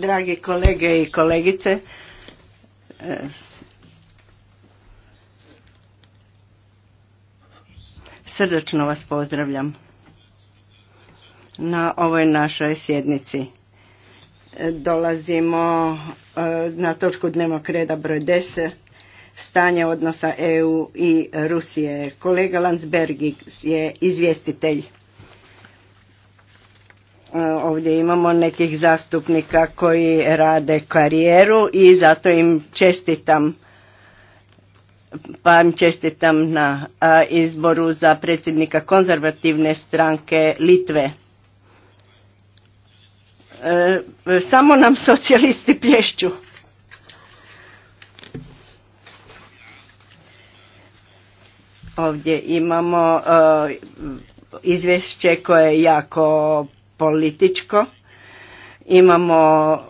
Dragi kolege i kolegice, eh, srdačno vas pozdravljam na ovoj našoj sjednici. Eh, dolazimo eh, na točku dnevnog reda broj 10 stanje odnosa EU i Rusije. Kolega Landsbergis je izvjestitelj. E, ovdje imamo nekih zastupnika koji rade karijeru i zato im čestitam pa im čestitam na izboru za predsjednika konzervativne stranke Litve. E, samo nam socijalisti plješću. Ovdje imamo e, izvješće koje je jako političko. Imamo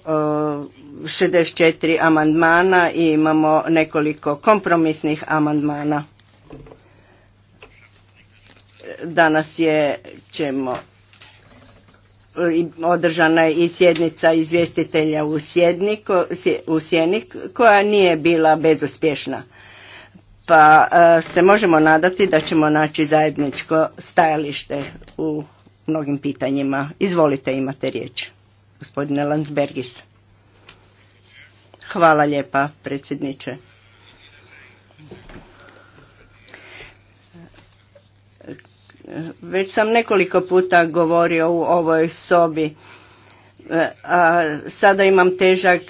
64 e, amandmana i imamo nekoliko kompromisnih amandmana. Danas je ćemo održana i sjednica izvjestitelja u, sjednik, u koja nije bila bezuspješna. Pa e, se možemo nadati da ćemo naći zajedničko stajalište u mnogim pitanjima. Izvolite, imate riječ. Gospodine Landsbergis. Hvala lijepa, predsjedniče. Već sam nekoliko puta govorio u ovoj sobi. A sada imam težak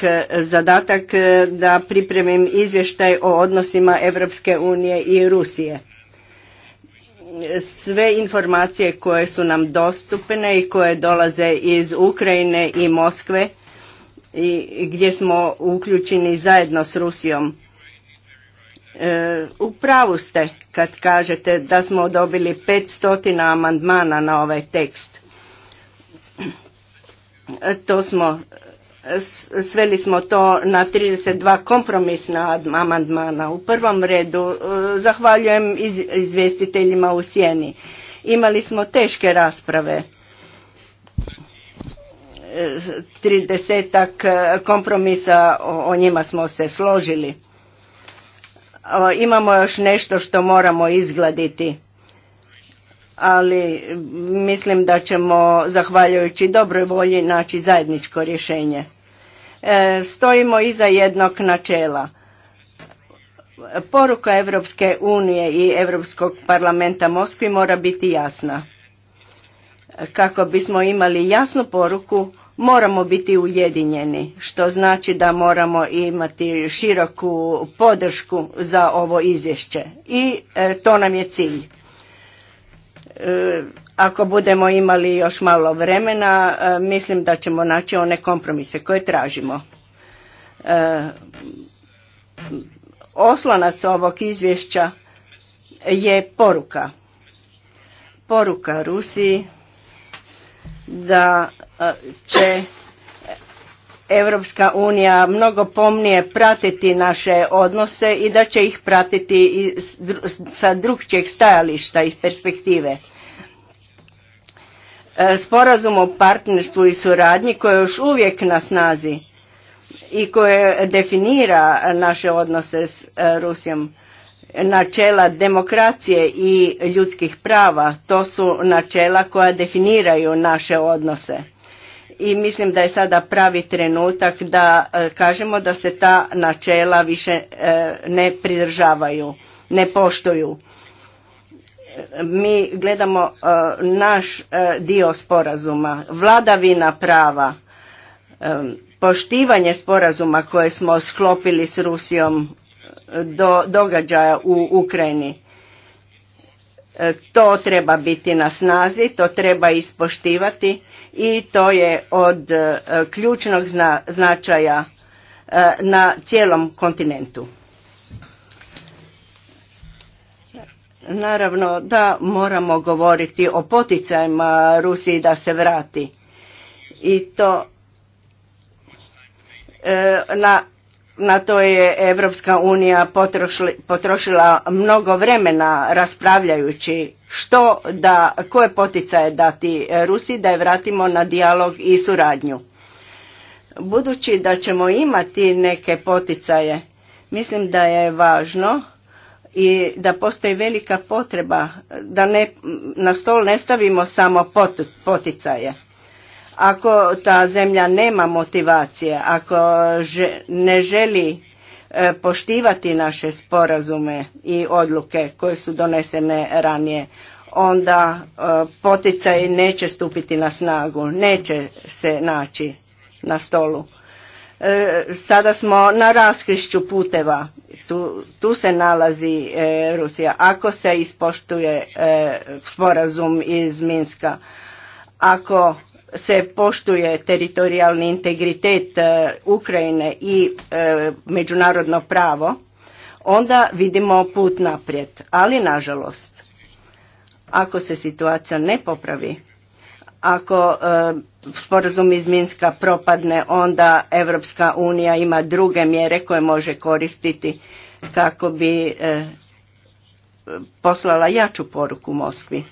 zadatak da pripremim izvještaj o odnosima Europske unije i Rusije sve informacije koje su nam dostupne i koje dolaze iz Ukrajine i Moskve i gdje smo uključeni zajedno s Rusijom. E, u pravu ste kad kažete da smo dobili 500 amandmana na ovaj tekst. E, to smo Sveli smo to na 32 kompromisna amandmana. U prvom redu e, zahvaljujem izvjestiteljima u Sjeni. Imali smo teške rasprave. 30 e, kompromisa o njima smo se složili. Imamo još nešto što moramo izgladiti ali mislim da ćemo zahvaljujući dobroj volji naći zajedničko rješenje. E, stojimo iza jednog načela. Poruka Europske unije i Europskog parlamenta Moskvi mora biti jasna. Kako bismo imali jasnu poruku, moramo biti ujedinjeni, što znači da moramo imati široku podršku za ovo izvješće. I e, to nam je cilj. Ako budemo imali još malo vremena, e, mislim da ćemo naći one kompromise koje tražimo. E, Oslonac ovog izvješća je poruka. Poruka Rusiji da e, će Europska unija mnogo pomnije pratiti naše odnose i da će ih pratiti sa drugčijeg stajališta iz perspektive. E, sporazum o partnerstvu i suradnji koji je još uvijek na snazi i koje definira naše odnose s e, Rusijom. Načela demokracije i ljudskih prava, to su načela koja definiraju naše odnose i mislim da je sada pravi trenutak da e, kažemo da se ta načela više e, ne pridržavaju, ne poštuju. Mi gledamo e, naš dio sporazuma, vladavina prava, poštivanje sporazuma koje smo sklopili s Rusijom do događaja u Ukrajini. To treba biti na snazi, to treba ispoštivati i to je od e, ključnog značaja e, na cijelom kontinentu. Naravno da moramo govoriti o poticajima Rusiji da se vrati i to e, na na to je Evropska unija potrošila mnogo vremena raspravljajući što da, koje poticaje dati Rusiji da je vratimo na dijalog i suradnju. Budući da ćemo imati neke poticaje, mislim da je važno i da postoji velika potreba da ne, na stol ne stavimo samo poticaje. Ako ta zemlja nema motivacije, ako ne želi e, poštivati naše sporazume i odluke koje su donesene ranije, onda e, poticaj neće stupiti na snagu, neće se naći na stolu. E, sada smo na raskrišću puteva, tu, se nalazi Rusija. Ako se ispoštuje sporazum iz Minska, ako se poštuje teritorijalni integritet e, Ukrajine i e, međunarodno pravo, onda vidimo put naprijed. Ali nažalost, ako se situacija ne popravi, ako e, sporazum iz Minska propadne, onda Europska unija ima druge mjere koje može koristiti kako bi poslala jaču poruku Moskvi.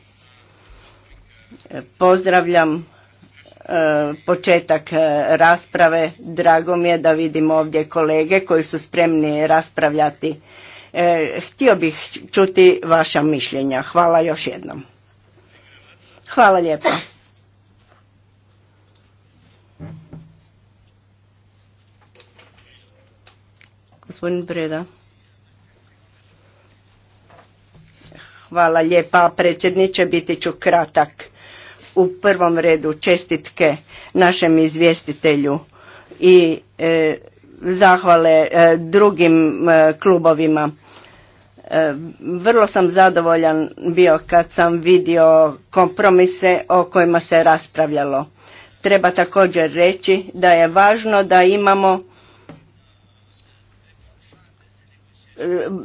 pozdravljam E, početak e, rasprave. Drago mi je da vidim ovdje kolege koji su spremni raspravljati. E, htio bih čuti vaša mišljenja. Hvala još jednom. Hvala lijepa. Gospodin Breda. Hvala lijepa predsjedniče, biti ću kratak u prvom redu čestitke našem izvjestitelju i e, zahvale e, drugim e, klubovima. Vrlo sam zadovoljan bio kad sam vidio kompromise o kojima se raspravljalo. Treba također reći da je važno da imamo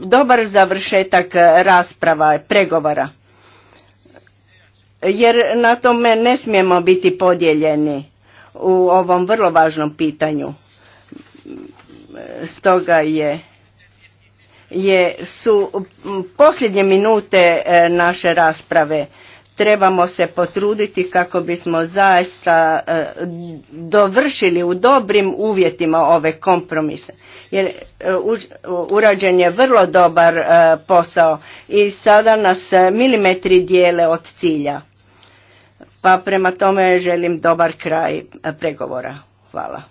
dobar završetak rasprava, pregovora jer na tome ne smijemo biti podijeljeni u ovom vrlo važnom pitanju. Stoga je, je su posljednje minute e, naše rasprave trebamo se potruditi kako bismo zaista e, dovršili u dobrim uvjetima ove kompromise jer e, urađen je vrlo dobar e, posao i sada nas e, milimetri dijele od cilja. Pa prema tome želim dobar kraj pregovora. Hvala.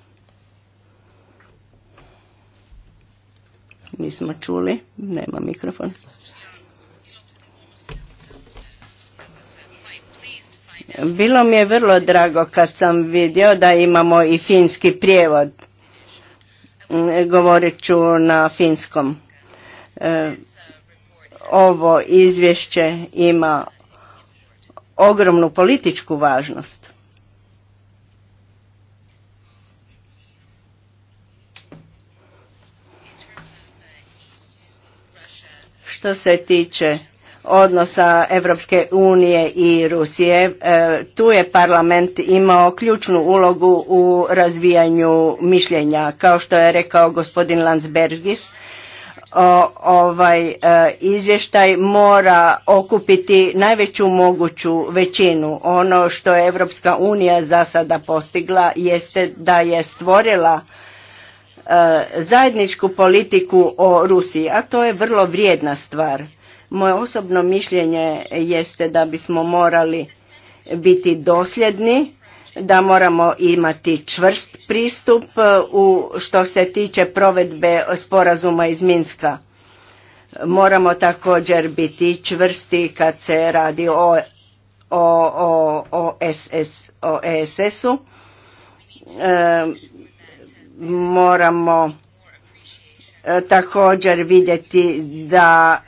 Nismo čuli, nema mikrofon. Bilo mi je vrlo drago kad sam vidio da imamo i finski prijevod Mm, govorit ću na finskom. E, ovo izvješće ima ogromnu političku važnost. Što se tiče odnosa Europske unije i Rusije. E, tu je parlament imao ključnu ulogu u razvijanju mišljenja. Kao što je rekao gospodin Landsbergis, ovaj e, izvještaj mora okupiti najveću moguću većinu. Ono što je Europska unija za sada postigla jeste da je stvorila e, zajedničku politiku o Rusiji, a to je vrlo vrijedna stvar moje osobno mišljenje jeste da bismo morali biti dosljedni, da moramo imati čvrst pristup e, u što se tiče provedbe sporazuma iz Minska. Moramo također biti čvrsti kad se radi o, o, o, SS, o ESS-u. E, moramo E, također vidjeti da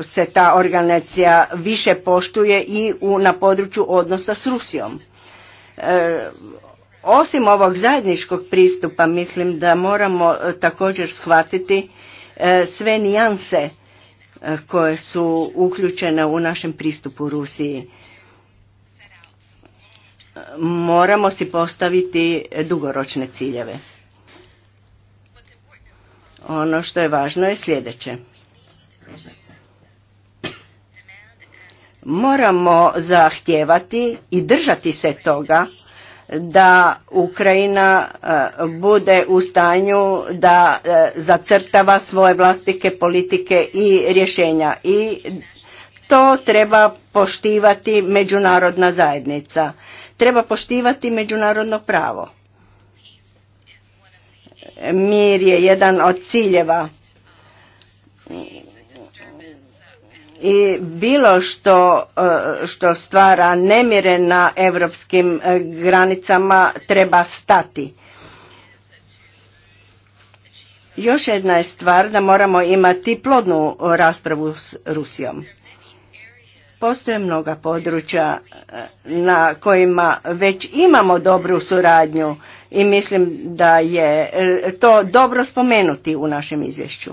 e, se ta organizacija više poštuje i na području odnosa s Rusijom. E, osim ovog zajedničkog pristupa mislim da moramo također shvatiti sve nijanse koje su uključene u našem pristupu Rusiji. Moramo si postaviti dugoročne ciljeve. Ono što je važno je sljedeće. Moramo zahtijevati i držati se toga da Ukrajina e, bude u stanju da e, zacrtava svoje vlastike politike i rješenja i to treba poštivati međunarodna zajednica. Treba poštivati međunarodno pravo. Mir je jedan od ciljeva i bilo što e, što stvara nemire na europskim e, granicama treba stati. Još jedna je stvar da moramo imati plodnu raspravu s Rusijom. Postoje mnoga područja eh, na kojima već imamo dobru suradnju i mislim da je eh, to dobro spomenuti u našem izvješću.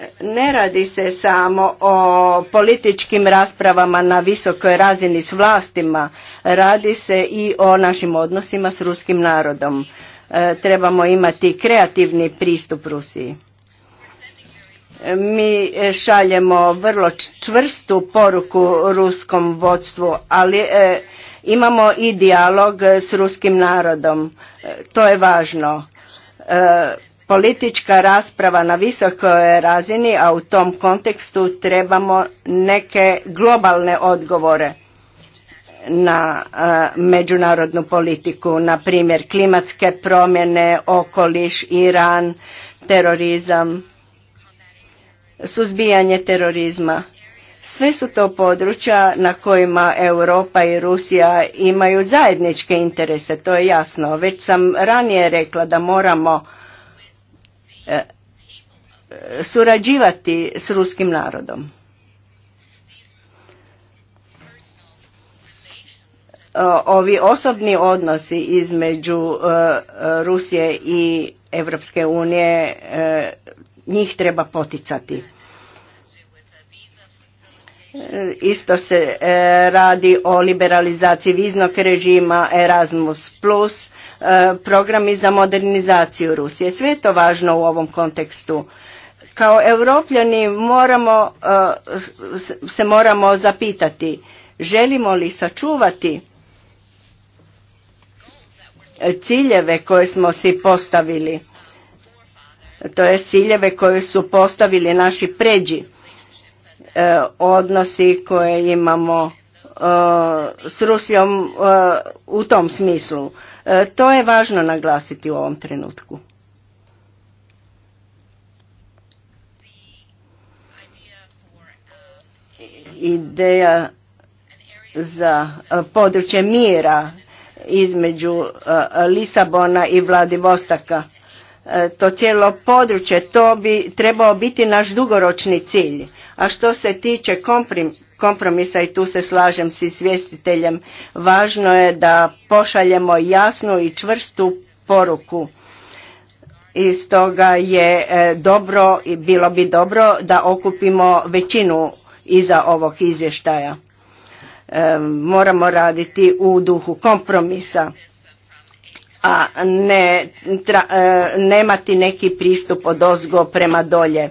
Eh, ne radi se samo o političkim raspravama na visokoj razini s vlastima, radi se i o našim odnosima s ruskim narodom. trebamo imati kreativni pristup Rusiji. Mi e, šaljemo vrlo čvrstu poruku ruskom vodstvu, ali e, imamo i dijalog s ruskim narodom. E, to je važno. politička rasprava na visokoj razini, a u tom kontekstu trebamo neke globalne odgovore na međunarodnu politiku, na primjer klimatske promjene, okoliš, Iran, terorizam suzbijanje terorizma. Sve su to područja na kojima Europa i Rusija imaju zajedničke interese, to je jasno. Već sam ranije rekla da moramo e, e, surađivati s ruskim narodom. Ovi osobni odnosi između e, Rusije i Europske unije njih treba poticati. Isto se e, radi o liberalizaciji viznog režima Erasmus+, e, programi za modernizaciju Rusije. Sve je to važno u ovom kontekstu. Kao europljani moramo, e, se moramo zapitati želimo li sačuvati ciljeve koje smo si postavili to je ciljeve koje su postavili naši pređi, e, odnosi koje imamo e, s Rusijom e, u tom smislu. To je važno naglasiti u ovom trenutku. Ideja za područje mira između Lisabona i Vladivostaka E, to cijelo područje, to bi trebao biti naš dugoročni cilj. A što se tiče kompromisa i tu se slažem s izvjestiteljem, važno je da pošaljemo jasnu i čvrstu poruku. I stoga je e, dobro i bilo bi dobro da okupimo većinu iza ovog izvještaja. E, moramo raditi u duhu kompromisa a ne e, nemati neki pristup od ozgo prema dolje.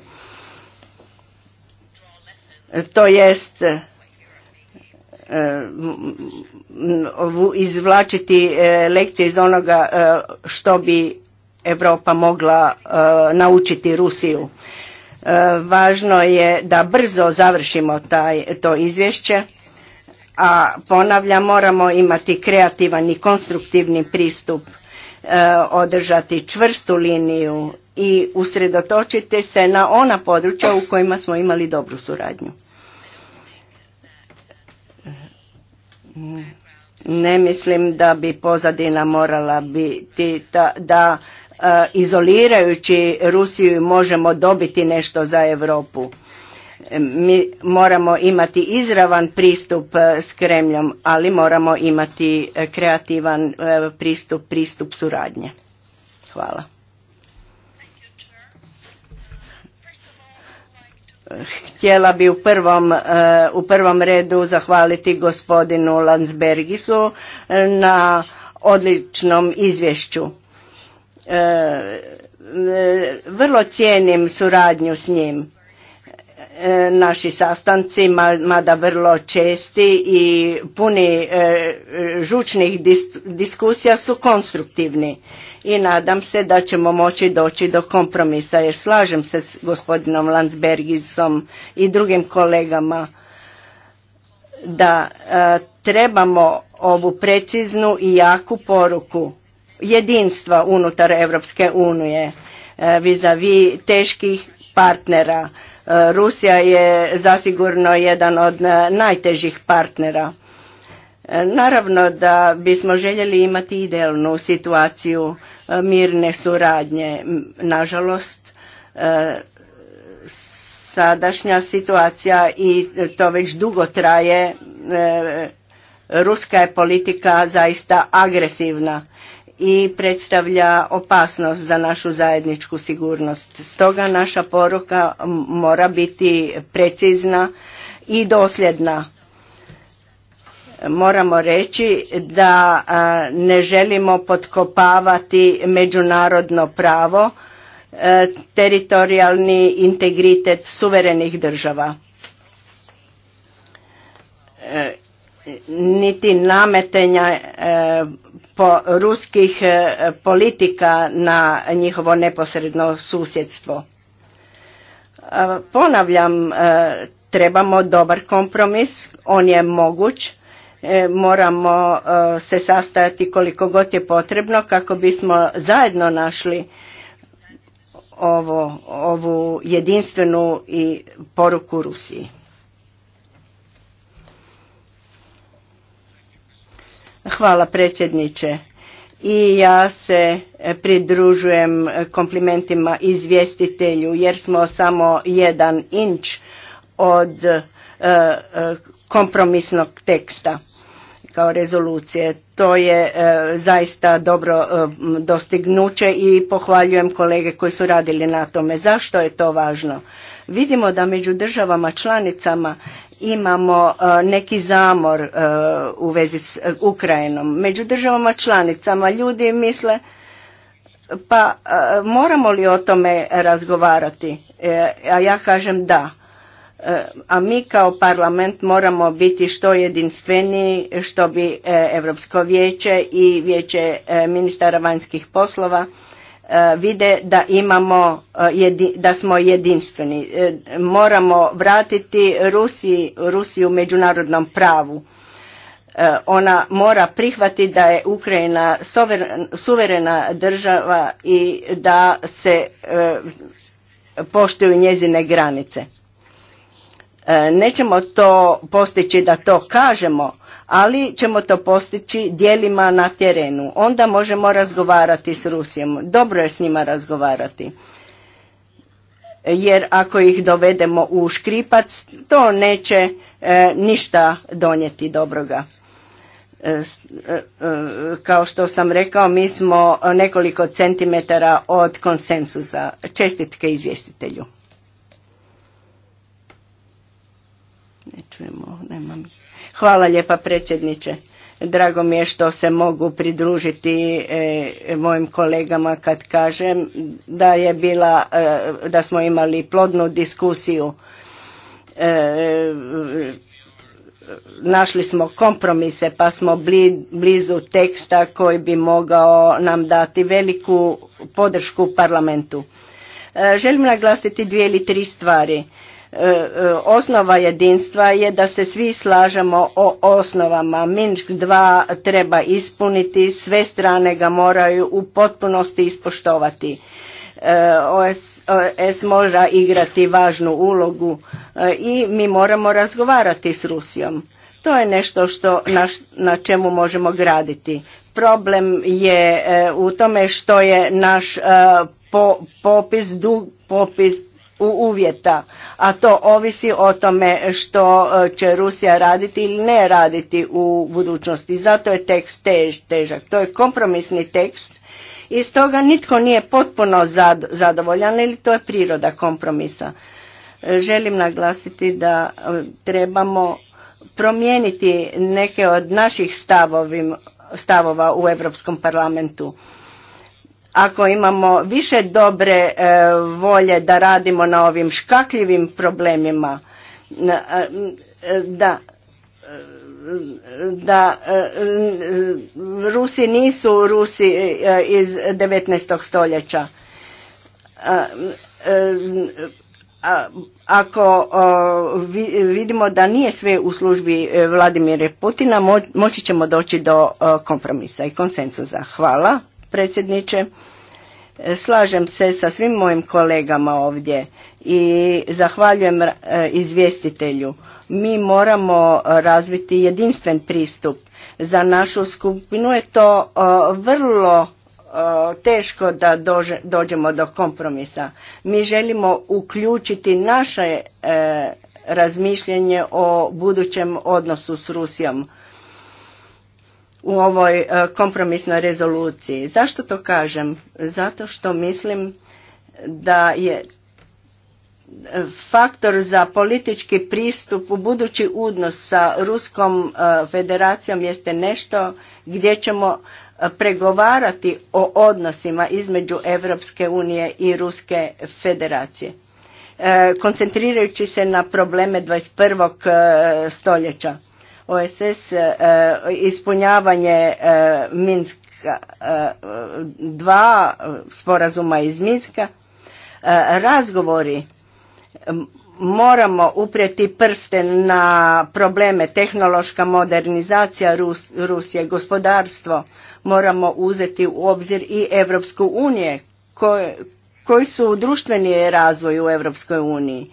To jest e, izvlačiti e, lekcije iz onoga što bi Europa mogla naučiti Rusiju. Važno je da brzo završimo taj, to izvješće a ponavljam moramo imati kreativan i konstruktivni pristup e, održati čvrstu liniju i usredotočiti se na ona područja u kojima smo imali dobru suradnju. Ne mislim da bi pozadina morala biti da, da e, izolirajući Rusiju možemo dobiti nešto za Europu. Mi moramo imati izravan pristup e, s Kremljom, ali moramo imati e, kreativan e, pristup, pristup suradnje. Hvala. Htjela bi u prvom, u prvom redu zahvaliti gospodinu Landsbergisu na odličnom izvješću. Vrlo cijenim suradnju s njim E, naši sastanci, mada vrlo česti i puni e, e, žučnih diskusija su konstruktivni i nadam se da ćemo moći doći do kompromisa jer slažem se s gospodinom Landsbergisom i drugim kolegama da trebamo ovu preciznu i jaku poruku jedinstva unutar Europske unije vis a vis teških partnera Rusija je zasigurno jedan od e, najtežih partnera. E, naravno da bismo željeli imati idealnu situaciju e, mirne suradnje. Nažalost, sadašnja situacija i to već dugo traje, ruska je politika zaista agresivna i predstavlja opasnost za našu zajedničku sigurnost. Stoga naša poruka mora biti precizna i dosljedna. Moramo reći da ne želimo potkopavati međunarodno pravo, e, teritorijalni integritet suverenih država e, niti nametenja e, po ruskih e, politika na njihovo neposredno susjedstvo. E, ponavljam, trebamo dobar kompromis, on je moguć, moramo se sastajati koliko god je potrebno kako bismo zajedno našli ovo, ovu jedinstvenu i poruku Rusiji. Hvala predsjedniče. I ja se pridružujem komplimentima izvjestitelju jer smo samo jedan inč od e, e, kompromisnog teksta kao rezolucije. To je e, zaista dobro dostignuće i pohvaljujem kolege koji su radili na tome. Zašto je to važno? Vidimo da među državama članicama imamo e, neki zamor e, u vezi s e, Ukrajinom. Među državama članicama ljudi misle pa moramo li o tome razgovarati? A ja kažem da. A mi kao parlament moramo biti što jedinstveniji što bi Europsko vijeće i vijeće ministara vanjskih poslova Eh, vide da imamo, eh, da smo jedinstveni. Eh, moramo vratiti Rusiji, Rusiju u međunarodnom pravu. Ona mora prihvatiti da je Ukrajina suverena država i da se poštuju njezine granice. Nećemo to postići da to kažemo, ali ćemo to postići dijelima na terenu. Onda možemo razgovarati s Rusijom. Dobro je s njima razgovarati. Jer ako ih dovedemo u škripac, to neće e, ništa donijeti dobroga. E, e, kao što sam rekao, mi smo nekoliko centimetara od konsensusa. Čestitke izvjestitelju. Ne čujemo, nemam ih. Hvala lijepa predsjedniče. Drago mi je što se mogu pridružiti e, mojim kolegama kad kažem da je bila, e, da smo imali plodnu diskusiju. E, našli smo kompromise pa smo blizu teksta koji bi mogao nam dati veliku podršku parlamentu. Želim naglasiti dvije ili tri stvari E, e, osnova jedinstva je da se svi slažemo o osnovama. Minsk 2 treba ispuniti, sve strane ga moraju u potpunosti ispoštovati. E, OS, može mora igrati važnu ulogu i mi moramo razgovarati s Rusijom. To je nešto što na, čemu možemo graditi. Problem je u tome što je naš popis, dug popis uvjeta, a to ovisi o tome što e, će Rusija raditi ili ne raditi u budućnosti. Zato je tekst težak. To je kompromisni tekst i stoga nitko nije potpuno zadovoljan ili to je priroda kompromisa. E, želim naglasiti da e, trebamo promijeniti neke od naših stavovim, stavova u Europskom parlamentu ako imamo više dobre e, volje da radimo na ovim škakljivim problemima, e, da e, da Rusi nisu Rusi iz 19. stoljeća. Ako vidimo da nije sve u službi Vladimire Putina, moći ćemo doći do kompromisa i konsenzusa. Hvala predsjedniče. E, slažem se sa svim mojim kolegama ovdje i zahvaljujem e, izvjestitelju. Mi moramo e, razviti jedinstven pristup. Za našu skupinu je to vrlo teško da dođemo do kompromisa. Mi želimo uključiti naše razmišljanje o budućem odnosu s Rusijom u ovoj e, kompromisnoj rezoluciji. Zašto to kažem? Zato što mislim da je e, faktor za politički pristup u budući udnos sa Ruskom e, federacijom jeste nešto gdje ćemo pregovarati o odnosima između Europske unije i Ruske federacije. Koncentrirajući se na probleme 21. stoljeća OSS e, ispunjavanje e, Minska e, dva sporazuma iz Minska razgovori moramo uprijeti prste na probleme tehnološka modernizacija Rusije, gospodarstvo, moramo uzeti u obzir i Evropsku unije, koji su društveni razvoj u Evropskoj uniji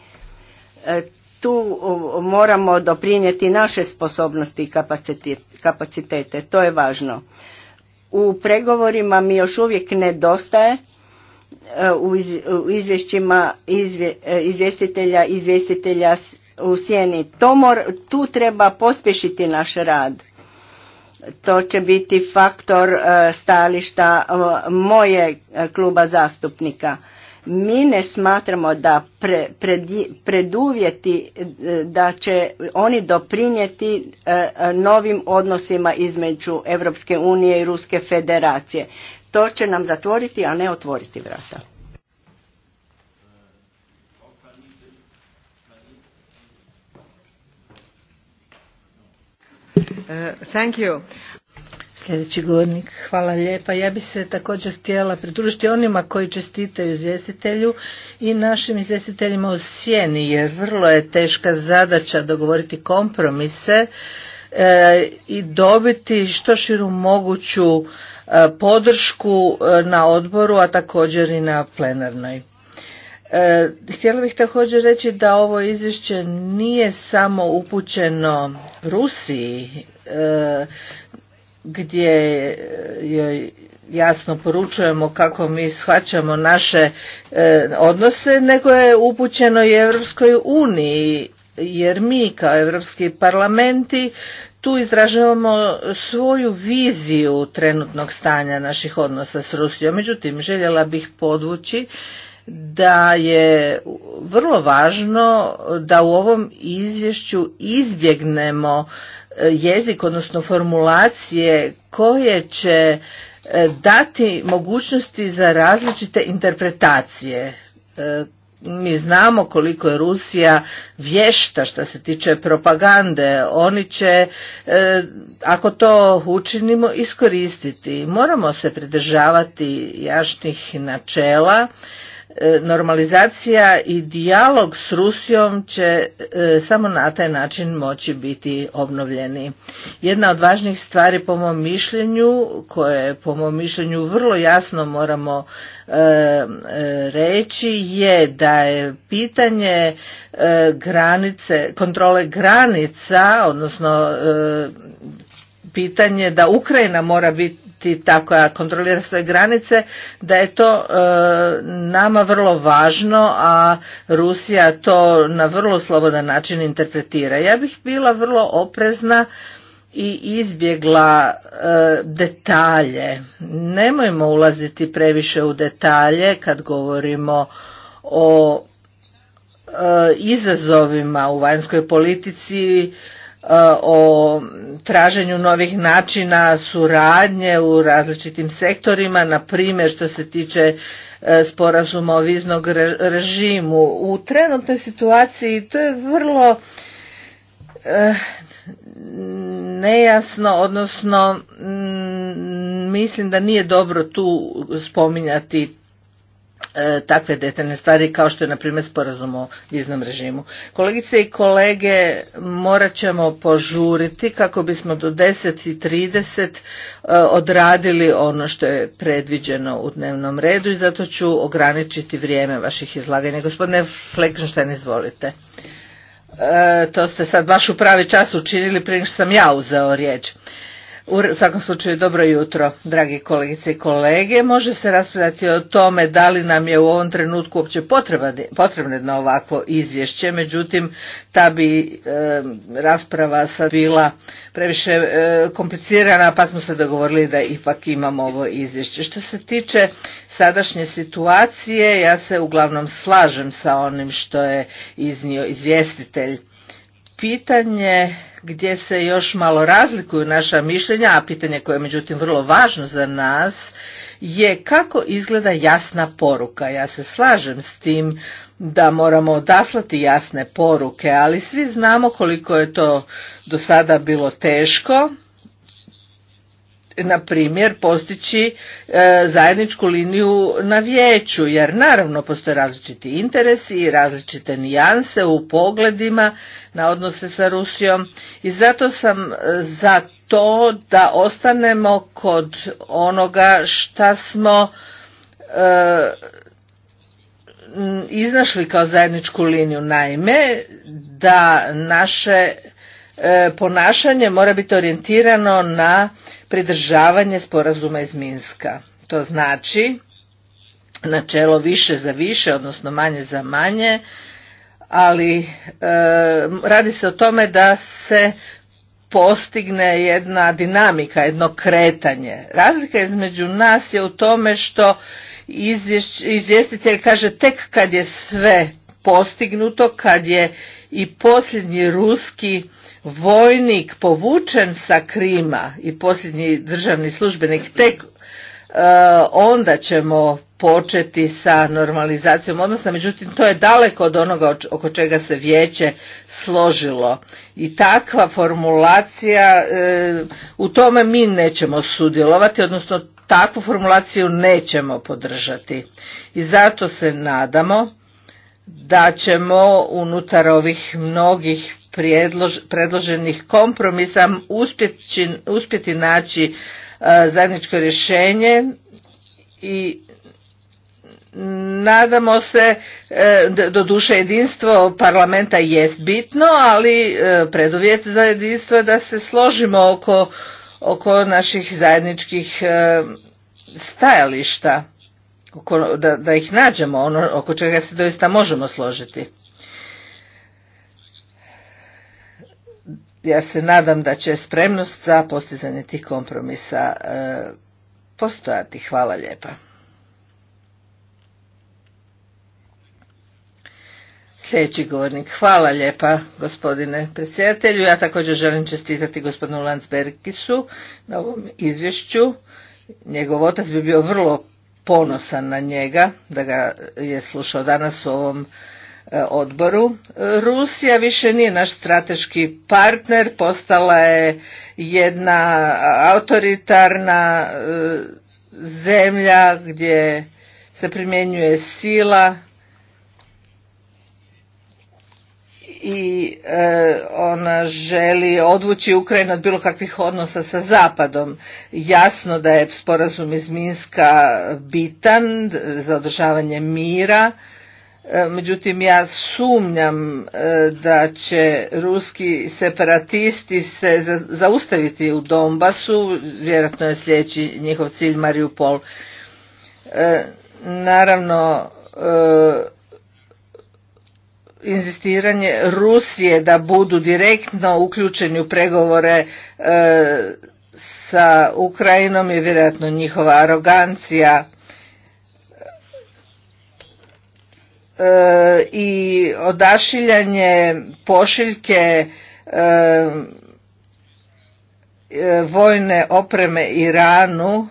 tu moramo doprinijeti naše sposobnosti i kapacitete. To je važno. U pregovorima mi još uvijek nedostaje e, u izvješćima e, izvjestitelja izvjestitelja u sjeni. To tu treba pospješiti naš rad. To će biti faktor e, stališta moje kluba zastupnika mi ne smatramo da pre, preduvjeti e, da će oni doprinijeti e, novim odnosima između Europske unije i Ruske federacije. To će nam zatvoriti, a ne otvoriti vrata. Uh, thank you. Sljedeći govornik, hvala lijepa. Ja bi se također htjela pridružiti onima koji čestitaju izvjestitelju i našim izvjestiteljima u sjeni, jer vrlo je teška zadaća dogovoriti kompromise e, i dobiti što širu moguću e, podršku e, na odboru, a također i na plenarnoj. Htjela bih također reći da ovo izvješće nije samo upućeno Rusiji, gdje e, joj jasno poručujemo kako mi shvaćamo naše e, odnose, nego je upućeno i Europskoj uniji, jer mi kao Europski parlamenti tu izražavamo svoju viziju trenutnog stanja naših odnosa s Rusijom. Međutim, željela bih podvući da je vrlo važno da u ovom izvješću izbjegnemo jezik, odnosno formulacije koje će e, dati mogućnosti za različite interpretacije. E, mi znamo koliko je Rusija vješta što se tiče propagande. Oni će, e, ako to učinimo, iskoristiti. Moramo se pridržavati jašnih načela E, normalizacija i dijalog s Rusijom će e, samo na taj način moći biti obnovljeni. Jedna od važnijih stvari po mom mišljenju, koje po mom mišljenju vrlo jasno moramo e, reći, je da je pitanje granice, kontrole granica, odnosno pitanje da Ukrajina mora biti biti ta koja kontrolira sve granice, da je to e, nama vrlo važno, a Rusija to na vrlo slobodan način interpretira. Ja bih bila vrlo oprezna i izbjegla e, detalje. Nemojmo ulaziti previše u detalje kad govorimo o e, izazovima u vanjskoj politici, o traženju novih načina suradnje u različitim sektorima, na primjer što se tiče e, sporazuma o viznog režimu. U trenutnoj situaciji to je vrlo e, nejasno, odnosno mislim da nije dobro tu spominjati E, takve detaljne stvari kao što je na primjer sporazum o viznom režimu. Kolegice i kolege, morat ćemo požuriti kako bismo do 10:30 e, odradili ono što je predviđeno u dnevnom redu i zato ću ograničiti vrijeme vaših izlaganja. Gospodine Fleckenstein, izvolite. E, to ste sad baš u pravi čas učinili prije što sam ja uzeo riječ. U svakom slučaju dobro jutro, dragi kolegice i kolege. Može se raspravljati o tome da li nam je u ovom trenutku uopće potrebno na ovakvo izvješće, međutim ta bi rasprava sad bila previše e, komplicirana pa smo se dogovorili da ipak imamo ovo izvješće. Što se tiče sadašnje situacije, ja se uglavnom slažem sa onim što je iznio izvjestitelj pitanje gdje se još malo razlikuju naša mišljenja, a pitanje koje je međutim vrlo važno za nas, je kako izgleda jasna poruka. Ja se slažem s tim da moramo odaslati jasne poruke, ali svi znamo koliko je to do sada bilo teško na primjer postići e, zajedničku liniju na vijeću jer naravno postoje različiti interesi i različite nijanse u pogledima na odnose sa Rusijom i zato sam e, za to da ostanemo kod onoga šta smo e, iznašli kao zajedničku liniju naime da naše ponašanje mora biti orijentirano na pridržavanje sporazuma iz Minska. To znači načelo više za više, odnosno manje za manje, ali e, radi se o tome da se postigne jedna dinamika, jedno kretanje. Razlika između nas je u tome što izvjestitelj kaže tek kad je sve postignuto, kad je i posljednji ruski vojnik povučen sa Krima i posljednji državni službenik tek e, onda ćemo početi sa normalizacijom odnosno međutim to je daleko od onoga oko čega se vijeće složilo i takva formulacija e, u tome mi nećemo sudjelovati odnosno takvu formulaciju nećemo podržati i zato se nadamo da ćemo unutar ovih mnogih predloženih kompromisa uspjeti naći e, zajedničko rješenje i nadamo se e, doduše jedinstvo parlamenta jest bitno ali e, preduvjet za jedinstvo je da se složimo oko, oko naših zajedničkih stajališta oko, da, da ih nađemo ono oko čega se doista možemo složiti ja se nadam da će spremnost za postizanje tih kompromisa e, postojati. Hvala lijepa. Sljedeći govornik, hvala lijepa gospodine predsjedatelju. Ja također želim čestitati gospodinu Landsbergisu na ovom izvješću. Njegov otac bi bio vrlo ponosan na njega da ga je slušao danas u ovom E, odboru. Rusija više nije naš strateški partner, postala je jedna autoritarna e, zemlja gdje se primjenjuje sila i e, ona želi odvući Ukrajinu od bilo kakvih odnosa sa Zapadom. Jasno da je sporazum iz Minska bitan za održavanje mira E, međutim, ja sumnjam e, da će ruski separatisti se zaustaviti u Donbasu, vjerojatno je sljedeći njihov cilj Mariupol. E, naravno, inzistiranje Rusije da budu direktno uključeni u pregovore sa Ukrajinom je vjerojatno njihova arogancija E, i odašiljanje pošiljke e, e, vojne opreme Iranu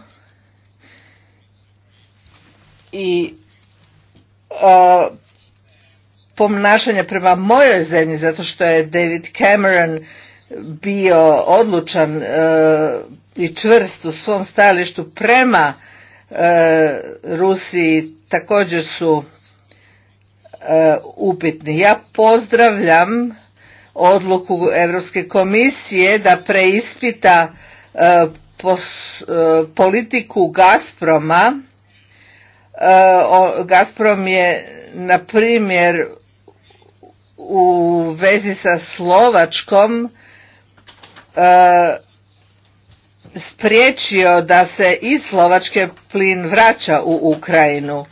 i pomnašanje prema mojoj zemlji zato što je David Cameron bio odlučan i čvrst u svom stajalištu prema Rusiji također su E, upitni. Ja pozdravljam odluku Europske komisije da preispita e, e, politiku Gazproma. Gazprom je, na primjer, u vezi sa Slovačkom spriječio da se iz Slovačke plin vraća u Ukrajinu.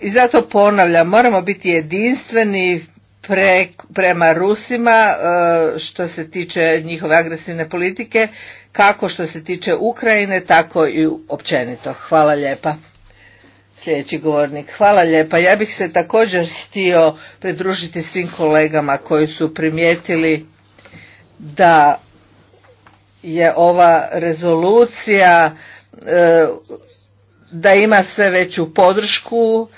I zato ponavljam, moramo biti jedinstveni prema Rusima e, što se tiče njihove agresivne politike, kako što se tiče Ukrajine, tako i općenito. Hvala lijepa. Sljedeći govornik. Hvala lijepa. Ja bih se također htio pridružiti svim kolegama koji su primijetili da je ova rezolucija e, da ima sve veću podršku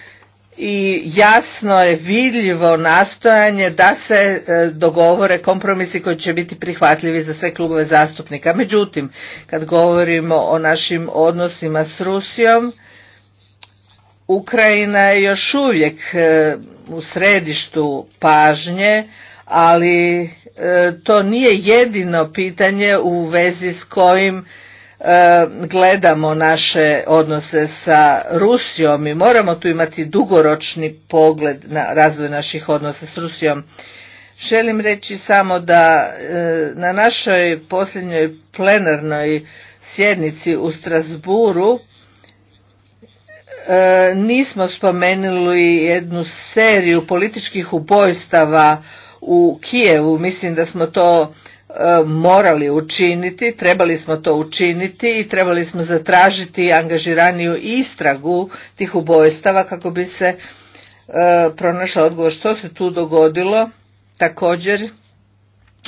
i jasno je vidljivo nastojanje da se e, dogovore kompromisi koji će biti prihvatljivi za sve klubove zastupnika. Međutim, kad govorimo o našim odnosima s Rusijom, Ukrajina je još uvijek e, u središtu pažnje, ali e, to nije jedino pitanje u vezi s kojim E, gledamo naše odnose sa Rusijom i moramo tu imati dugoročni pogled na razvoj naših odnosa s Rusijom. Želim reći samo da e, na našoj posljednjoj plenarnoj sjednici u Strasburu e, nismo spomenuli jednu seriju političkih ubojstava u Kijevu. Mislim da smo to morali učiniti, trebali smo to učiniti i trebali smo zatražiti angažiraniju istragu tih ubojstava kako bi se e, pronašao odgovor što se tu dogodilo. Također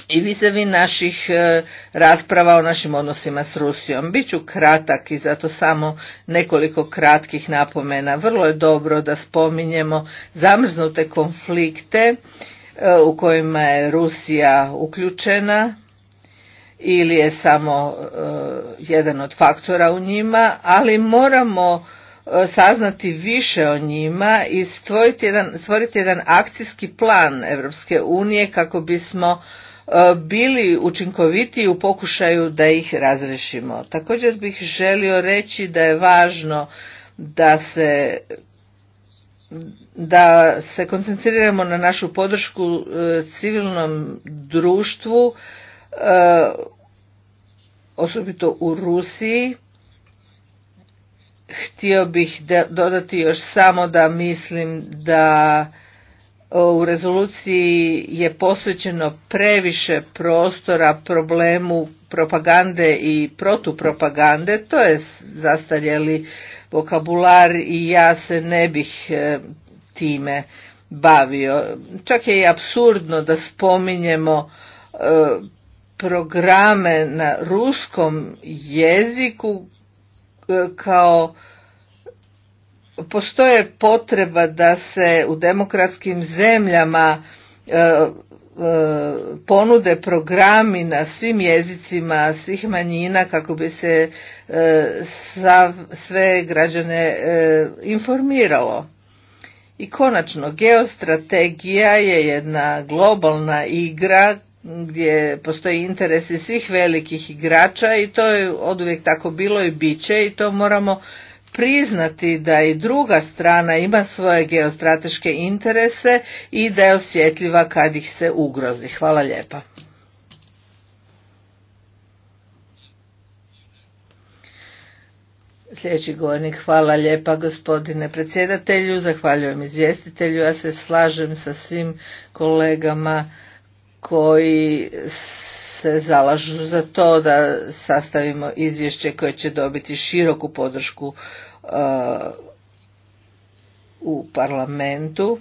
i vizavi naših e, rasprava o našim odnosima s Rusijom. Biću kratak i zato samo nekoliko kratkih napomena. Vrlo je dobro da spominjemo zamrznute konflikte E, u kojima je Rusija uključena ili je samo e, jedan od faktora u njima, ali moramo e, saznati više o njima i stvoriti jedan, jedan akcijski plan Europske unije kako bismo bili učinkovitiji u pokušaju da ih razrešimo. Također bih želio reći da je važno da se da se koncentriramo na našu podršku e, civilnom društvu, e, osobito u Rusiji. Htio bih dodati još samo da mislim da u rezoluciji je posvećeno previše prostora problemu propagande i protupropagande, to je zastarjeli vokabular i ja se ne bih e, time bavio. Čak je i absurdno da spominjemo e, programe na ruskom jeziku e, kao postoje potreba da se u demokratskim zemljama e, ponude programi na svim jezicima svih manjina kako bi se sve građane informiralo i konačno, geostrategija je jedna globalna igra gdje postoji interesi svih velikih igrača i to je uvijek tako bilo i bit će i to moramo priznati da i druga strana ima svoje geostrateške interese i da je osjetljiva kad ih se ugrozi. Hvala lijepa. Sljedeći govornik, hvala lijepa gospodine predsjedatelju, zahvaljujem izvjestitelju, ja se slažem sa svim kolegama koji se zalažu za to da sastavimo izvješće koje će dobiti široku podršku uh, u parlamentu.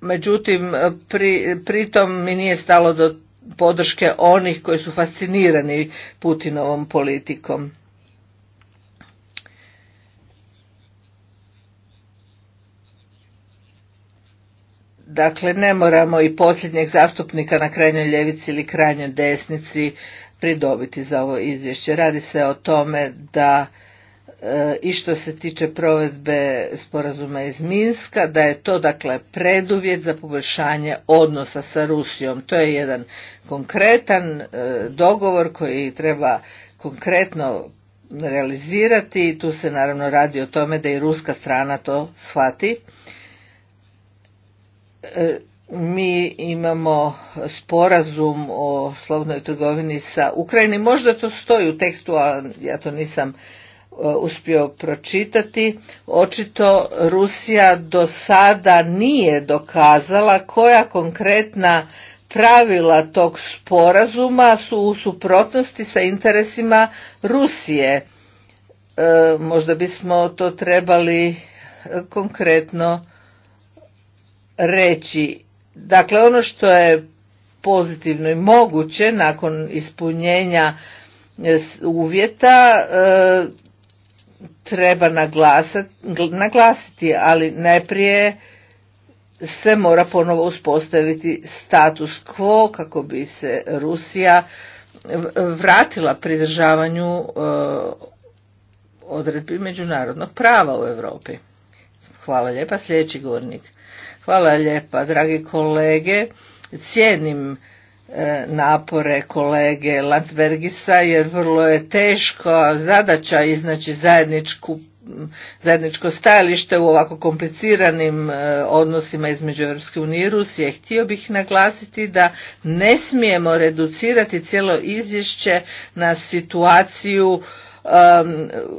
Međutim, pritom mi nije stalo do podrške onih koji su fascinirani Putinovom politikom. Dakle, ne moramo i posljednjeg zastupnika na krajnjoj ljevici ili krajnjoj desnici pridobiti za ovo izvješće. Radi se o tome da E, i što se tiče provedbe sporazuma iz Minska, da je to dakle preduvjet za poboljšanje odnosa sa Rusijom. To je jedan konkretan e, dogovor koji treba konkretno realizirati i tu se naravno radi o tome da i ruska strana to shvati. E, mi imamo sporazum o slovnoj trgovini sa Ukrajini, možda to stoji u tekstu, a ja to nisam E, uspio pročitati. Očito Rusija do sada nije dokazala koja konkretna pravila tog sporazuma su u suprotnosti sa interesima Rusije. E, možda bismo to trebali e, konkretno reći. Dakle, ono što je pozitivno i moguće nakon ispunjenja uvjeta treba naglasiti, ali najprije se mora ponovo uspostaviti status quo kako bi se Rusija vratila pridržavanju eh, odredbi međunarodnog prava u Europi. Hvala lijepa, sljedeći govornik. Hvala lijepa, dragi kolege. Cijenim E, napore kolege Latbergisa jer vrlo je teško zadaća iznaći zajedničku zajedničko stajalište u ovako kompliciranim e, odnosima između Europske unije i Rusije. Htio bih naglasiti da ne smijemo reducirati cijelo izvješće na situaciju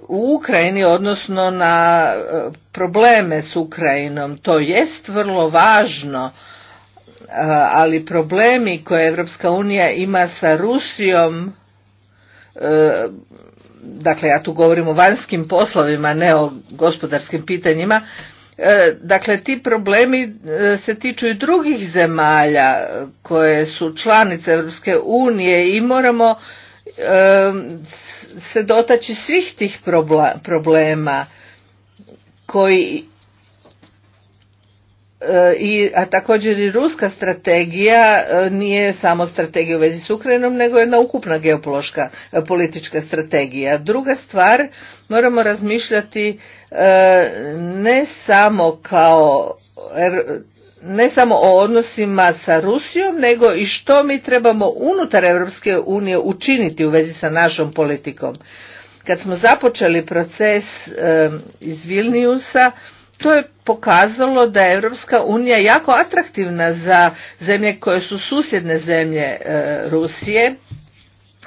u Ukrajini, odnosno na e, probleme s Ukrajinom. To jest vrlo važno, Eh, ali problemi koje Evropska unija ima sa Rusijom eh, dakle ja tu govorim o vanjskim poslovima ne o gospodarskim pitanjima eh, dakle ti problemi se tiču i drugih zemalja koje su članice Europske unije i moramo se dotaći svih tih problema koji E, i, a također i ruska strategija e, nije samo strategija u vezi s Ukrajinom, nego jedna ukupna geopološka e, politička strategija. Druga stvar, moramo razmišljati ne samo kao ne samo o odnosima sa Rusijom, nego i što mi trebamo unutar Europske unije učiniti u vezi sa našom politikom. Kad smo započeli proces iz Vilniusa, to je pokazalo da je Europska unija jako atraktivna za zemlje koje su susjedne zemlje e, Rusije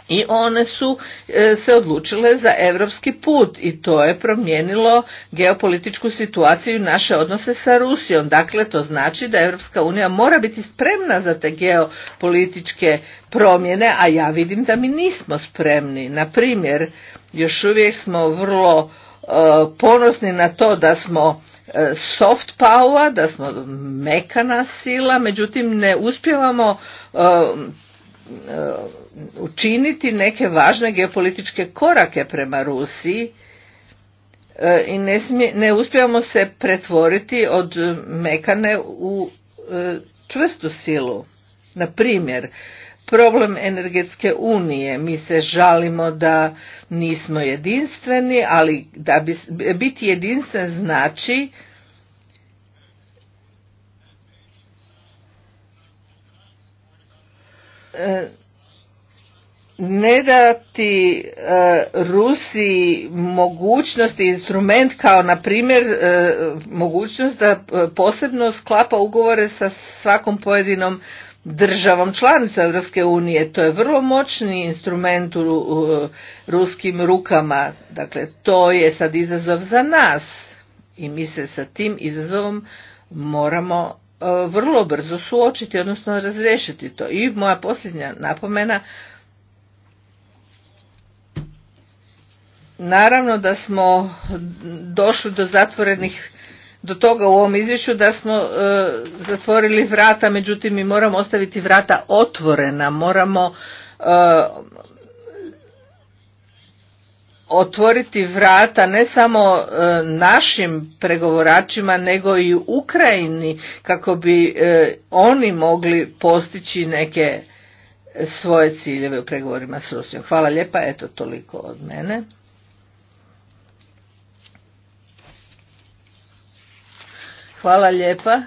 i one su e, se odlučile za europski put i to je promijenilo geopolitičku situaciju i naše odnose sa Rusijom. Dakle, to znači da Europska unija mora biti spremna za te geopolitičke promjene, a ja vidim da mi nismo spremni. Na primjer, još uvijek smo vrlo e, ponosni na to da smo soft power, da smo mekana sila, međutim ne uspjevamo e, e, učiniti neke važne geopolitičke korake prema Rusiji e, i ne, smije, ne se pretvoriti od mekane u čvrstu silu. Na primjer, problem energetske unije. Mi se žalimo da nismo jedinstveni, ali da bi, biti jedinstven znači ne dati e, Rusiji mogućnost i instrument kao na primjer e, mogućnost da e, posebno sklapa ugovore sa svakom pojedinom državom članica Europske unije. To je vrlo moćni instrument u ruskim rukama. Dakle, to je sad izazov za nas i mi se sa tim izazovom moramo e, vrlo brzo suočiti, odnosno razriješiti to. I moja posljednja napomena, naravno da smo došli do zatvorenih do toga u ovom izvješću da smo e, zatvorili vrata, međutim mi moramo ostaviti vrata otvorena, moramo e, otvoriti vrata ne samo e, našim pregovoračima nego i Ukrajini kako bi oni mogli postići neke svoje ciljeve u pregovorima s Rusijom. Hvala lijepa, eto toliko od mene. Hvala lijepa.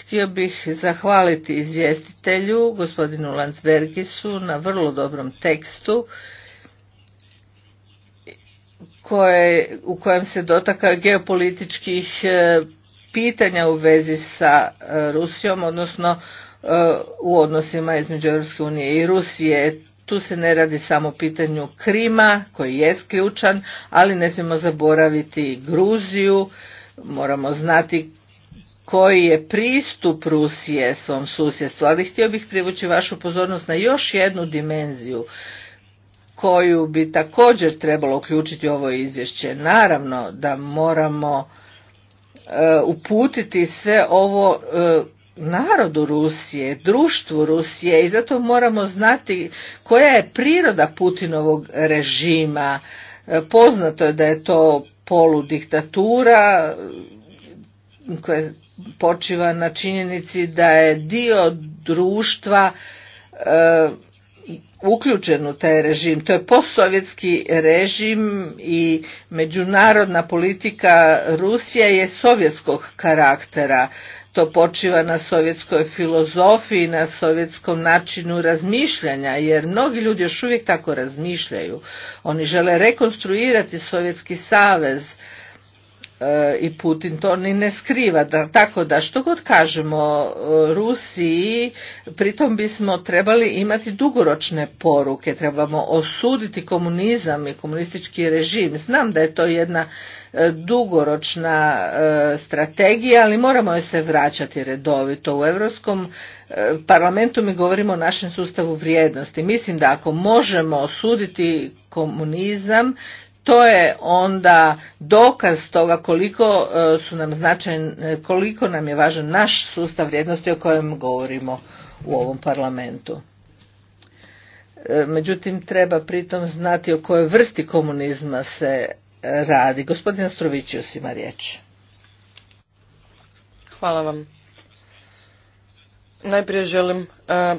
Htio bih zahvaliti izvjestitelju, gospodinu Landsbergisu, na vrlo dobrom tekstu u kojem se dotakao geopolitičkih e, pitanja u vezi sa e, Rusijom, odnosno e, u odnosima između Europske unije i Rusije. Tu se ne radi samo o pitanju Krima, koji je ključan, ali ne smijemo zaboraviti Gruziju, moramo znati koji je pristup Rusije svom susjedstvu, ali htio bih privući vašu pozornost na još jednu dimenziju koju bi također trebalo uključiti u ovo izvješće. Naravno da moramo e, uputiti sve ovo e, narodu Rusije, društvu Rusije i zato moramo znati koja je priroda Putinovog režima. E, poznato je da je to poludiktatura e, koja počiva na činjenici da je dio društva e, uključen u taj režim. To je postsovjetski režim i međunarodna politika Rusija je sovjetskog karaktera to počiva na sovjetskoj filozofiji, na sovjetskom načinu razmišljanja, jer mnogi ljudi još uvijek tako razmišljaju. Oni žele rekonstruirati Sovjetski savez, i Putin to ni ne skriva. Da, tako da što god kažemo Rusiji, pritom bismo trebali imati dugoročne poruke, trebamo osuditi komunizam i komunistički režim. Znam da je to jedna e, dugoročna e, strategija, ali moramo joj se vraćati redovito. U Europskom e, parlamentu mi govorimo o našem sustavu vrijednosti. Mislim da ako možemo osuditi komunizam, to je onda dokaz toga koliko e, su nam značajan, e, koliko nam je važan naš sustav vrijednosti o kojem govorimo u ovom parlamentu. E, međutim, treba pritom znati o kojoj vrsti komunizma se radi. Gospodin Astrovićius ima riječ. Hvala vam. Najprije želim e,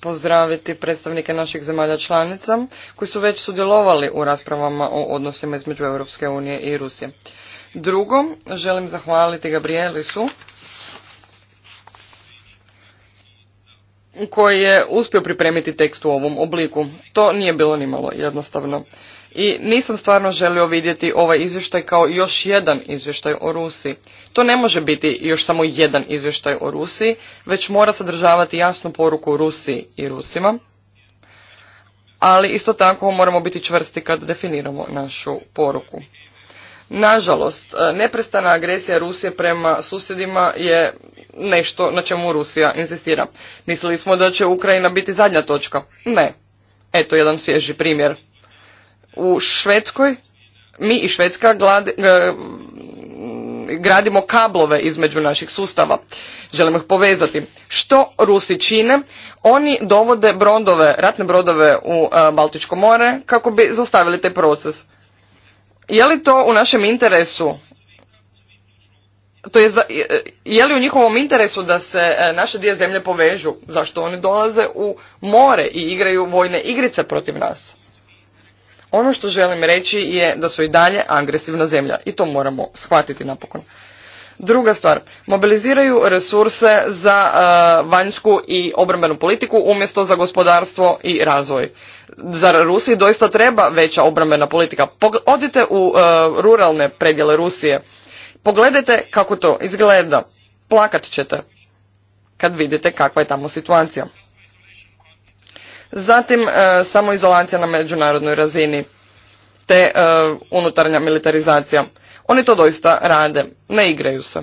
pozdraviti predstavnike naših zemalja članica koji su već sudjelovali u raspravama o odnosima između Europske unije i Rusije. Drugo, želim zahvaliti Gabrielisu koji je uspio pripremiti tekst u ovom obliku. To nije bilo nimalo jednostavno i nisam stvarno želio vidjeti ovaj izvještaj kao još jedan izvještaj o Rusiji. To ne može biti još samo jedan izvještaj o Rusiji, već mora sadržavati jasnu poruku Rusiji i Rusima, ali isto tako moramo biti čvrsti kad definiramo našu poruku. Nažalost, e, neprestana agresija Rusije prema susjedima je nešto na čemu Rusija insistira. Mislili smo da će Ukrajina biti zadnja točka. Ne. Eto jedan svježi primjer. U Švedskoj, mi i Švedska e, gradimo kablove između naših sustava. Želimo ih povezati. Što Rusi čine? Oni dovode brondove, ratne brodove u e, Baltičko more kako bi zaustavili taj proces. Je li to u našem interesu? To je, je li u njihovom interesu da se e, naše dvije zemlje povežu? Zašto oni dolaze u more i igraju vojne igrice protiv nas? Ono što želim reći je da su i dalje agresivna zemlja i to moramo shvatiti napokon. Druga stvar, mobiliziraju resurse za e, vanjsku i obrambenu politiku umjesto za gospodarstvo i razvoj. Za Rusiji doista treba veća obrambena politika? odite u e, ruralne predjele Rusije, pogledajte kako to izgleda, plakat ćete kad vidite kakva je tamo situacija zatim e, samoizolacija na međunarodnoj razini te e, unutarnja militarizacija. Oni to doista rade, ne igraju se.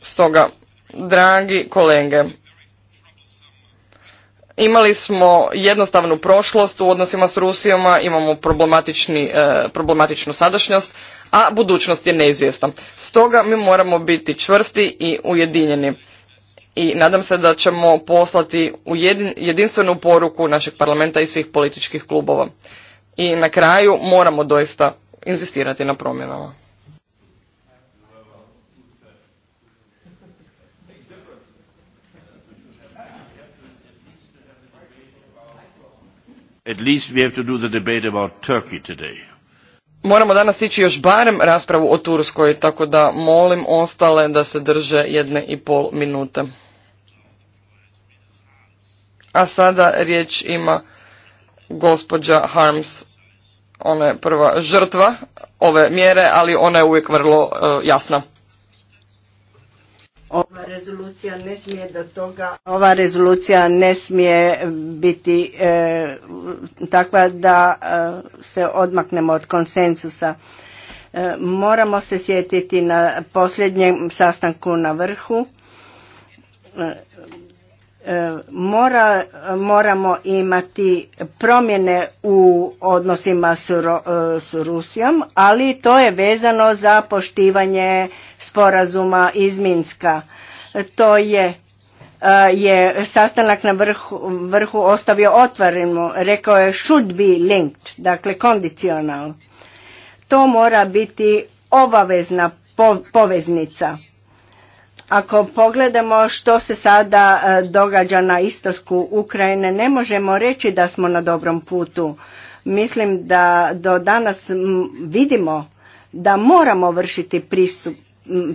Stoga, dragi kolege, imali smo jednostavnu prošlost u odnosima s Rusijama, imamo e, problematičnu sadašnjost, a budućnost je neizvjesna. Stoga mi moramo biti čvrsti i ujedinjeni i nadam se da ćemo poslati jedinstvenu poruku našeg parlamenta i svih političkih klubova. I na kraju moramo doista inzistirati na promjenama. At least we have to do the debate about Turkey today. Moramo danas ići još barem raspravu o Turskoj, tako da molim ostale da se drže jedne i pol minute. A sada riječ ima gospođa Harms, ona je prva žrtva ove mjere, ali ona je uvijek vrlo uh, jasna. Ova rezolucija ne smije da toga, ova rezolucija ne smije biti e, takva da e, se odmaknemo od konsensusa. moramo se sjetiti na posljednjem sastanku na vrhu moramo imati promjene u odnosima e, s, Rusijom, ali to je vezano za poštivanje sporazuma iz Minska. To je e, je sastanak na vrhu, vrhu ostavio otvoreno, rekao je should be linked, dakle kondicional. To mora biti obavezna poveznica. Ako pogledamo što se sada e, događa na istosku Ukrajine, ne možemo reći da smo na dobrom putu. Mislim da do danas vidimo da moramo vršiti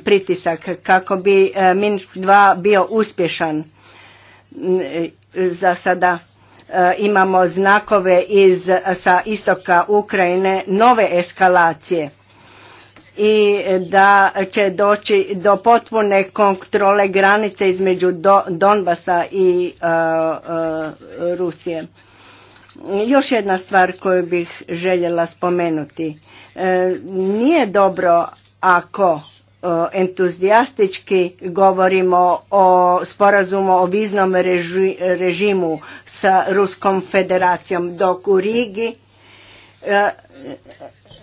pritisak kako bi e, Minsk 2 bio uspješan. E, za sada imamo znakove iz, sa istoka Ukrajine nove eskalacije i da će doći do potpune kontrole granice između Donbasa i e, e, Rusije. Još jedna stvar koju bih željela spomenuti. E, nije dobro ako entuzijastički govorimo o sporazumu o viznom režimu sa Ruskom federacijom, dok u Rigi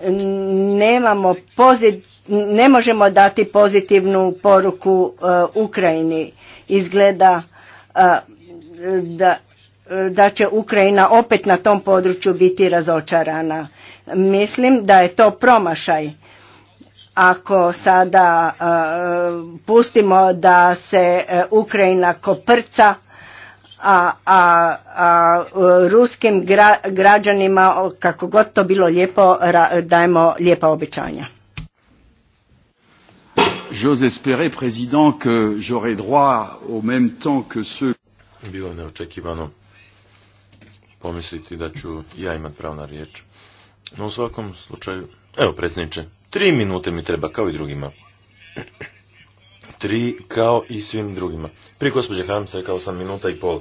nemamo ne možemo dati pozitivnu poruku uh, Ukrajini. Izgleda uh, da, da će Ukrajina opet na tom području biti razočarana. Mislim da je to promašaj. Ako sada uh, pustimo da se Ukrajina koprca a, a, a ruskim građanima, kako god to bilo lijepo, ra, dajemo lijepa obećanja. J'ose espérer, président, que j'aurai droit au Bilo neočekivano pomisliti da ću ja imat pravna na riječ. No u svakom slučaju, evo predsjedniče, tri minute mi treba kao i drugima tri kao i svim drugima. Pri gospođe Harms rekao sam minuta i pol.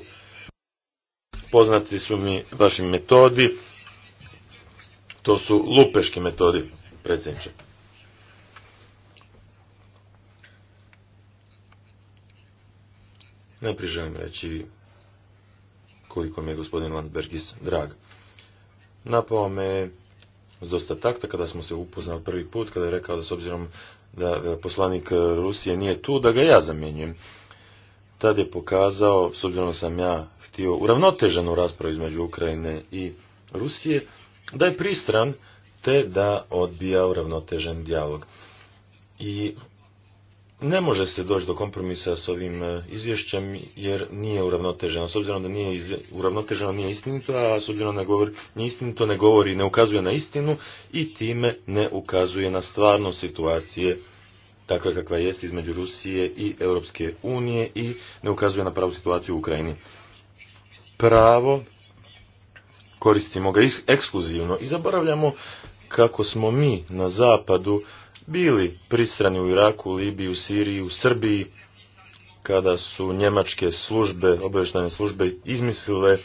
Poznati su mi vaši metodi, to su lupeški metodi, predsjedniče. Najprije želim reći koliko mi je gospodin Landbergis drag. Napao me s dosta takta kada smo se upoznali prvi put, kada je rekao da s obzirom da e, poslanik e, Rusije nije tu, da ga ja zamjenjujem. Tad je pokazao, s obzirom sam ja htio uravnoteženu raspravu između Ukrajine i Rusije, da je pristran te da odbija uravnotežen dijalog. I ne može se doći do kompromisa s ovim e, izvješćem jer nije uravnoteženo. S obzirom da nije uravnoteženo nije istinito, a s obzirom da nije istinito ne govori, ne ukazuje na istinu i time ne ukazuje na stvarno situacije takva kakva jest između Rusije i Europske unije i ne ukazuje na pravu situaciju u Ukrajini. Pravo koristimo ga ekskluzivno i zaboravljamo kako smo mi na zapadu bili pristrani u Iraku, Libiji, u Siriji, u Srbiji, kada su njemačke službe, obavještajne službe izmislile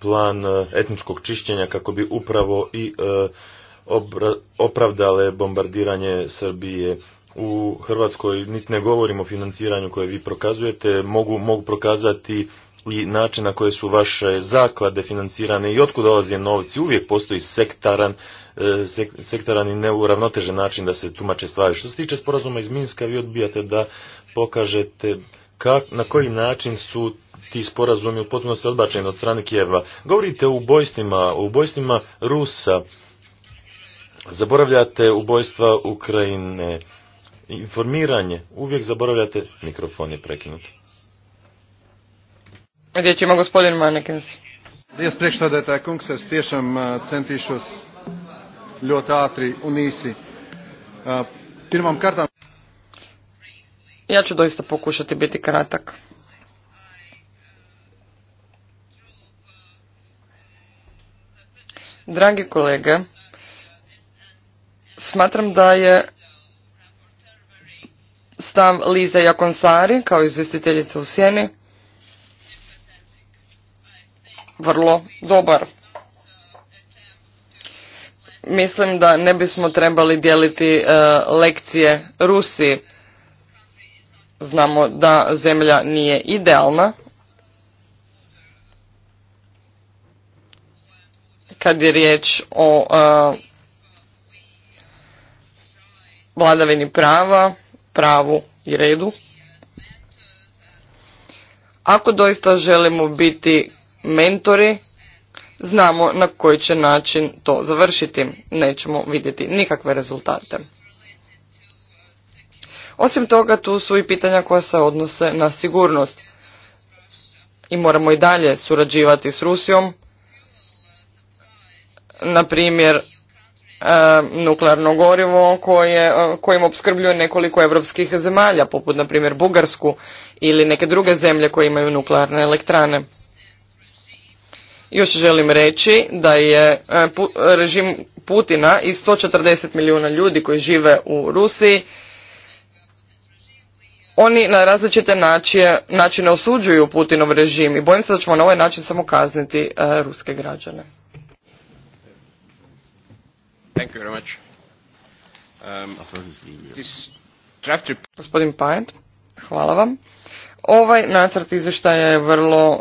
plan e, etničkog čišćenja kako bi upravo i e, opravdale bombardiranje Srbije. U Hrvatskoj niti ne govorimo o financiranju koje vi prokazujete, mogu prokazati i način na koje su vaše zaklade financirane i otkud dolaze novci, uvijek postoji sektaran, e, sektaran i neuravnotežen način da se tumače stvari. Što se tiče sporazuma iz Minska, vi odbijate da pokažete kak, na koji način su ti sporazumi u potpunosti odbačeni od strane Kijeva. Govorite o ubojstvima, o ubojstvima Rusa, zaboravljate ubojstva Ukrajine, informiranje, uvijek zaboravljate, mikrofon je prekinut. Riječ ima gospodin Manekens. je priekšsēdētāji kungs, es tiešām centīšos ļoti ātri un īsi. Pirmām kārtām... Ja ću doista pokušati biti kratak. Dragi kolege, smatram da je stav Lize Jakonsari kao izvjestiteljica u Sjeni vrlo dobar. Mislim da ne bismo trebali dijeliti e, lekcije Rusiji. Znamo da zemlja nije idealna. Kad je riječ o e, vladavini prava, pravu i redu. Ako doista želimo biti mentori, znamo na koji će način to završiti. Nećemo vidjeti nikakve rezultate. Osim toga, tu su i pitanja koja se odnose na sigurnost. I moramo i dalje surađivati s Rusijom, na primjer e, nuklearno gorivo e, kojim opskrbljuje nekoliko europskih zemalja, poput na primjer Bugarsku ili neke druge zemlje koje imaju nuklearne elektrane. Još želim reći da je e, režim Putina i 140 milijuna ljudi koji žive u Rusiji oni na različite načine, načine osuđuju Putinov režim i bojim se da ćemo na ovaj način samo kazniti e, ruske građane. Thank you very much. Um, this Gospodin Pajent, hvala vam. Ovaj nacrt izvještaja je vrlo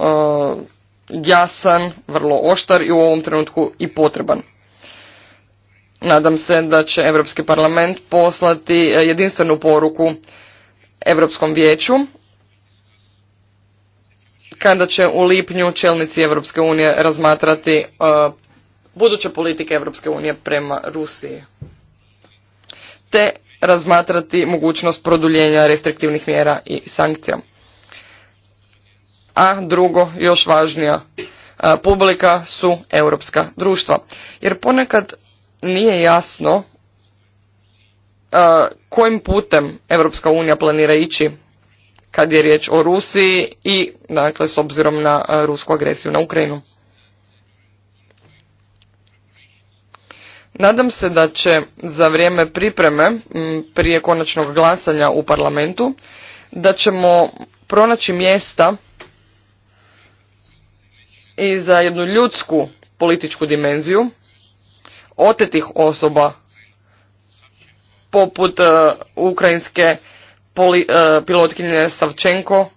e, jasan, vrlo oštar i u ovom trenutku i potreban. Nadam se da će Europski parlament poslati e, jedinstvenu poruku Europskom vijeću kada će u lipnju čelnici Europske unije razmatrati e, buduće politike Europske unije prema Rusiji te razmatrati mogućnost produljenja restriktivnih mjera i sankcija a drugo, još važnija e, publika su europska društva. Jer ponekad nije jasno e, kojim putem Europska unija planira ići kad je riječ o Rusiji i dakle s obzirom na e, rusku agresiju na Ukrajinu. Nadam se da će za vrijeme pripreme prije konačnog glasanja u parlamentu da ćemo pronaći mjesta i za jednu ljudsku političku dimenziju otetih osoba poput uh, ukrajinske poli, e, pilotkinje Savčenko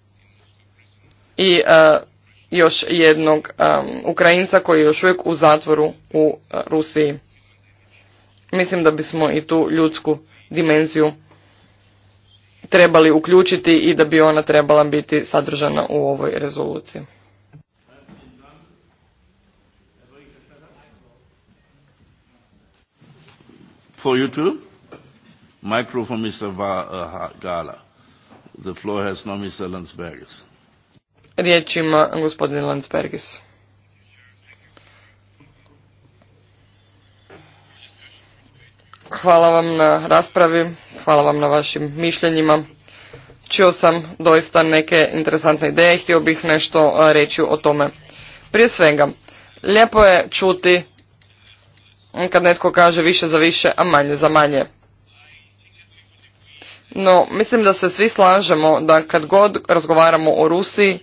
i e, još jednog Ukrajinca koji je još uvijek u zatvoru u Rusiji. Mislim da bismo i tu ljudsku dimenziju trebali uključiti i da bi ona trebala biti sadržana u ovoj rezoluciji. for you too? Micro for Mr. Va uh, Gala. The floor has now Mr. Landsbergis. Riječ ima gospodin Lansbergis. Hvala vam na raspravi, hvala vam na vašim mišljenjima. Čio sam doista neke interesantne ideje, htio bih nešto uh, reći o tome. Prije svega, lijepo je čuti kad netko kaže više za više, a manje za manje. No, mislim da se svi slažemo da kad god razgovaramo o Rusiji,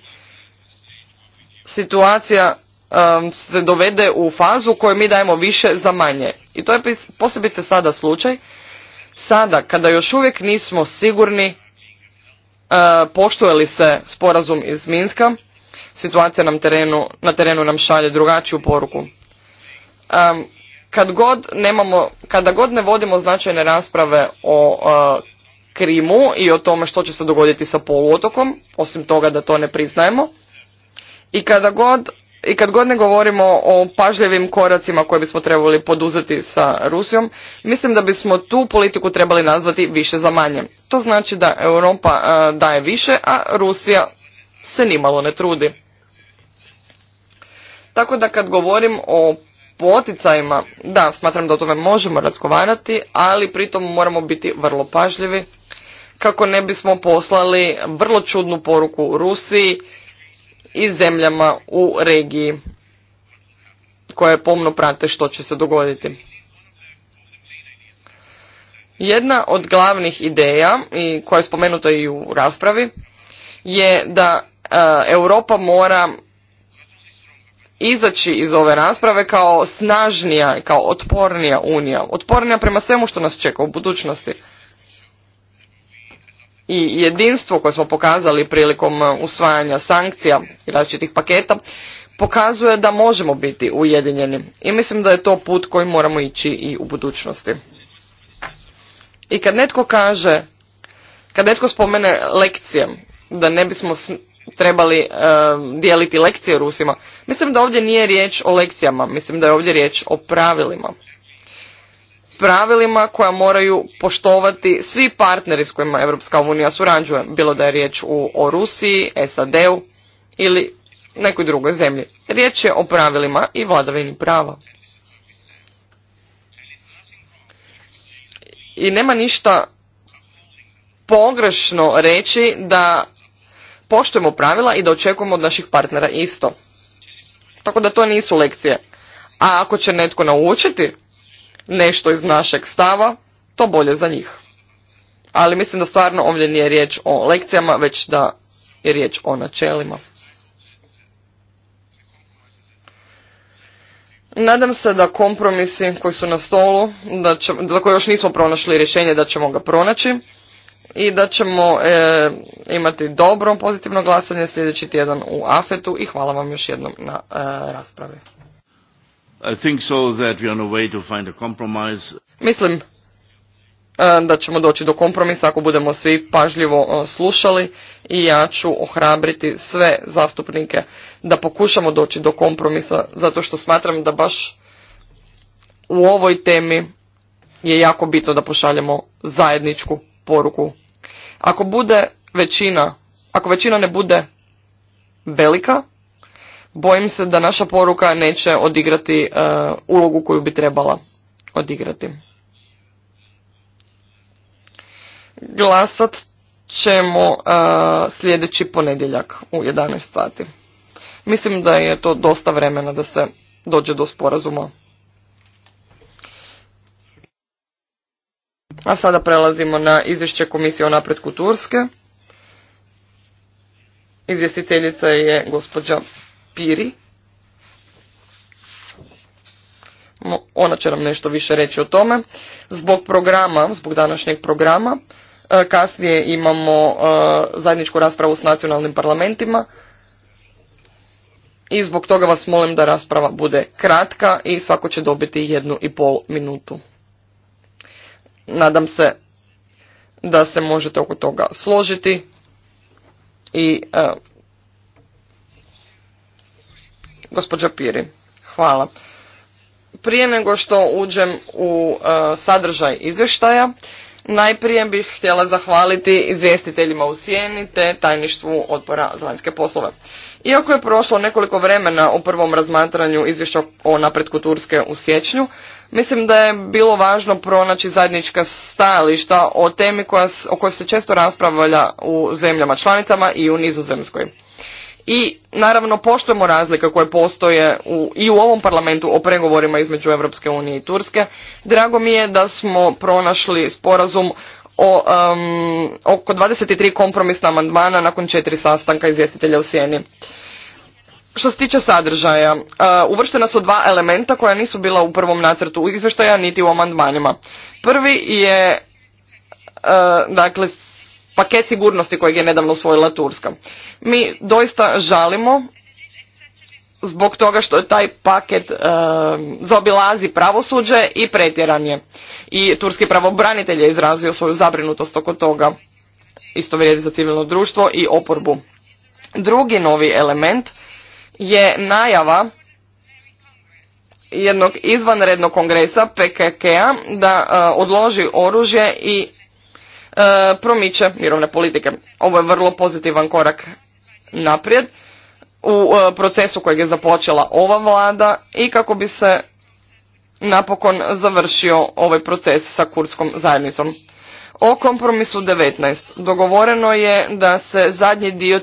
situacija um, se dovede u fazu koju mi dajemo više za manje. I to je posebice sada slučaj, sada kada još uvijek nismo sigurni uh, poštuje li se sporazum iz Minska, situacija nam terenu, na terenu nam šalje drugačiju poruku. Um, kad god nemamo, kada god ne vodimo značajne rasprave o e, Krimu i o tome što će se dogoditi sa poluotokom, osim toga da to ne priznajemo, i kada god i kad god ne govorimo o pažljivim koracima koje bismo trebali poduzeti sa Rusijom, mislim da bismo tu politiku trebali nazvati više za manje. To znači da Europa e, daje više, a Rusija se nimalo ne trudi. Tako da kad govorim o poticajima, da, smatram da o tome možemo razgovarati, ali pritom moramo biti vrlo pažljivi kako ne bismo poslali vrlo čudnu poruku Rusiji i zemljama u regiji koje pomno prate što će se dogoditi. Jedna od glavnih ideja, i koja je spomenuta i u raspravi, je da e, Europa mora izaći iz ove rasprave kao snažnija, kao otpornija unija, otpornija prema svemu što nas čeka u budućnosti. I jedinstvo koje smo pokazali prilikom uh, usvajanja sankcija i različitih paketa pokazuje da možemo biti ujedinjeni. I mislim da je to put koji moramo ići i u budućnosti. I kad netko kaže, kad netko spomene lekcije, da ne bismo trebali e, dijeliti lekcije Rusima. Mislim da ovdje nije riječ o lekcijama, mislim da je ovdje riječ o pravilima. Pravilima koja moraju poštovati svi partneri s kojima Europska unija surađuje, bilo da je riječ u, o Rusiji, SAD-u ili nekoj drugoj zemlji. Riječ je o pravilima i vladavini prava. I nema ništa pogrešno reći da poštujemo pravila i da očekujemo od naših partnera isto. Tako da to nisu lekcije. A ako će netko naučiti nešto iz našeg stava, to bolje za njih. Ali mislim da stvarno ovdje nije riječ o lekcijama, već da je riječ o načelima. Nadam se da kompromisi koji su na stolu, za koje još nismo pronašli rješenje, da ćemo ga pronaći i da ćemo e, imati dobro pozitivno glasanje sljedeći tjedan u afetu i hvala vam još jednom na e, raspravi. I think so that we are way to find a Mislim e, da ćemo doći do kompromisa ako budemo svi pažljivo slušali i ja ću ohrabriti sve zastupnike da pokušamo doći do kompromisa zato što smatram da baš u ovoj temi je jako bitno da pošaljemo zajedničku poruku. Ako bude većina, ako većina ne bude velika, bojim se da naša poruka neće odigrati e, ulogu koju bi trebala odigrati. Glasat ćemo e, sljedeći ponedjeljak u 11 sati. Mislim da je to dosta vremena da se dođe do sporazuma. A sada prelazimo na izvješće Komisije o napretku Turske. Izvjestiteljica je gospođa Piri. Ona će nam nešto više reći o tome. Zbog programa, zbog današnjeg programa, e, kasnije imamo e, zajedničku raspravu s nacionalnim parlamentima i zbog toga vas molim da rasprava bude kratka i svako će dobiti jednu i pol minutu. Nadam se da se možete oko toga složiti i e, gospođa Piri, hvala. Prije nego što uđem u e, sadržaj izvještaja, najprije bih htjela zahvaliti izvjestiteljima u Sijeni te tajništvu odbora za vanjske poslove. Iako je prošlo nekoliko vremena u prvom razmatranju izvješća o napretku Turske u siječnju, Mislim da je bilo važno pronaći zajednička stajališta o temi koja, o kojoj se često raspravlja u zemljama članicama i u nizozemskoj. I naravno poštujemo razlike koje postoje i u ovom parlamentu o pregovorima između Europske unije i Turske. Drago mi je da smo pronašli sporazum o um, oko 23 kompromisna amandmana nakon četiri sastanka izvjestitelja u Sjeni. Što se tiče sadržaja, e, uvrštena su dva elementa koja nisu bila u prvom nacrtu izvještaja niti u amandmanima. Prvi je e, dakle paket sigurnosti kojeg je nedavno usvojila Turska. Mi doista žalimo zbog toga što je taj paket e, zaobilazi pravosuđe i pretjeranje. I turski pravobranitelj je izrazio svoju zabrinutost oko toga. Isto vrijedi za civilno društvo i oporbu. Drugi novi element je najava jednog izvanrednog kongresa PKK-a da e, odloži oružje i e, promiče mirovne politike. Ovo je vrlo pozitivan korak naprijed u e, procesu kojeg je započela ova vlada i kako bi se napokon završio ovaj proces sa kurdskom zajednicom. O kompromisu 19. Dogovoreno je da se zadnji dio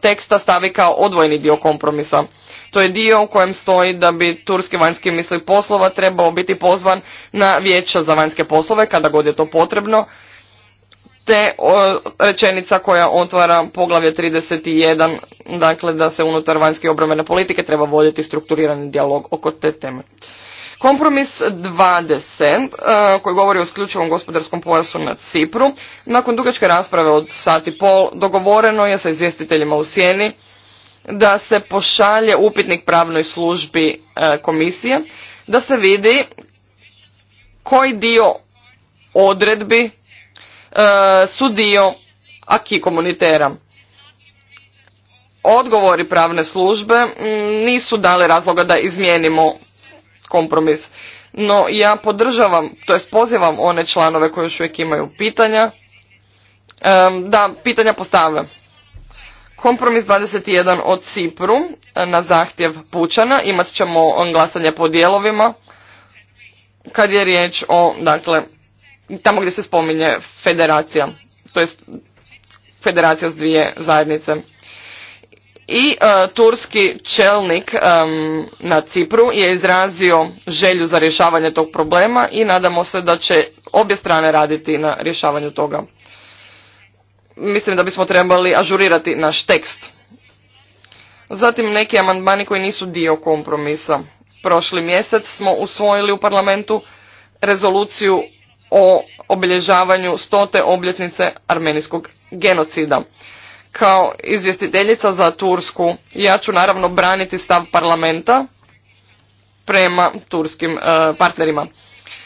teksta stavi kao odvojni dio kompromisa. To je dio u kojem stoji da bi turski vanjski misli poslova trebao biti pozvan na vijeća za vanjske poslove kada god je to potrebno, te rečenica koja otvara poglavlje 31, dakle da se unutar vanjske obrambene politike treba voditi strukturirani dijalog oko te teme. Kompromis 20 e, koji govori o isključivom gospodarskom pojasu na Cipru, nakon dugačke rasprave od sati pol dogovoreno je sa izvjestiteljima u sjeni da se pošalje upitnik pravnoj službi e, komisije da se vidi koji dio odredbi e, su dio aki komunitera. Odgovori pravne službe nisu dali razloga da izmijenimo kompromis. No ja podržavam, to jest pozivam one članove koji još uvijek imaju pitanja, da pitanja postave. Kompromis 21 od Cipru e, na zahtjev Pučana imat ćemo glasanje po dijelovima kad je riječ o, dakle, tamo gdje se spominje federacija, to jest federacija s dvije zajednice i e, turski čelnik e, na Cipru je izrazio želju za rješavanje tog problema i nadamo se da će obje strane raditi na rješavanju toga. Mislim da bismo trebali ažurirati naš tekst. Zatim neki amandmani koji nisu dio kompromisa. Prošli mjesec smo usvojili u parlamentu rezoluciju o obilježavanju stote obljetnice armenijskog genocida. Kao izvjestiteljica za Tursku, ja ću naravno braniti stav parlamenta prema turskim e, partnerima.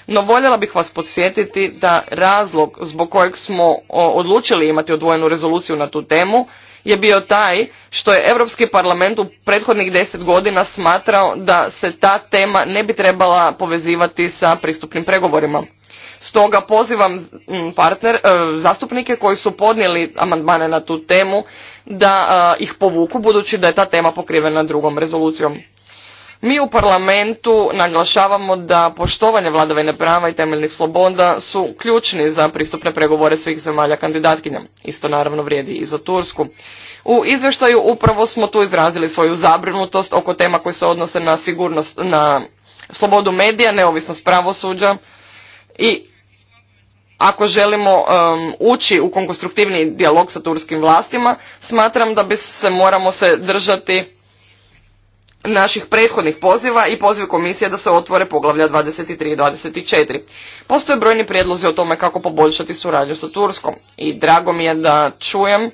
No voljela bih vas podsjetiti da razlog zbog kojeg smo odlučili imati odvojenu rezoluciju na tu temu je bio taj što je Europski parlament u prethodnih deset godina smatrao da se ta tema ne bi trebala povezivati sa pristupnim pregovorima. Stoga pozivam mm, partner, e, zastupnike koji su podnijeli amandmane na tu temu da e, ih povuku budući da je ta tema pokrivena drugom rezolucijom. Mi u parlamentu naglašavamo da poštovanje vladavine prava i temeljnih sloboda su ključni za pristupne pregovore svih zemalja kandidatkinja. Isto naravno vrijedi i za Tursku. U izvještaju upravo smo tu izrazili svoju zabrinutost oko tema koje se odnose na sigurnost, na slobodu medija, neovisnost pravosuđa i ako želimo ući u konstruktivni dijalog sa turskim vlastima, smatram da bi se moramo se držati naših prethodnih poziva i poziv komisije da se otvore poglavlja 23 i 24. Postoje brojni prijedlozi o tome kako poboljšati suradnju sa Turskom i drago mi je da čujem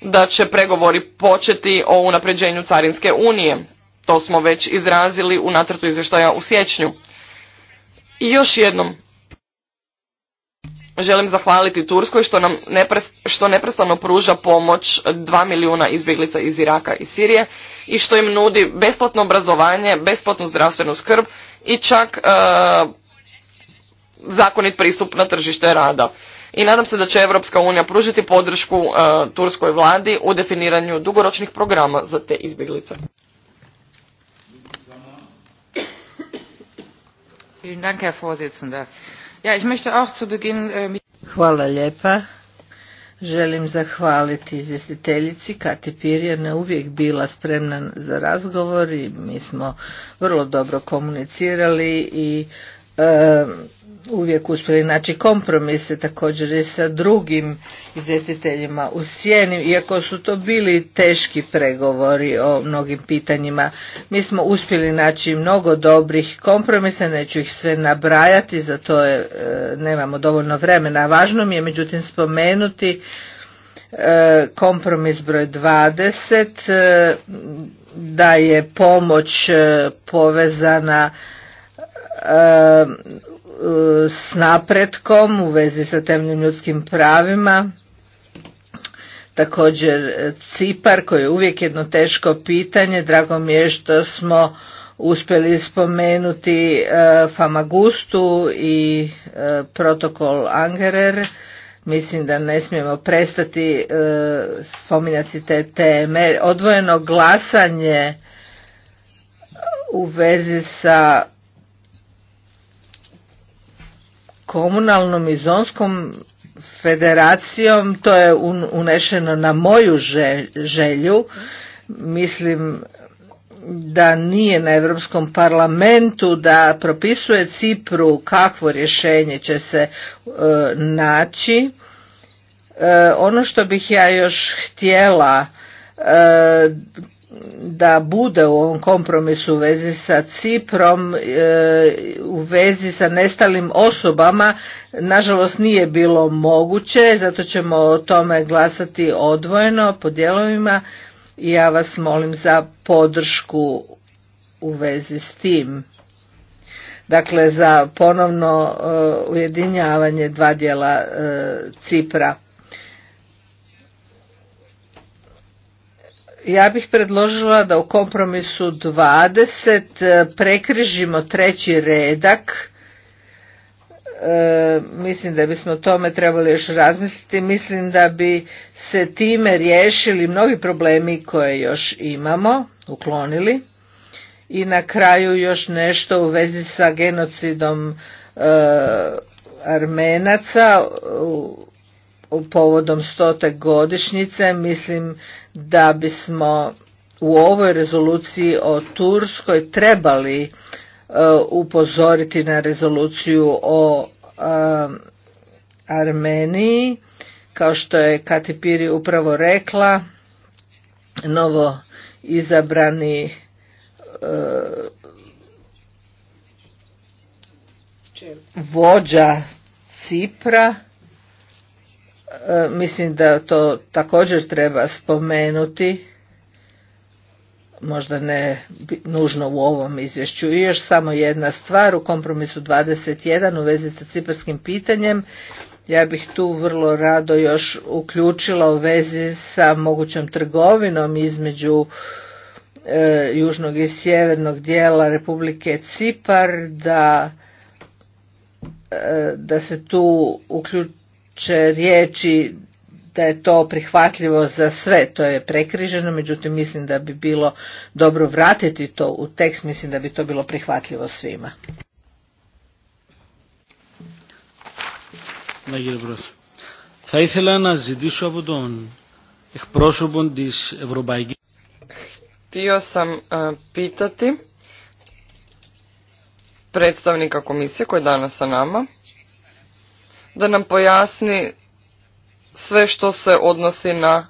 da će pregovori početi o unapređenju Carinske unije. To smo već izrazili u nacrtu izvještaja u siječnju. I još jednom, Želim zahvaliti Turskoj što nam neprestano pruža pomoć dva milijuna izbjeglica iz Iraka i Sirije i što im nudi besplatno obrazovanje, besplatnu zdravstvenu skrb i čak e, zakonit pristup na tržište rada. I nadam se da će Europska unija pružiti podršku e, turskoj vladi u definiranju dugoročnih programa za te izbjeglice. Vielen Dank, Herr Vorsitzender. Ja, äh, Hvala lijepa. Želim zahvaliti izvjestiteljici Kati Pirjana, uvijek bila spremna za razgovor i mi smo vrlo dobro komunicirali i uvijek uspjeli naći kompromise također i sa drugim izvjestiteljima u sjeni, iako su to bili teški pregovori o mnogim pitanjima. Mi smo uspjeli naći mnogo dobrih kompromisa, neću ih sve nabrajati, zato je, e, nemamo dovoljno vremena. Važno mi je međutim spomenuti e, kompromis broj 20 e, da je pomoć povezana s napretkom u vezi sa temeljnim ljudskim pravima. Također Cipar koji je uvijek jedno teško pitanje. Drago mi je što smo uspjeli spomenuti e, Famagustu i e, protokol Angerer. Mislim da ne smijemo prestati e, spominjati te teme. Odvojeno glasanje u vezi sa komunalnom i zonskom federacijom, to je unešeno na moju želju, mislim da nije na Europskom parlamentu da propisuje Cipru kakvo rješenje će se e, naći. E, ono što bih ja još htjela e, da bude u ovom kompromisu u vezi sa Ciprom, e, u vezi sa nestalim osobama, nažalost nije bilo moguće, zato ćemo o tome glasati odvojeno po dijelovima i ja vas molim za podršku u vezi s tim. Dakle, za ponovno e, ujedinjavanje dva dijela e, Cipra. ja bih predložila da u kompromisu 20 e, prekrižimo treći redak. E, mislim da bismo tome trebali još razmisliti. Mislim da bi se time riješili mnogi problemi koje još imamo, uklonili. I na kraju još nešto u vezi sa genocidom e, Armenaca u u povodom stote godišnjice mislim da bismo u ovoj rezoluciji o Turskoj trebali e, upozoriti na rezoluciju o e, Armeniji kao što je Katipiri upravo rekla novo izabrani e, vođa Cipra E, mislim da to također treba spomenuti možda ne nužno u ovom izvješću. I još samo jedna stvar, u kompromisu 21 u vezi sa ciparskim pitanjem, ja bih tu vrlo rado još uključila u vezi sa mogućom trgovinom između e, južnog i sjevernog dijela Republike Cipar, da, e, da se tu uključi će riječi da je to prihvatljivo za sve, to je prekriženo, međutim mislim da bi bilo dobro vratiti to u tekst, mislim da bi to bilo prihvatljivo svima. Htio sam pitati predstavnika komisije koji je danas sa nama, da nam pojasni sve što se odnosi na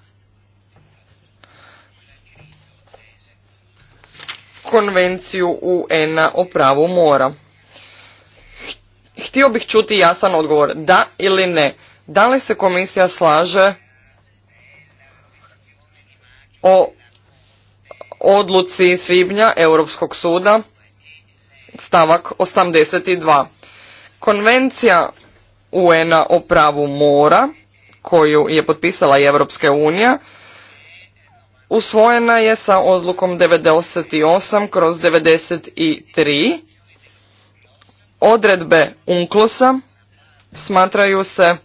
konvenciju UN-a o pravu mora. Htio bih čuti jasan odgovor, da ili ne. Da li se komisija slaže o odluci svibnja Europskog suda stavak 82. Konvencija UN-a o pravu mora koju je potpisala i Evropska unija usvojena je sa odlukom 98 kroz 93 odredbe UNCLOS-a smatraju se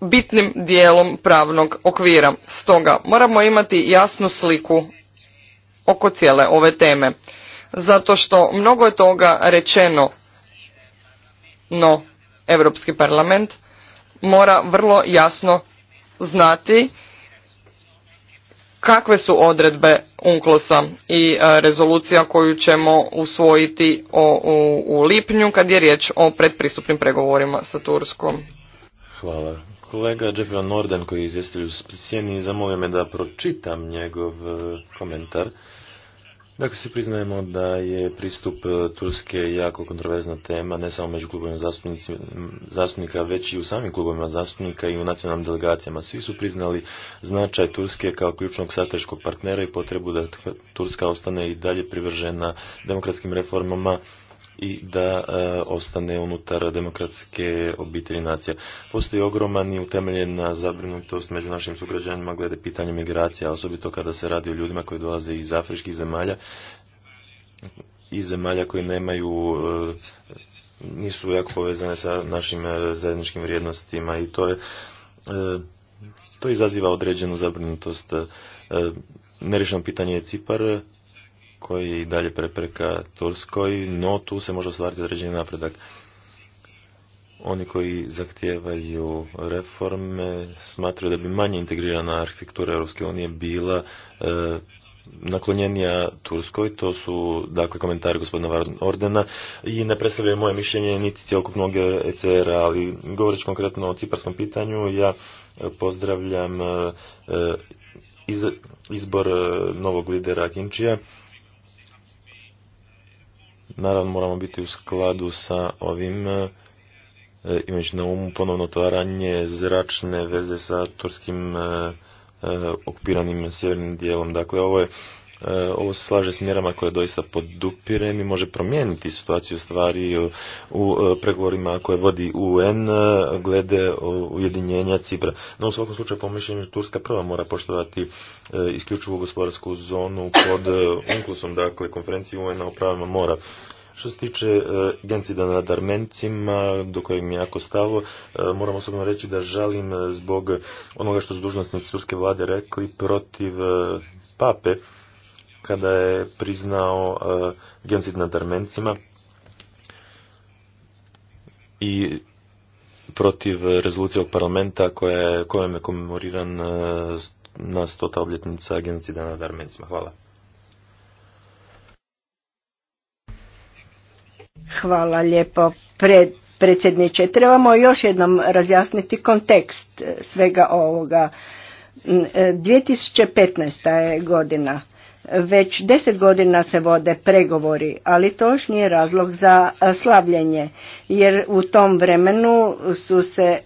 bitnim dijelom pravnog okvira. Stoga moramo imati jasnu sliku oko cijele ove teme. Zato što mnogo je toga rečeno no, Europski parlament mora vrlo jasno znati kakve su odredbe UNCLOS-a i e, rezolucija koju ćemo usvojiti u, lipnju kad je riječ o predpristupnim pregovorima sa Turskom. Hvala. Kolega Jeffrey Norden koji je izvjestilju u Sjeni zamolio me da pročitam njegov e, komentar. Dakle, svi priznajemo da je pristup e, Turske jako kontroverzna tema, ne samo među klubovima zastupnika, već i u samim klubovima zastupnika i u nacionalnim delegacijama. Svi su priznali značaj Turske kao ključnog strateškog partnera i potrebu da Turska ostane i dalje privržena demokratskim reformama i da e, ostane unutar demokratske obitelji nacija. Postoji ogroman i utemeljena zabrinutost među našim sugrađanima glede pitanja migracija, osobito kada se radi o ljudima koji dolaze iz afričkih zemalja i zemalja koji nemaju e, nisu jako povezane sa našim e, zajedničkim vrijednostima i to je to izaziva određenu zabrinutost. Nerešeno pitanje je Cipar koji je i dalje prepreka Turskoj, no tu se može ostvariti određeni napredak. Oni koji zahtijevaju reforme smatraju da bi manje integrirana arhitektura Europske unije bila e, naklonjenija Turskoj, to su dakle komentari gospodina Ordena i ne predstavljaju moje mišljenje niti cjelokupnog ECR-a, ali govoreći konkretno o ciparskom pitanju, ja pozdravljam e, e, izbor novog lidera Kinčija Naravno moramo biti u skladu sa ovim e, imajući na umu ponovno otvaranje zračne veze sa turskim e, e, okupiranim sjevernim dijelom. Dakle, ovo je E, ovo se slaže s mjerama koje doista podupirem i može promijeniti situaciju stvari u e, pregovorima koje vodi UN e, glede ujedinjenja Cipra. No u svakom slučaju po Turska prva mora poštovati isključivu gospodarsku zonu pod unklusom dakle konferenciji un o pravima mora. Što se tiče gencida nad Armencima, do kojeg mi jako stalo, moram osobno reći da žalim zbog onoga što su dužnostnici turske vlade rekli protiv pape, kada je priznao eh, genocid nad Armencima i protiv rezolucije parlamenta koja je, kojom je komemoriran eh, na stota obljetnica genocida nad Armencima. Hvala. Hvala lijepo predsjedniče. Trebamo još jednom razjasniti kontekst eh, svega ovoga. 2015. Mm, je godina već deset godina se vode pregovori, ali to još nije razlog za slavljenje, jer u tom vremenu su se,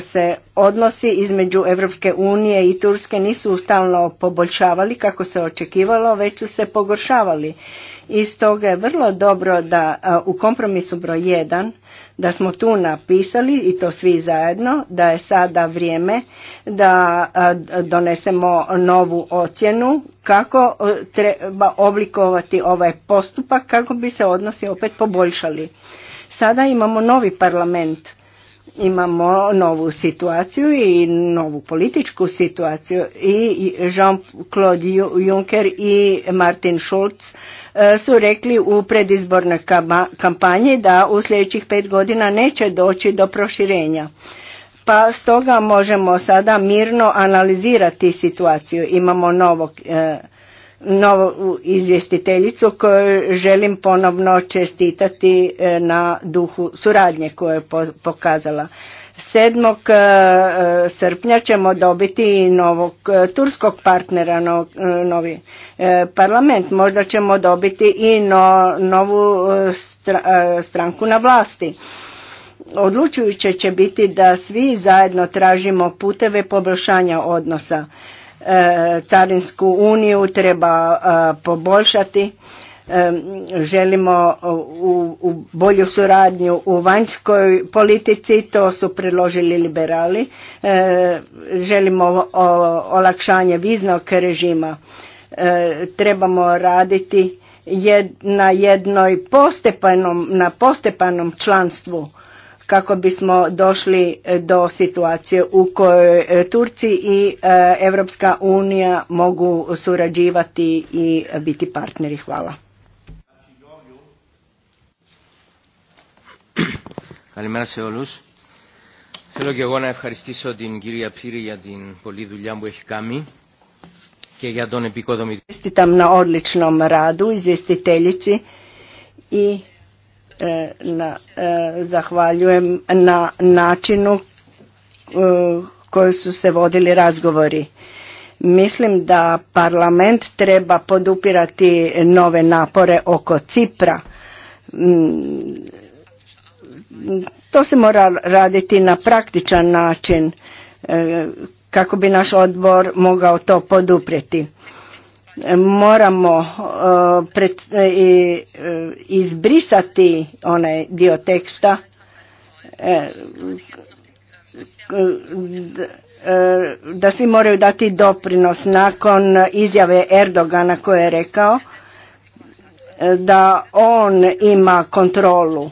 se odnosi između Europske unije i Turske nisu stalno poboljšavali kako se očekivalo, već su se pogoršavali i stoga je vrlo dobro da u kompromisu broj 1 da smo tu napisali i to svi zajedno da je sada vrijeme da donesemo novu ocjenu kako treba oblikovati ovaj postupak kako bi se odnosi opet poboljšali. Sada imamo novi parlament imamo novu situaciju i novu političku situaciju i Jean-Claude Juncker i Martin Schulz e, su rekli u predizbornoj kampanji da u sljedećih pet godina neće doći do proširenja. Pa stoga možemo sada mirno analizirati situaciju. Imamo novog e, novu izvjestiteljicu koju želim ponovno čestitati e, na duhu suradnje koju je pokazala. 7. E, e, srpnja ćemo dobiti novog turskog partnera, novi parlament. Možda ćemo dobiti i novu stranku na vlasti. Odlučujuće će biti da svi zajedno tražimo puteve poboljšanja odnosa. E, Carinsku uniju treba e, poboljšati. E, želimo u, bolju suradnju u vanjskoj politici, to su predložili liberali. Želimo olakšanje viznog režima. Trebamo raditi na jednoj postepanom, na postepanom članstvu kako bismo došli do situacije u kojoj Turci i Europska unija mogu surađivati i biti partneri. Hvala. Καλημέρα σε όλους. Θέλω και εγώ να ευχαριστήσω την κυρία Πύρη για την πολλή δουλειά που έχει κάνει και για τον επικοδομητή. Εστιτάμ να όρλιτσνομ ράδου, εισιστητέλιτσι, i E, na, e, zahvaljujem na načinu e, koji su se vodili razgovori. Mislim da parlament treba podupirati nove napore oko Cipra. Mm, to se mora raditi na praktičan način kako bi naš odbor mogao to poduprijeti moramo e, e, e, izbrisati onaj dio teksta da svi moraju dati doprinos nakon izjave Erdogana koje je rekao da on ima kontrolu.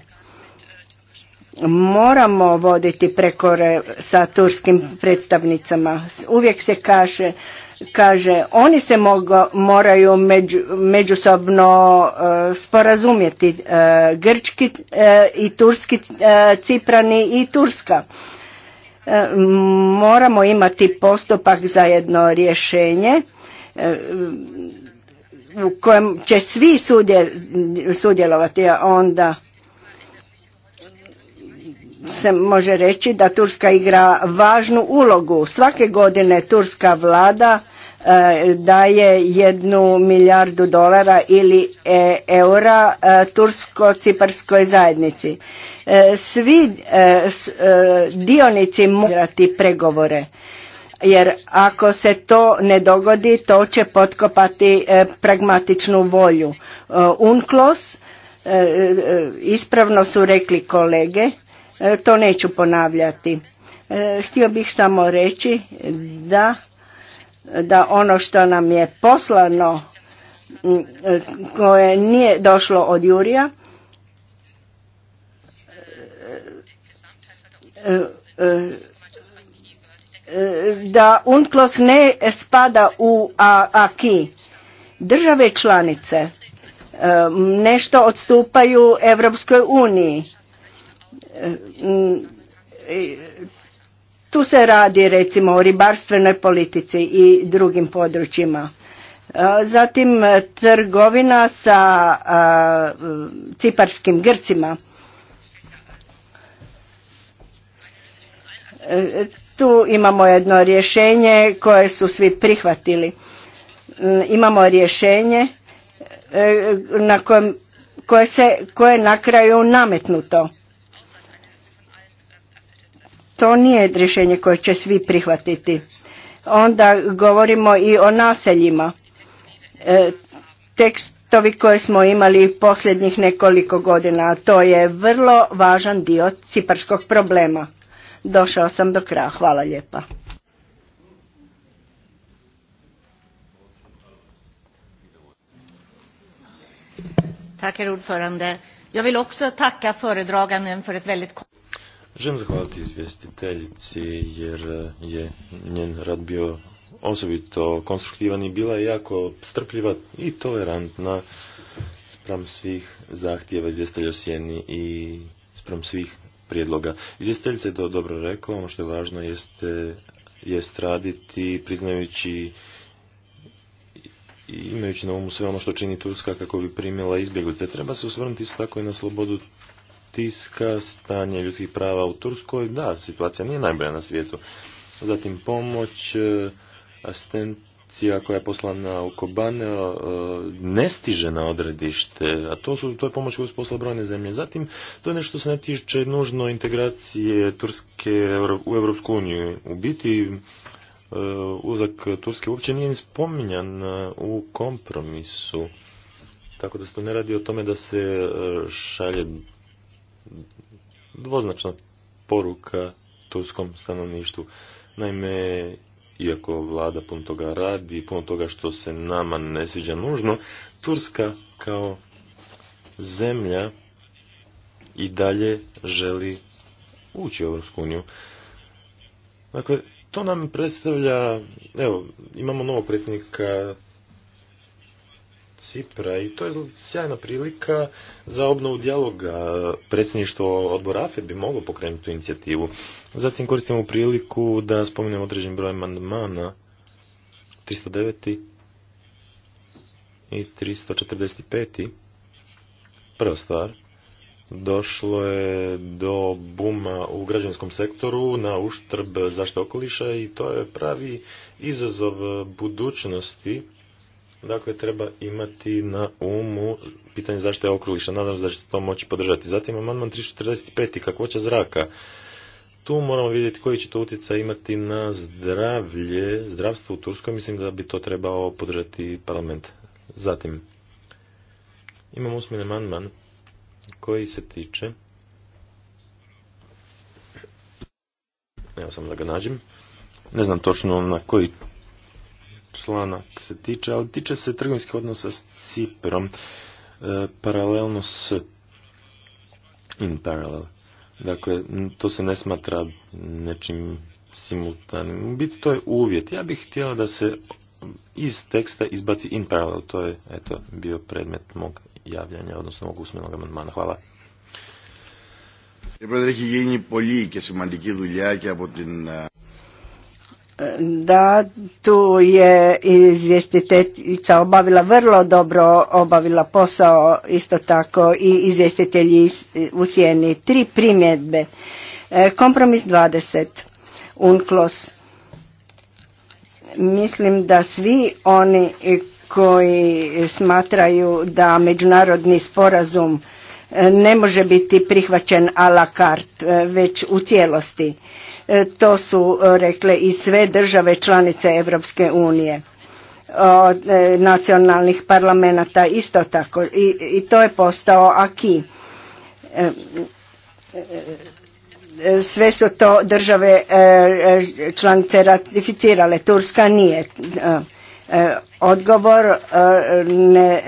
Moramo voditi prekore sa turskim predstavnicama. Uvijek se kaže kaže oni se moraju međusobno e, sporazumjeti e, grčki e, i turski ciprani i turska moramo imati postupak za jedno rješenje u kojem će svi sudjelovati a onda se može reći da Turska igra važnu ulogu. Svake godine turska vlada e, daje jednu milijardu dolara ili e, eura e, tursko-ciparskoj zajednici. Svi dionici morati pregovore jer ako se to ne dogodi to će potkopati pragmatičnu volju. Unklos ispravno su rekli kolege, E, to neću ponavljati. E, htio bih samo reći da, da ono što nam je poslano e, koje nije došlo od Jurija da UNCLOS ne spada u AKI. Države članice nešto odstupaju Evropskoj uniji tu se radi recimo o ribarstvenoj politici i drugim područjima. E, zatim e, trgovina sa e, ciparskim grcima. Tu imamo jedno rješenje koje su svi prihvatili. Imamo rješenje koje, koje je na kraju nametnuto to nije rješenje koje će svi prihvatiti. Onda govorimo i o naseljima. E, tekstovi koje smo imali posljednjih nekoliko godina, to je vrlo važan dio ciparskog problema. Došao sam do kraja, hvala lijepa. Tack herr ordförande. Jag vill också tacka föredraganden för ett väldigt Želim zahvaliti izvjestiteljici jer je njen rad bio osobito konstruktivan i bila je jako strpljiva i tolerantna sprem svih zahtjeva izvjestelja Sjeni i sprem svih prijedloga. Izvjestiteljica je to dobro rekla, ono što je važno jeste, jest raditi priznajući i imajući na umu sve ono što čini Turska kako bi primjela izbjeglice. Treba se usvrnuti isto tako i na slobodu tiska, stanje ljudskih prava u Turskoj, da, situacija nije najbolja na svijetu. Zatim pomoć, e, asistencija koja je poslana u Kobane e, ne stiže na odredište, a to, su, to je pomoć koju posla brojne zemlje. Zatim, to je nešto što se ne tiče nužno integracije Turske u Europsku uniju. U biti, e, uzak Turske uopće nije ni spominjan u kompromisu. Tako da se to ne radi o tome da se šalje dvoznačna poruka turskom stanovništvu. Naime, iako vlada puno toga radi puno toga što se nama ne sviđa nužno, Turska kao zemlja i dalje želi ući u Europsku uniju. Dakle, to nam predstavlja, evo, imamo novog predsjednika Cipra i to je sjajna prilika za obnovu dijaloga. Predsjedništvo odbora AFE bi moglo pokrenuti tu inicijativu. Zatim koristimo priliku da spominjem određen broj mandmana 309. i 345. Prva stvar, došlo je do buma u građanskom sektoru na uštrb zaštite okoliša i to je pravi izazov budućnosti Dakle, treba imati na umu pitanje je okoliša. Nadam se da ćete to moći podržati. Zatim, amandman 345. kakvoća zraka. Tu moramo vidjeti koji će to utjecaj imati na zdravlje, zdravstvo u Turskoj. Mislim da bi to trebao podržati parlament. Zatim, imamo usmjene amandman koji se tiče... Evo sam da ga nađem. Ne znam točno na koji članak se tiče, ali tiče se trgovinskih odnosa s Ciprom, e, paralelno s in parallel. Dakle, to se ne smatra nečim simultanim. U biti to je uvjet. Ja bih htjela da se iz teksta izbaci in parallel. To je eto, bio predmet mog javljanja, odnosno mog usmenog amandmana. Hvala. Da, tu je izvjestiteljica obavila vrlo dobro, obavila posao isto tako i izvjestitelji u sjeni. Tri primjedbe. E, kompromis 20, UNCLOS. Mislim da svi oni koji smatraju da međunarodni sporazum e, ne može biti prihvaćen a la carte, e, već u cijelosti. E, to su e, rekle i sve države članice Europske unije od e, nacionalnih parlamenta isto tako i, to je postao aki. Sve su to države članice ratificirale, Turska nije. Odgovor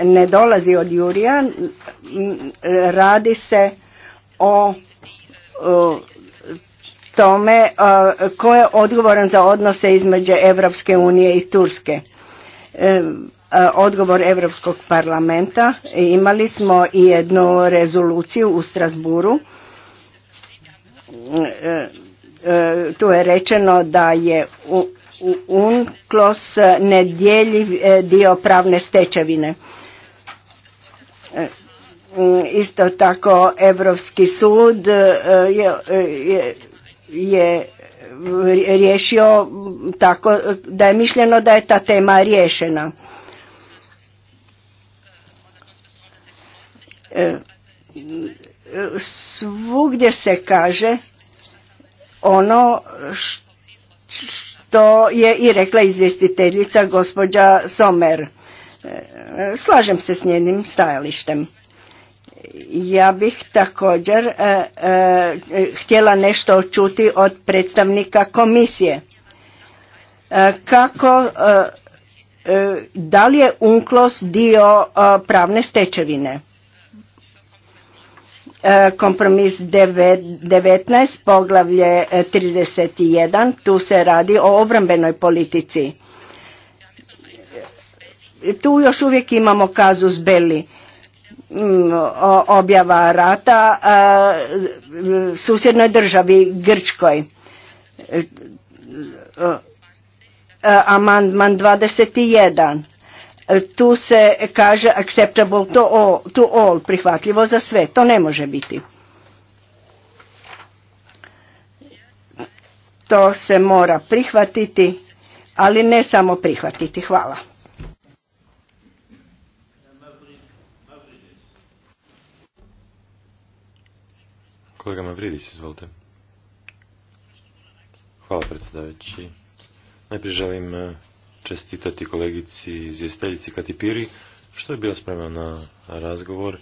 ne, dolazi od Jurija, radi se o tome e, ko je odgovoran za odnose između Europske unije i Turske. E, e, odgovor Europskog parlamenta imali smo i jednu rezoluciju u Strasburu. Tu je rečeno da je UNCLOS nedjeljiv dio pravne stečevine. Isto tako Europski sud je, je je eh, riješio tako da je mišljeno da je ta tema riješena. Eh, svugdje se kaže ono što je i rekla izvjestiteljica gospođa Somer. Eh, slažem se s njenim stajalištem. Ja bih također e, e, htjela nešto čuti od predstavnika komisije. E, kako, da li je unklos dio pravne stečevine? Kompromis 19, poglavlje 31, tu se radi o obrambenoj politici. Tu još uvijek imamo kazus Belli Mm, objava rata mm, susjednoj državi Grčkoj. E, Amandman 21. E, tu se kaže acceptable to all, prihvatljivo za sve. To ne može biti. To se mora prihvatiti, ali ne samo prihvatiti. Hvala. Kolega Mavridis, izvolite. Hvala predsjedavajući. Najprije želim eh, čestitati kolegici izvjesteljici Katipiri, što je bila spremna na razgovor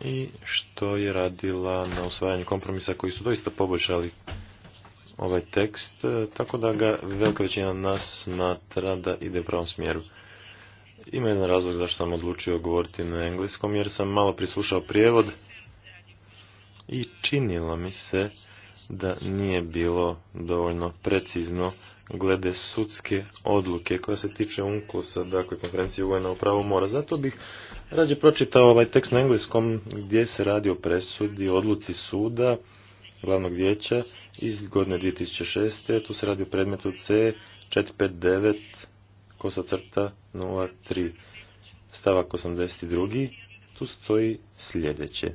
i što je radila na usvajanju kompromisa koji su doista poboljšali ovaj tekst, eh, tako da ga velika većina nas smatra da ide u pravom smjeru. Ima jedan razlog zašto sam odlučio govoriti na engleskom, jer sam malo prislušao prijevod i činilo mi se da nije bilo dovoljno precizno glede sudske odluke koja se tiče unkusa dakle konferencije vojna u pravu mora. Zato bih rađe pročitao ovaj tekst na engleskom gdje se radi o presudi, odluci suda glavnog vijeća iz godine 2006. Tu se radi o predmetu C 459 kosa crta 03 stavak 82. Tu stoji sljedeće.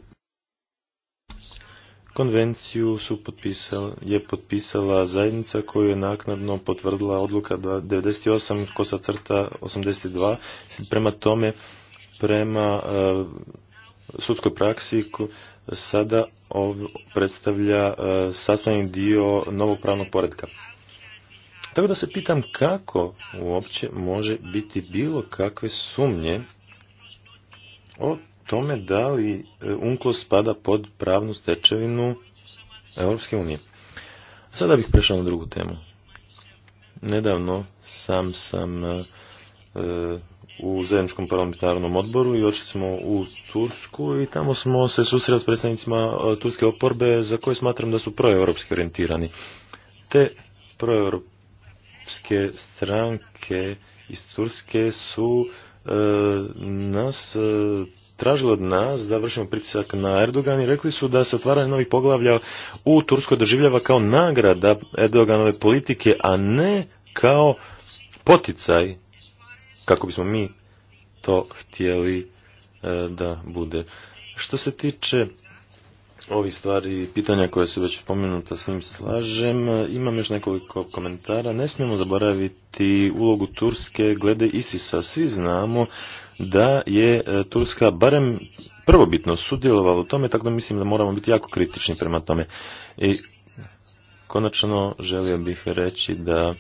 Konvenciju su potpisala, je potpisala zajednica koju je naknadno potvrdila odluka 98 kosa crta 82. Prema tome, prema eh, sudskoj praksi sada ov predstavlja eh, sastavni dio novog pravnog poredka. Tako da se pitam kako uopće može biti bilo kakve sumnje o tome da li e, UNCLOS spada pod pravnu stečevinu Europske unije. Sada bih prešao na drugu temu. Nedavno sam sam e, u zajedničkom parlamentarnom odboru i očito smo u Tursku i tamo smo se susreli s predstavnicima e, turske oporbe za koje smatram da su proeuropski orijentirani. Te proeuropske stranke iz Turske su nas tražili od nas da vršimo pritisak na Erdogan i rekli su da se otvaranje novih poglavlja u Turskoj doživljava kao nagrada Erdoganove politike, a ne kao poticaj kako bismo mi to htjeli e, da bude. Što se tiče ovih stvari i pitanja koje su već spomenuta s njim slažem, imam još nekoliko komentara. Ne smijemo zaboraviti ulogu Turske glede ISIS-a. Svi znamo da je e, Turska barem prvobitno sudjelovala u tome, tako da mislim da moramo biti jako kritični prema tome. I konačno želio bih reći da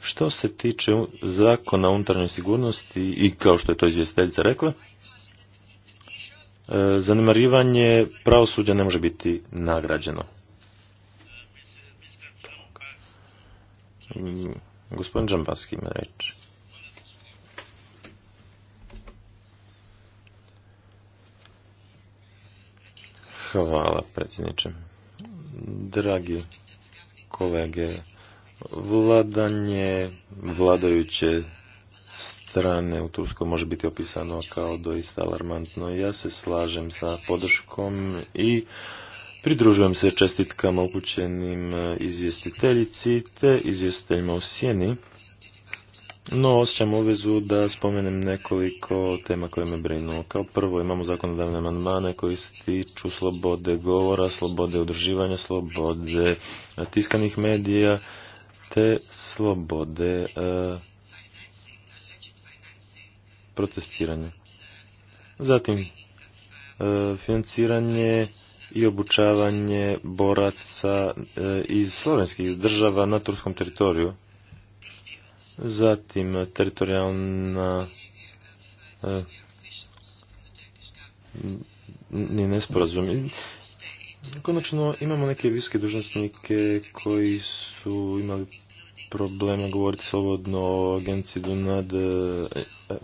što se tiče zakona unutarnjoj sigurnosti i kao što je to izvjestiteljica rekla, e, zanemarivanje pravosuđa ne može biti nagrađeno. Mm, gospodin Džambaski ima reći. Hvala, predsjedniče. Dragi kolege, vladanje vladajuće strane u Turskoj može biti opisano kao doista alarmantno. Ja se slažem sa podrškom i pridružujem se čestitkama upućenim izvjestiteljici te izvjestiteljima u sjeni no, osjećam obvezu da spomenem nekoliko tema koje me brinu. Kao prvo imamo zakonodavne amandmane koji se tiču slobode govora, slobode udruživanja, slobode e, tiskanih medija, te slobode e, protestiranja. Zatim, e, financiranje i obučavanje boraca iz slovenskih država na turskom teritoriju Zatim teritorijalna e, ni nesporazum. Konačno imamo neke visoke dužnostnike koji su imali problema govoriti slobodno o do nad e, e,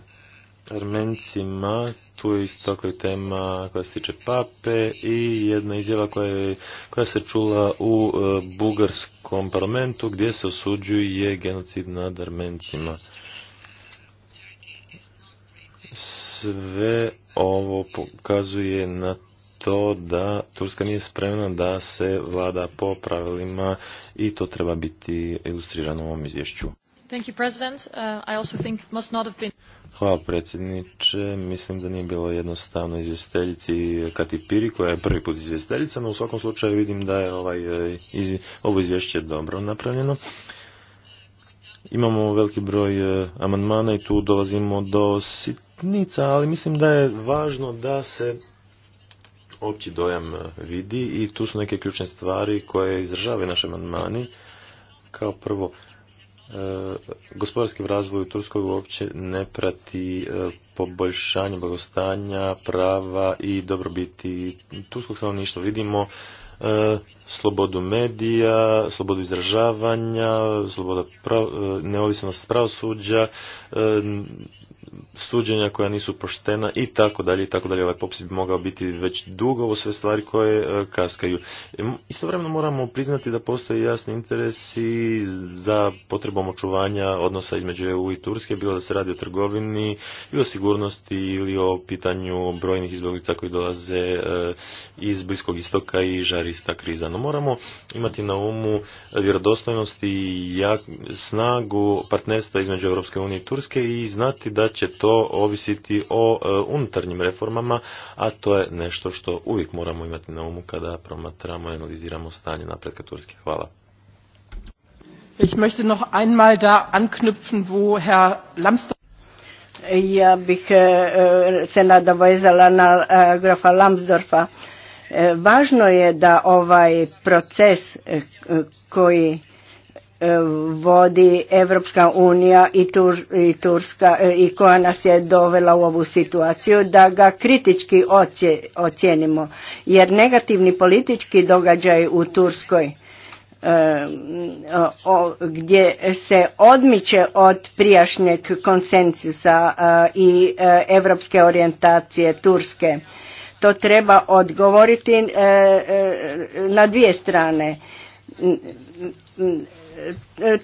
Armencima, tu je isto tako i tema koja se tiče pape i jedna izjava koja, je, koja se čula u e, bugarskom parlamentu gdje se osuđuje genocid nad Armencima. Sve ovo pokazuje na to da Turska nije spremna da se vlada po pravilima i to treba biti ilustrirano u ovom izvješću. Thank you, President. Uh, Hvala predsjedniče. Mislim da nije bilo jednostavno izvjestiteljici Kati Piri, koja je prvi put izvjestiteljica, no u svakom slučaju vidim da je ovaj, e, ovo izvješće dobro napravljeno. Imamo veliki broj e, amandmana i tu dolazimo do sitnica, ali mislim da je važno da se opći dojam e, vidi i tu su neke ključne stvari koje izražavaju naše amandmani. Kao prvo, gospodarski razvoj u Turskoj uopće ne prati e, poboljšanje blagostanja, prava i dobrobiti turskog stanovništva. Vidimo e, slobodu medija, slobodu izražavanja, sloboda e, neovisnost pravosuđa, suđenja koja nisu poštena i tako dalje i tako dalje. Ovaj popis bi mogao biti već dugo, ovo sve stvari koje e, kaskaju. E, istovremeno moramo priznati da postoje jasni interesi za potrebom očuvanja odnosa između EU i Turske, bilo da se radi o trgovini i o sigurnosti ili o pitanju brojnih izbjeglica koji dolaze e, iz Bliskog istoka i žarista kriza. No moramo imati na umu vjerodostojnost i snagu partnerstva između Europske unije i Turske i znati da će to ovisiti o e, unutarnjim reformama, a to je nešto što uvijek moramo imati na umu kada promatramo i analiziramo stanje napretka Turske. Hvala. Ich möchte da anknüpfen, wo ja bih e, e, se nadovezala na grafa Lambsdorfa. Važno je da ovaj proces koji E, vodi Evropska unija i, Turska e, i koja nas je dovela u ovu situaciju da ga kritički ocijenimo jer negativni politički događaj u Turskoj e, gdje se odmiče od prijašnjeg konsensusa i evropske orijentacije Turske. To treba odgovoriti na dvije strane E,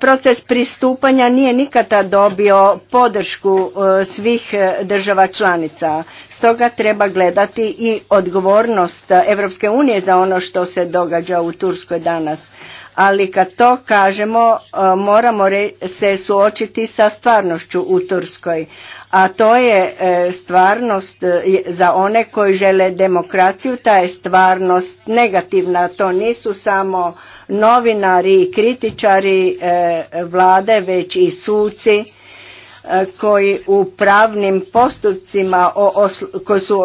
proces pristupanja nije nikada dobio podršku e, svih e, država članica. Stoga treba gledati i odgovornost Evropske unije za ono što se događa u Turskoj danas. Ali kad to kažemo, moramo se suočiti sa stvarnošću u Turskoj. A to je stvarnost za one koji žele demokraciju, ta je stvarnost negativna. To nisu samo novinari i kritičari e, vlade već i suci e, koji u pravnim postupcima koji su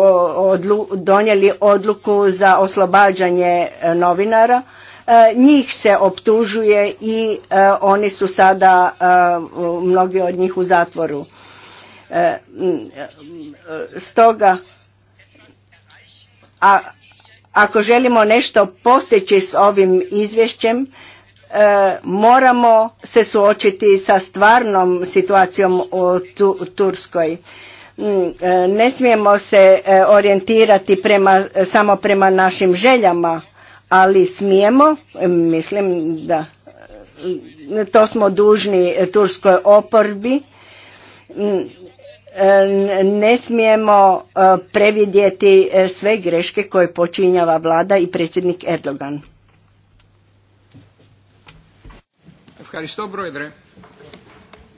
donijeli odluku za oslobađanje e, novinara njih se optužuje i oni su sada mnogi od njih u zatvoru stoga a ako želimo nešto postići s ovim izvješćem, e, moramo se suočiti sa stvarnom situacijom u Turskoj. Mm, e, ne smijemo se e, orijentirati prema, samo prema našim željama, ali smijemo, mislim da to smo dužni turskoj oporbi, mm, ne smijemo e, previdjeti e, sve greške koje počinjava vlada i predsjednik Erdogan.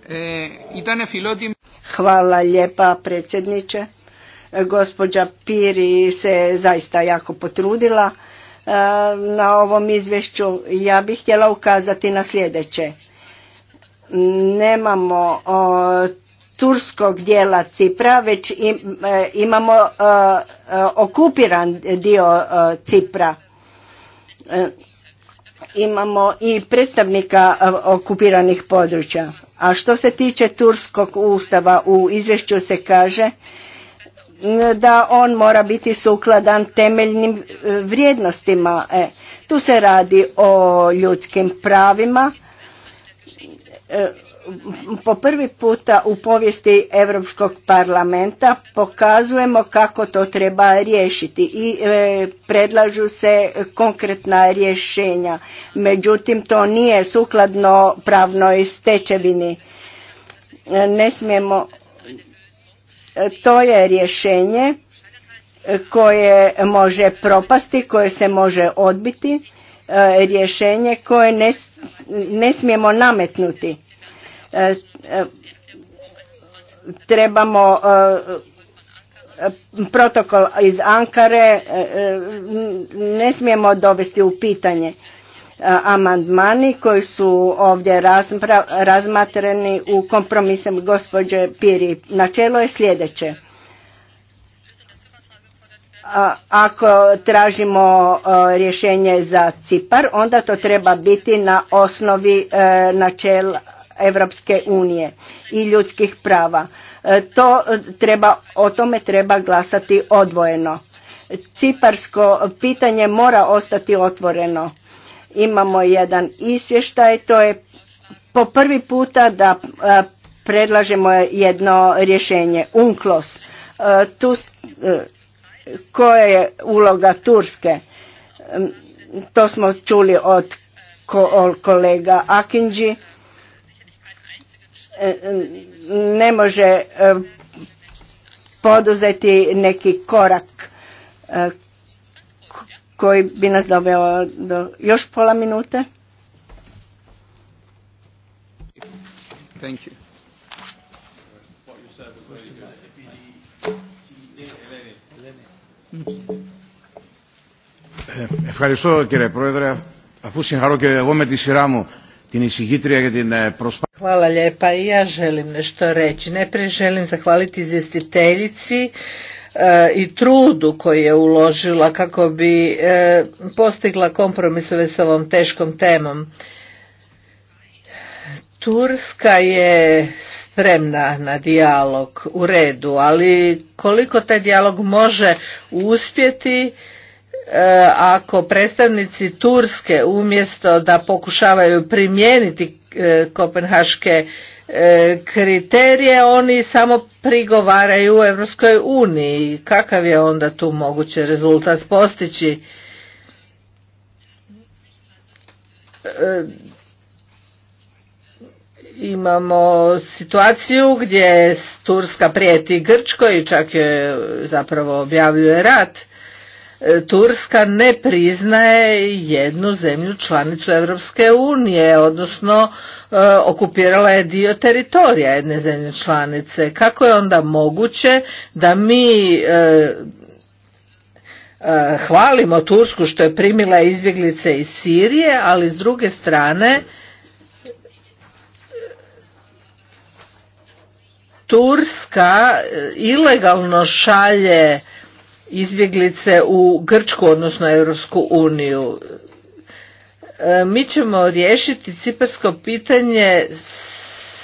E, Hvala lijepa predsjedniče. Gospođa Piri se zaista jako potrudila na ovom izvješću. Ja bih htjela ukazati na sljedeće nemamo turskog dijela Cipra, već e, imamo e, e, okupiran dio Cipra. Imamo i predstavnika okupiranih područja. A što se tiče turskog ustava, u izvješću se kaže da on mora biti sukladan temeljnim vrijednostima. Tu se radi o ljudskim pravima, po prvi puta u povijesti Europskog parlamenta pokazujemo kako to treba riješiti i e, predlažu se konkretna rješenja. Međutim, to nije sukladno pravnoj stečevini. Ne smijemo, e, to je rješenje e, koje može propasti, koje se može odbiti, rješenje koje ne smijemo nametnuti Trebamo e, protokol iz Ankare, e, e, ne smijemo dovesti u pitanje amandmani koji su ovdje razmatreni u kompromisem gospođe Piri. Načelo je sljedeće. ako tražimo rješenje za Cipar, onda to treba biti na osnovi načela Europske unije i ljudskih prava. E, to e, treba, o tome treba glasati odvojeno. Ciparsko pitanje mora ostati otvoreno. Imamo jedan izvještaj, to je po prvi puta da e, predlažemo jedno rješenje, UNCLOS. Tu, koja je uloga Turske? To smo čuli od kolega Akinđi ne može e, poduzeti neki korak e, koji bi nas doveo do još pola minute. Thank you. Ευχαριστώ κύριε Πρόεδρε. Αφού συγχαρώ και εγώ με τη σειρά μου Hvala lijepa i ja želim nešto reći. Najprije želim zahvaliti izvjestiteljici e, i trudu koji je uložila kako bi e, postigla kompromisove s ovom teškom temom. Turska je spremna na dijalog u redu, ali koliko taj dijalog može uspjeti E, ako predstavnici Turske umjesto da pokušavaju primijeniti e, kopenhaške e, kriterije, oni samo prigovaraju u Europskoj uniji. Kakav je onda tu moguće rezultat postići? Imamo situaciju gdje Turska prijeti Grčkoj i čak je zapravo objavljuje rat E, Turska ne priznaje jednu zemlju članicu Europske unije, odnosno e, okupirala je dio teritorija jedne zemlje članice. Kako je onda moguće da mi e, hvalimo Tursku što je primila izbjeglice iz Sirije, ali s druge strane Turska ilegalno šalje izbjeglice u Grčku, odnosno Europsku uniju. E, mi ćemo riješiti ciparsko pitanje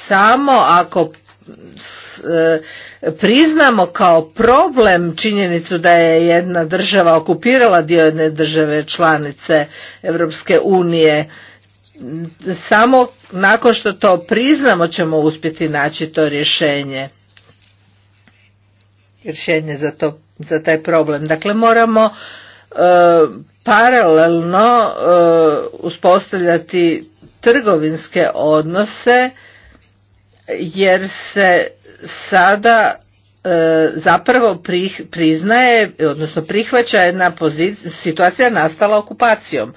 samo ako e, priznamo kao problem činjenicu da je jedna država okupirala dio jedne države članice Europske unije samo nakon što to priznamo ćemo uspjeti naći to rješenje rješenje za to za taj problem. Dakle, moramo e, paralelno e, uspostavljati trgovinske odnose jer se sada e, zapravo priznaje, odnosno prihvaća jedna situacija nastala okupacijom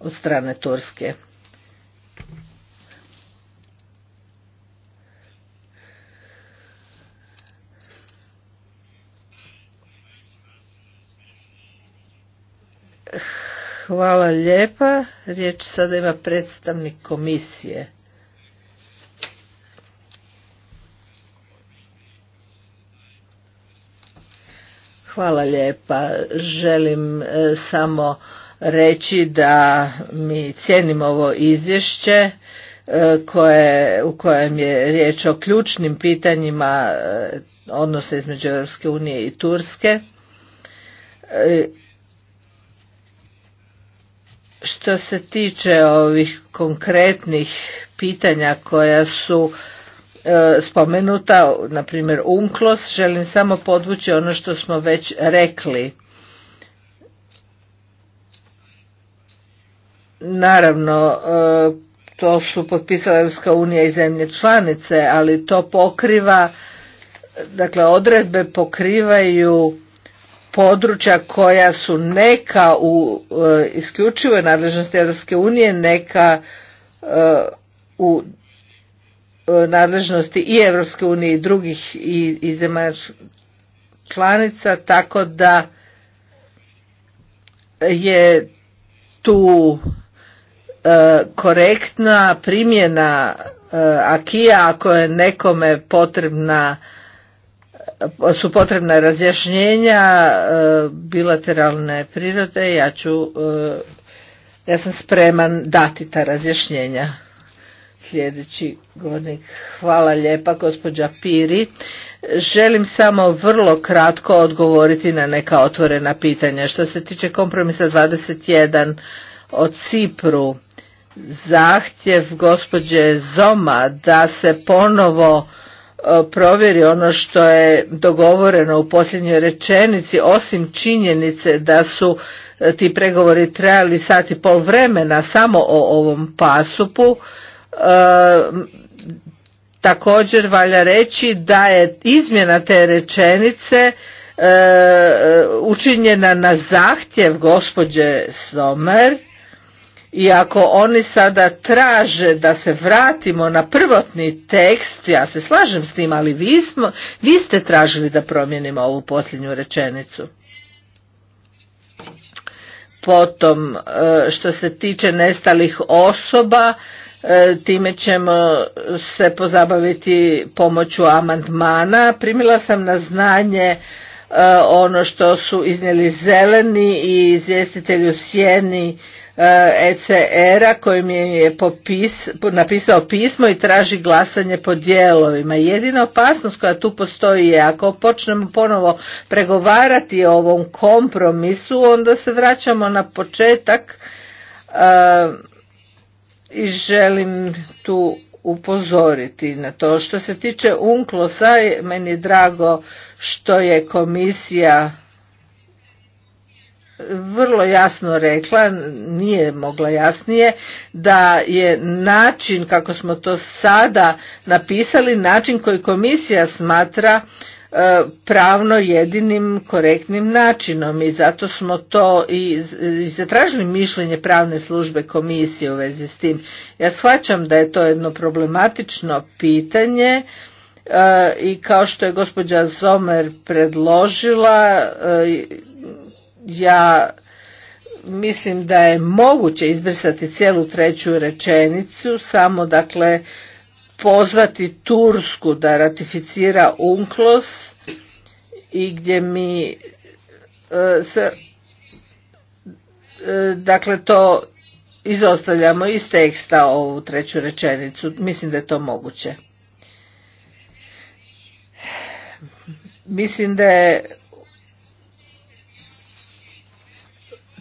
od strane Turske. Hvala lijepa. Riječ sada ima predstavnik komisije. Hvala lijepa. Želim e, samo reći da mi cijenimo ovo izvješće e, koje, u kojem je riječ o ključnim pitanjima e, odnosa između Europske unije i Turske što se tiče ovih konkretnih pitanja koja su e, spomenuta, na primjer unklos želim samo podvući ono što smo već rekli. Naravno, e, to su potpisala Evropska unija i zemlje članice, ali to pokriva, dakle odredbe pokrivaju područja koja su neka u e, isključivoj nadležnosti Europske unije, neka e, u e, nadležnosti i Europske unije i drugih i, i zemalja članica, tako da je tu korektna primjena akija ako je nekome potrebna su potrebna razjašnjenja e, bilateralne prirode, ja ću, e, ja sam spreman dati ta razjašnjenja. Sljedeći govornik, hvala lijepa gospođa Piri. Želim samo vrlo kratko odgovoriti na neka otvorena pitanja. Što se tiče kompromisa 21 o Cipru, zahtjev gospođe Zoma da se ponovo E, provjeri ono što je dogovoreno u posljednjoj rečenici, osim činjenice da su e, ti pregovori trajali sat i pol vremena samo o ovom pasupu, e, također valja reći da je izmjena te rečenice učinjena na zahtjev gospođe Somer i ako oni sada traže da se vratimo na prvotni tekst, ja se slažem s tim, ali vi, smo, vi ste tražili da promijenimo ovu posljednju rečenicu. Potom, e, što se tiče nestalih osoba, e, time ćemo se pozabaviti pomoću amandmana. Primila sam na znanje e, ono što su iznijeli zeleni i izvjestitelji u sjeni ECR-a eh, e kojim je napisao pismo i traži glasanje po dijelovima. Jedina opasnost koja tu postoji je ako počnemo ponovo pregovarati o ovom kompromisu, onda se vraćamo na početak eh, i želim tu upozoriti na to. Što se tiče UNCLOS-a, meni je drago što je komisija vrlo jasno rekla, nije mogla jasnije, da je način kako smo to sada napisali, način koji komisija smatra e, pravno jedinim korektnim načinom i zato smo to i zatražili mišljenje pravne službe komisije u vezi s tim. Ja shvaćam da je to jedno problematično pitanje e, i kao što je gospođa Zomer predložila e, ja mislim da je moguće izbrisati cijelu treću rečenicu, samo dakle pozvati Tursku da ratificira UNCLOS i gdje mi se e, dakle to izostavljamo iz teksta ovu treću rečenicu. Mislim da je to moguće. Mislim da je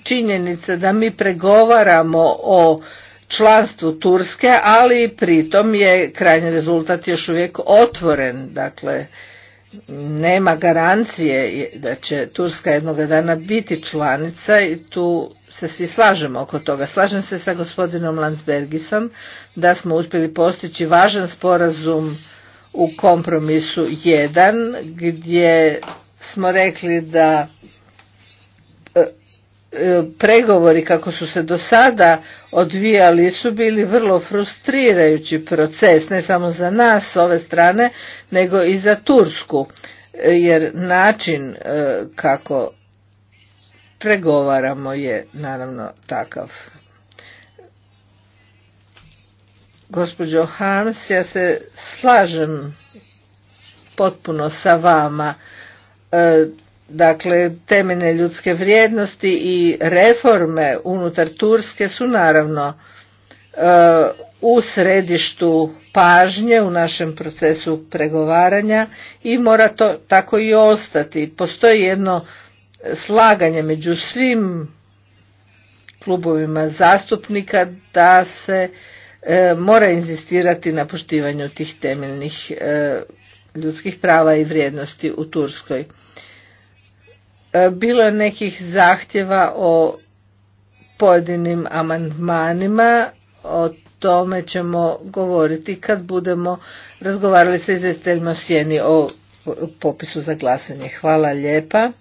činjenica da mi pregovaramo o članstvu Turske, ali pritom je krajnji rezultat još uvijek otvoren, dakle nema garancije da će Turska jednoga dana biti članica i tu se svi slažemo oko toga. Slažem se sa gospodinom Landsbergisom da smo uspjeli postići važan sporazum u kompromisu 1 gdje smo rekli da E, pregovori kako su se do sada odvijali su bili vrlo frustrirajući proces ne samo za nas s ove strane nego i za Tursku e, jer način e, kako pregovaramo je naravno takav. Gospođo Harms, ja se slažem potpuno sa vama. Dakle, temeljne ljudske vrijednosti i reforme unutar Turske su naravno e, u središtu pažnje u našem procesu pregovaranja i mora to tako i ostati. Postoji jedno slaganje među svim klubovima zastupnika da se e, mora inzistirati na poštivanju tih temeljnih e, ljudskih prava i vrijednosti u Turskoj. E, bilo je nekih zahtjeva o pojedinim amandmanima, o tome ćemo govoriti kad budemo razgovarali sa izvjestiteljima Sjeni o popisu za glasanje. Hvala lijepa.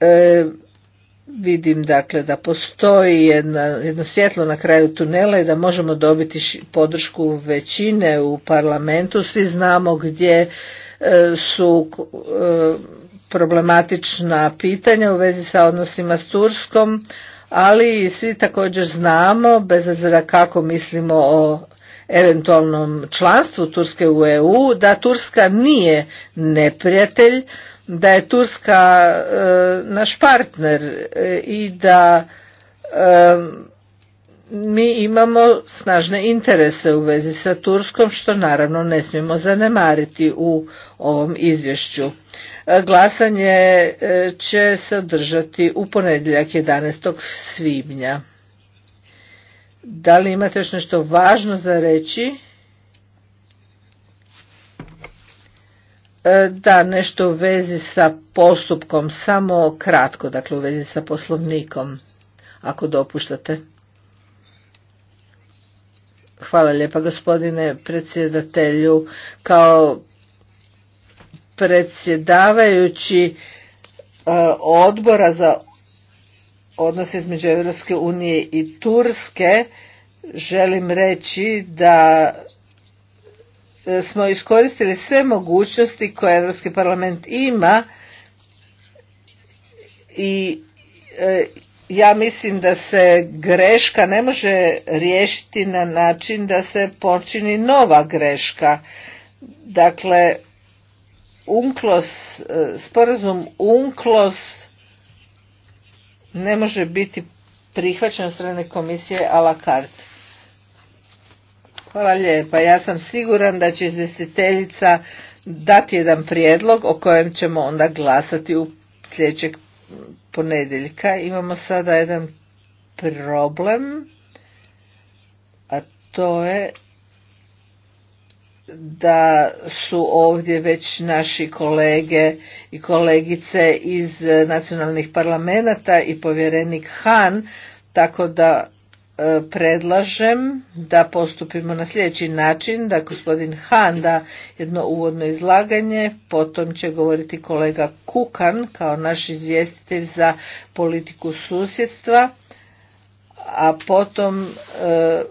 E, vidim dakle da postoji jedno svjetlo na kraju tunela i da možemo dobiti podršku većine u parlamentu. Svi znamo gdje e, su problematična pitanja u vezi sa odnosima s Turskom, ali svi također znamo, bez obzira kako mislimo o eventualnom članstvu Turske u EU, da Turska nije neprijatelj, da je Turska e, naš partner e, i da e, mi imamo snažne interese u vezi sa Turskom, što naravno ne smijemo zanemariti u ovom izvješću. E, glasanje e, će se održati u ponedjeljak 11. svibnja. Da li imate još nešto važno za reći? E, da, nešto u vezi sa postupkom, samo kratko, dakle u vezi sa poslovnikom, ako dopuštate. Hvala lijepa gospodine predsjedatelju. Kao predsjedavajući e, odbora za odnose između Europske unije i Turske želim reći da e, smo iskoristili sve mogućnosti koje Europski parlament ima i e, ja mislim da se greška ne može riješiti na način da se počini nova greška. Dakle, unklos, eh, sporazum unklos ne može biti prihvaćen od strane komisije a la carte. Hvala lijepa. Ja sam siguran da će izvjestiteljica dati jedan prijedlog o kojem ćemo onda glasati u sljedećeg ponedjeljka imamo sada jedan problem, a to je da su ovdje već naši kolege i kolegice iz nacionalnih parlamenta i povjerenik Han, tako da E, predlažem da postupimo na sljedeći način, da gospodin Han da jedno uvodno izlaganje, potom će govoriti kolega Kukan kao naš izvjestitelj za politiku susjedstva, a potom e,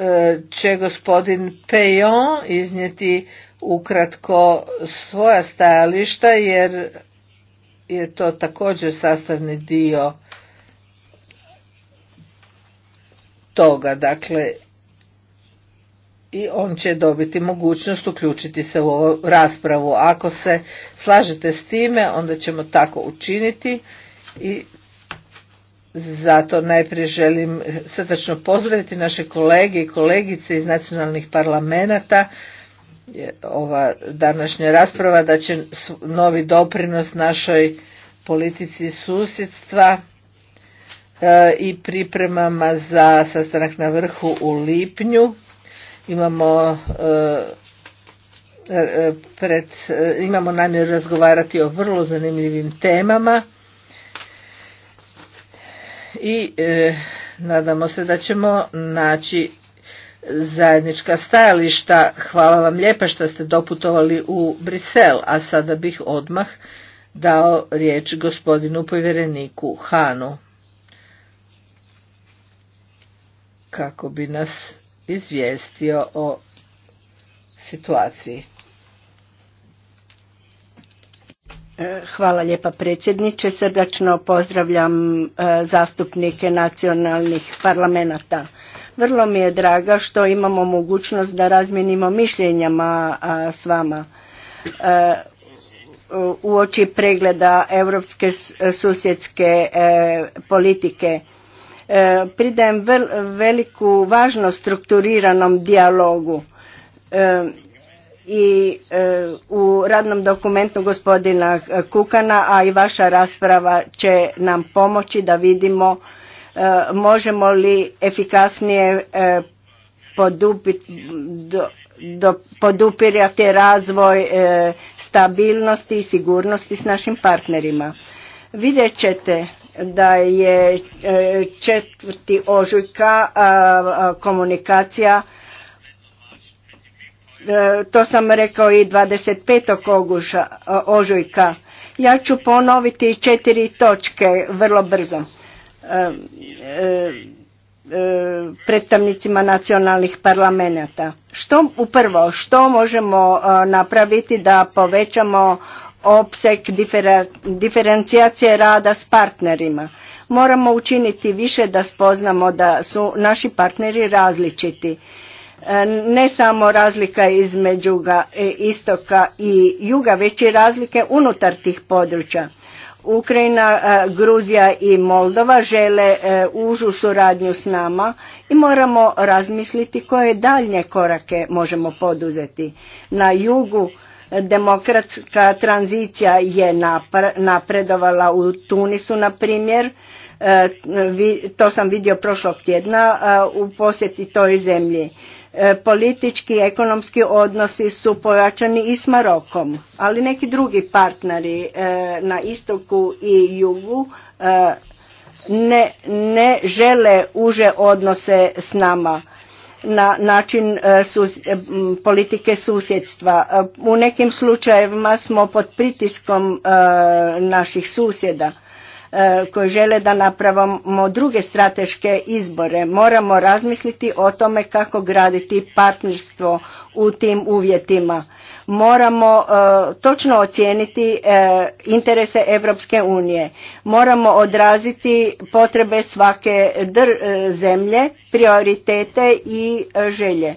e, će gospodin Pejon iznijeti ukratko svoja stajališta jer je to također sastavni dio toga. Dakle, i on će dobiti mogućnost uključiti se u ovu raspravu. Ako se slažete s time, onda ćemo tako učiniti i zato najprije želim srdačno pozdraviti naše kolege i kolegice iz nacionalnih parlamenta. Ova današnja rasprava da će novi doprinos našoj politici susjedstva E, i pripremama za sastanak na vrhu u lipnju. Imamo e, e, pred, imamo namjeru razgovarati o vrlo zanimljivim temama i nadamo se da ćemo naći zajednička stajališta. Hvala vam lijepa što ste doputovali u Brisel, a sada bih odmah dao riječ gospodinu povjereniku Hanu. kako bi nas izvijestio o situaciji. E, hvala lijepa predsjedniče. Srdačno pozdravljam e, zastupnike nacionalnih parlamenta. Vrlo mi je draga što imamo mogućnost da razmijenimo mišljenjama s vama e, uoči pregleda europske susjedske politike E, pridajem veliku važnost strukturiranom dijalogu e, i e, u radnom dokumentu gospodina Kukana, a i vaša rasprava će nam pomoći da vidimo možemo li efikasnije podupirati razvoj stabilnosti i sigurnosti s našim partnerima. Vidjet ćete da je e, četvrti ožujka komunikacija e, to sam rekao i 25. ožujka. Ja ću ponoviti četiri točke vrlo brzo. E, predstavnicima nacionalnih parlamenta. Što, uprvo, što možemo napraviti da povećamo opsek diferencijacije rada s partnerima. Moramo učiniti više da spoznamo da su naši partneri različiti. E, ne samo razlika između e, istoka i juga, već i razlike unutar tih područja. Ukrajina, e, Gruzija i Moldova žele užu suradnju s nama i moramo razmisliti koje daljnje korake možemo poduzeti. Na jugu Demokratska tranzicija je napredovala u Tunisu, na primjer. E, to sam vidio prošlog tjedna e, u posjeti toj zemlji. E, politički i ekonomski odnosi su pojačani i s Marokom, ali neki drugi partneri na istoku i jugu ne, ne žele uže odnose s nama na način e, e, politike susjedstva. E, u nekim slučajevima smo pod pritiskom naših susjeda koji žele da napravimo druge strateške izbore. Moramo razmisliti o tome kako graditi partnerstvo u tim uvjetima moramo e, točno ocijeniti e, interese Europske unije. Moramo odraziti potrebe svake e, zemlje, prioritete i želje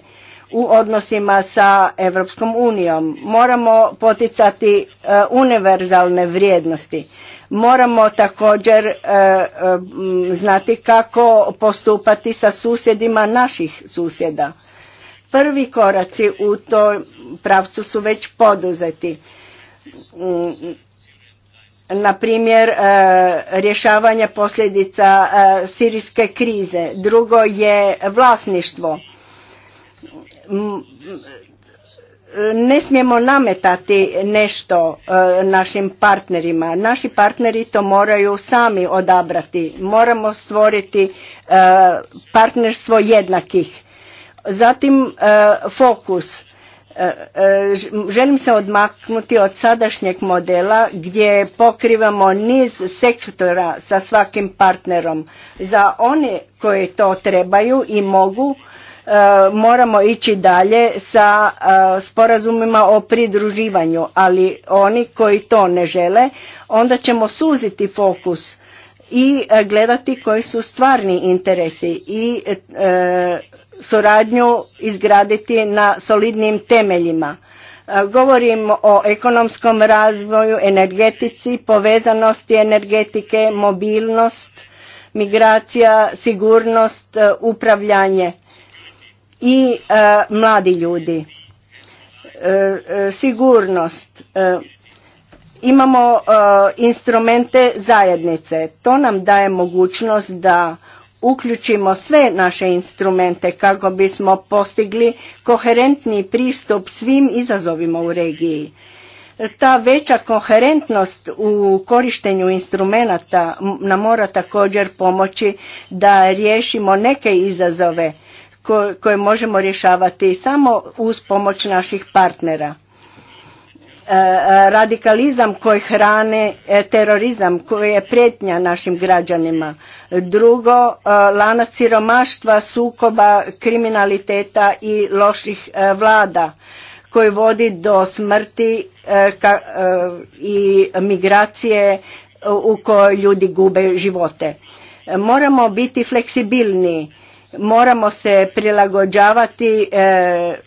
u odnosima sa Europskom unijom. Moramo poticati univerzalne vrijednosti. Moramo također znati kako postupati sa susjedima naših susjeda Prvi koraci u toj pravcu su već poduzeti. Mm, na primjer, e, rješavanje posljedica e, sirijske krize. Drugo je vlasništvo. Mm, ne smijemo nametati nešto e, našim partnerima. Naši partneri to moraju sami odabrati. Moramo stvoriti partnerstvo jednakih Zatim e, fokus. E, e, želim se odmaknuti od sadašnjeg modela gdje pokrivamo niz sektora sa svakim partnerom. Za one koji to trebaju i mogu, moramo ići dalje sa sporazumima o pridruživanju, ali oni koji to ne žele, onda ćemo suziti fokus i gledati koji su stvarni interesi i suradnju izgraditi na solidnim temeljima. E, govorim o ekonomskom razvoju, energetici, povezanosti energetike, mobilnost, migracija, sigurnost, e, upravljanje i e, mladi ljudi. sigurnost. imamo instrumente zajednice. To nam daje mogućnost da uključimo sve naše instrumente kako bismo postigli koherentni pristup svim izazovima u regiji. Ta veća koherentnost u korištenju instrumenta nam mora također pomoći da riješimo neke izazove koje možemo rješavati samo uz pomoć naših partnera. E, e, radikalizam koji hrane e, terorizam koji je prijetnja našim građanima. Drugo, lanac siromaštva, sukoba, kriminaliteta i loših vlada koji vodi do smrti i migracije u kojoj ljudi gube živote. Moramo biti fleksibilni moramo se prilagođavati e,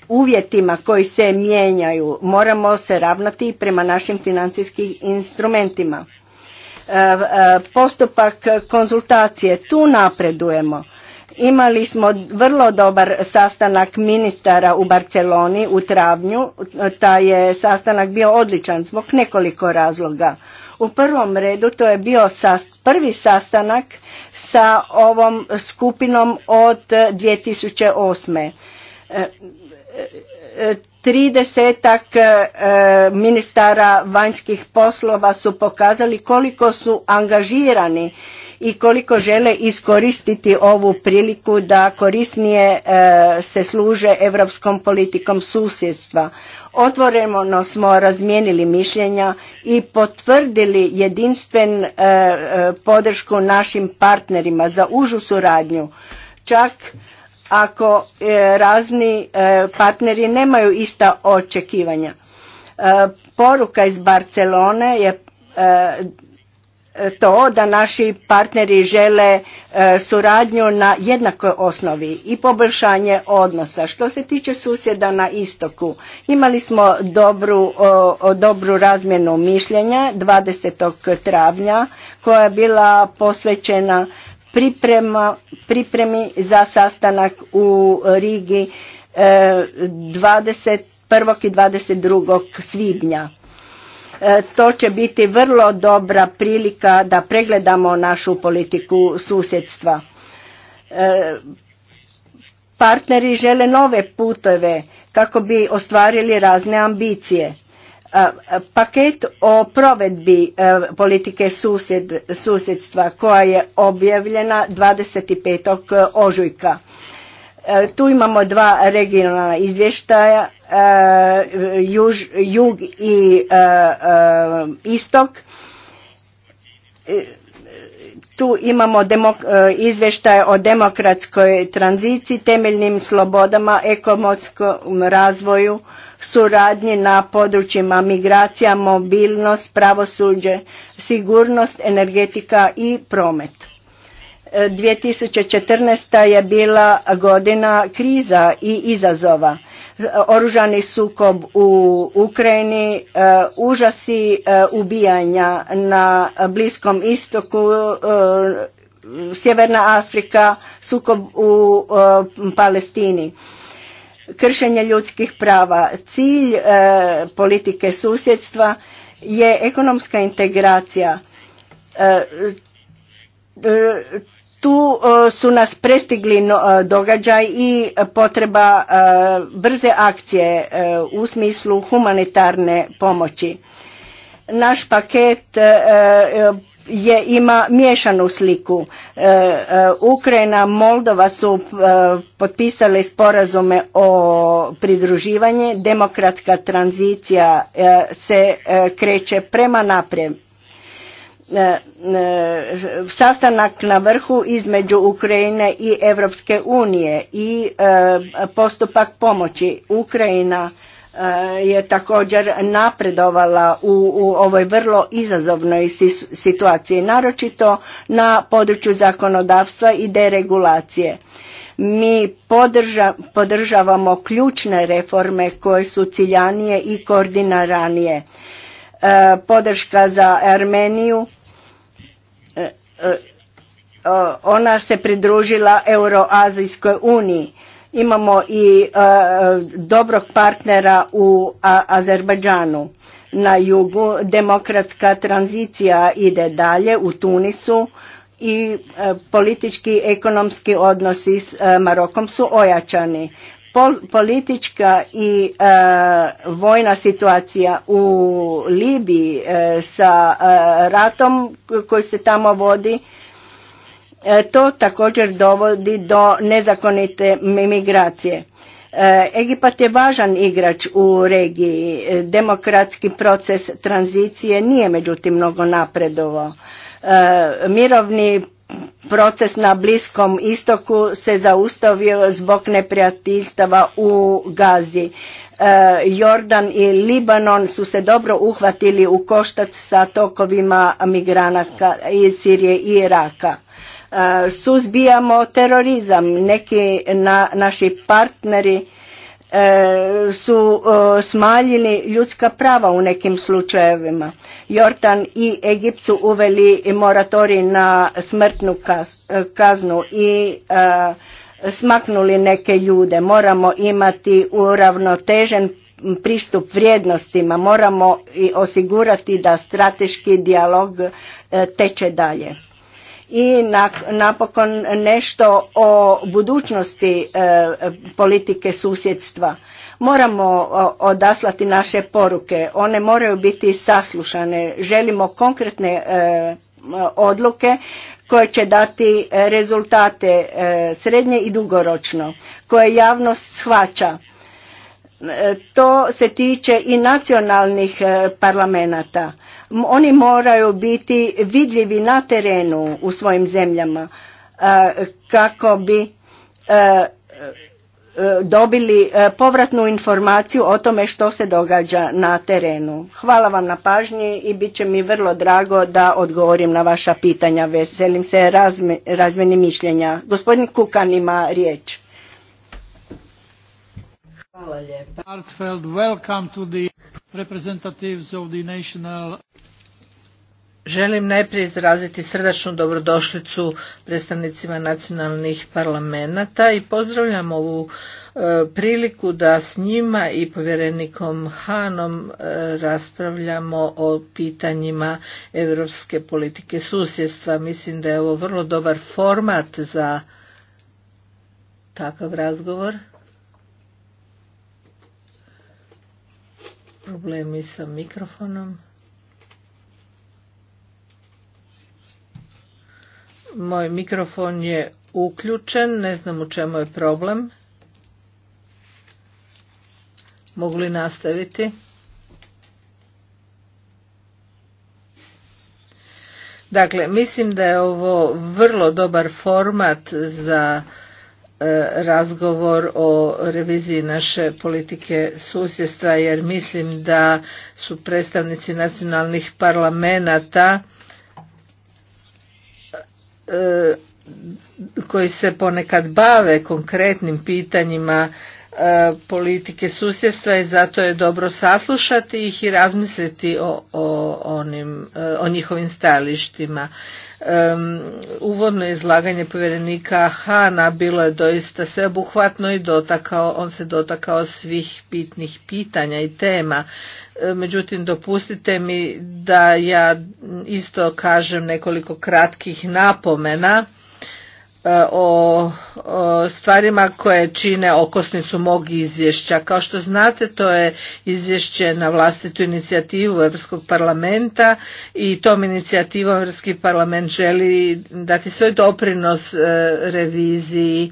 uvjetima koji se mijenjaju moramo se ravnati prema našim financijskim instrumentima e, e, postupak konzultacije tu napredujemo imali smo vrlo dobar sastanak ministara u barceloni u travnju taj je sastanak bio odličan zbog nekoliko razloga u prvom redu to je bio prvi sastanak sa ovom skupinom od 2008. E, 30 e, e, ministara vanjskih poslova su pokazali koliko su angažirani i koliko žele iskoristiti ovu priliku da korisnije se služe europskom politikom susjedstva. Otvoreno smo razmijenili mišljenja i potvrdili jedinstven e, e, podršku našim partnerima za užu suradnju. Čak ako e, razni partneri nemaju ista očekivanja. Poruka iz Barcelone je to da naši partneri žele e, suradnju na jednakoj osnovi i poboljšanje odnosa. Što se tiče susjeda na istoku, imali smo dobru, dobru razmjenu mišljenja 20. travnja koja je bila posvećena pripremi za sastanak u Rigi 21. E, i 22. svibnja E, to će biti vrlo dobra prilika da pregledamo našu politiku susjedstva. E, partneri žele nove putove kako bi ostvarili razne ambicije. E, paket o provedbi politike susjedstva koja je objavljena 25. ožujka E, tu imamo dva regionalna izvještaja, e, jug i e, istok. Tu imamo izvještaje o demokratskoj tranziciji, temeljnim slobodama, ekonomskom razvoju, suradnji na područjima migracija, mobilnost, pravosuđe, sigurnost, energetika i promet. 2014. je bila godina kriza i izazova. Oružani sukob u Ukrajini, e, užasi e, ubijanja na Bliskom istoku, e, Sjeverna Afrika, sukob u Palestini kršenje ljudskih prava. Cilj politike susjedstva je ekonomska integracija tu e, su nas prestigli e, događaj i potreba e, brze akcije u smislu humanitarne pomoći. Naš paket je ima miješanu sliku. Ukrajina, Moldova su potpisali sporazume o pridruživanju. demokratska tranzicija se kreće prema naprijed E, e, sastanak na vrhu između Ukrajine i Europske unije i e, postupak pomoći. Ukrajina je također napredovala u, ovoj vrlo izazovnoj situaciji, naročito na području zakonodavstva i deregulacije. Mi podržavamo ključne reforme koje su ciljanije i koordinaranije. Podrška za Armeniju E, e, ona se pridružila Euroazijskoj uniji. Imamo i e, dobrog partnera u Azerbajdžanu. Na jugu demokratska tranzicija ide dalje u Tunisu i politički ekonomski odnosi s Marokom su ojačani politička i e, vojna situacija u Libiji e, sa e, ratom koji se tamo vodi to također dovodi do nezakonite migracije. Egipat je važan igrač u regiji. Demokratski proces tranzicije nije međutim mnogo napredovao. Mirovni Proces na Bliskom istoku se zaustavio zbog neprijateljstava u Gazi. E, Jordan i Libanon su se dobro uhvatili u koštac sa tokovima migranata iz Sirije i Iraka. E, suzbijamo terorizam, neki na, naši partneri e, su e, smanjili ljudska prava u nekim slučajevima. Jordan i Egipt su uveli moratorij na smrtnu e, kaznu i e, smaknuli neke ljude. Moramo imati uravnotežen pristup vrijednostima, moramo i osigurati da strateški dijalog teče dalje. I napokon nešto o budućnosti politike susjedstva. Moramo odaslati naše poruke, one moraju biti saslušane. Želimo konkretne e, odluke koje će dati e, rezultate e, srednje i dugoročno, koje javnost shvaća. to se tiče i nacionalnih parlamentata. Oni moraju biti vidljivi na terenu u svojim zemljama kako bi E, dobili e, povratnu informaciju o tome što se događa na terenu. Hvala vam na pažnji i bit će mi vrlo drago da odgovorim na vaša pitanja. Veselim se razmeni mišljenja. Gospodin Kukan ima riječ. Hvala lijepa. Želim najprije izraziti srdačnu dobrodošlicu predstavnicima nacionalnih parlamenta i pozdravljam ovu e, priliku da s njima i povjerenikom Hanom e, raspravljamo o pitanjima europske politike susjedstva. Mislim da je ovo vrlo dobar format za takav razgovor. Problemi sa mikrofonom. Moj mikrofon je uključen, ne znam u čemu je problem. Mogu li nastaviti? Dakle, mislim da je ovo vrlo dobar format za e, razgovor o reviziji naše politike susjedstva jer mislim da su predstavnici nacionalnih parlamenta E, koji se ponekad bave konkretnim pitanjima e, politike susjedstva i zato je dobro saslušati ih i razmisliti o, onim, e, o njihovim stajalištima. Um, uvodno izlaganje povjerenika Hana bilo je doista sveobuhvatno i dotakao, on se dotakao svih bitnih pitanja i tema. E, međutim, dopustite mi da ja isto kažem nekoliko kratkih napomena E, o stvarima koje čine okosnicu mog izvješća. Kao što znate, to je izvješće na vlastitu inicijativu Europskog parlamenta i tom inicijativom Europski parlament želi dati svoj doprinos e, reviziji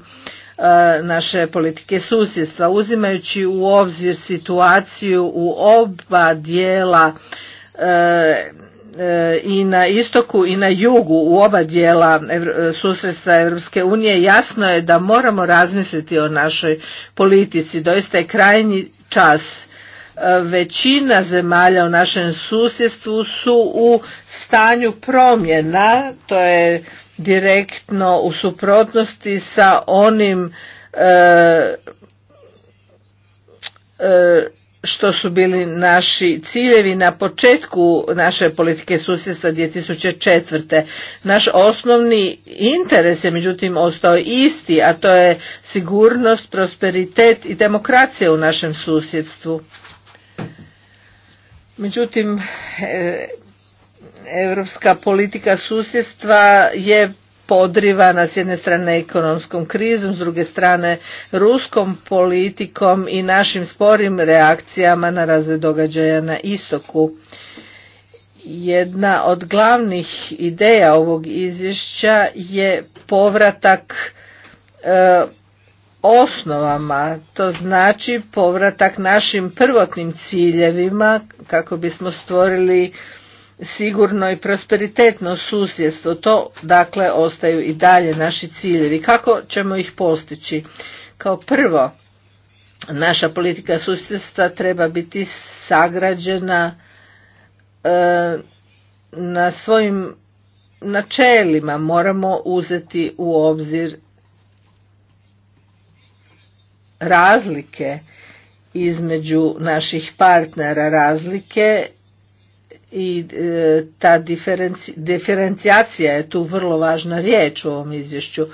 e, naše politike susjedstva. Uzimajući u obzir situaciju u oba dijela E, i na istoku i na jugu u oba dijela e, susredstva Europske unije jasno je da moramo razmisliti o našoj politici. Doista je krajnji čas. E, većina zemalja u našem susjedstvu su u stanju promjena, to je direktno u suprotnosti sa onim što su bili naši ciljevi na početku naše politike susjedstva 2004. Naš osnovni interes je međutim ostao isti, a to je sigurnost, prosperitet i demokracija u našem susjedstvu. Međutim, europska politika susjedstva je podriva na s jedne strane ekonomskom krizom, s druge strane ruskom politikom i našim sporim reakcijama na razvoj događaja na istoku. Jedna od glavnih ideja ovog izvješća je povratak e, osnovama, to znači povratak našim prvotnim ciljevima kako bismo stvorili sigurno i prosperitetno susjedstvo. To dakle ostaju i dalje naši ciljevi. Kako ćemo ih postići? Kao prvo, naša politika susjedstva treba biti sagrađena e, na svojim načelima. Moramo uzeti u obzir razlike između naših partnera, razlike i e, ta diferencijacija je tu vrlo važna riječ u ovom izvješću.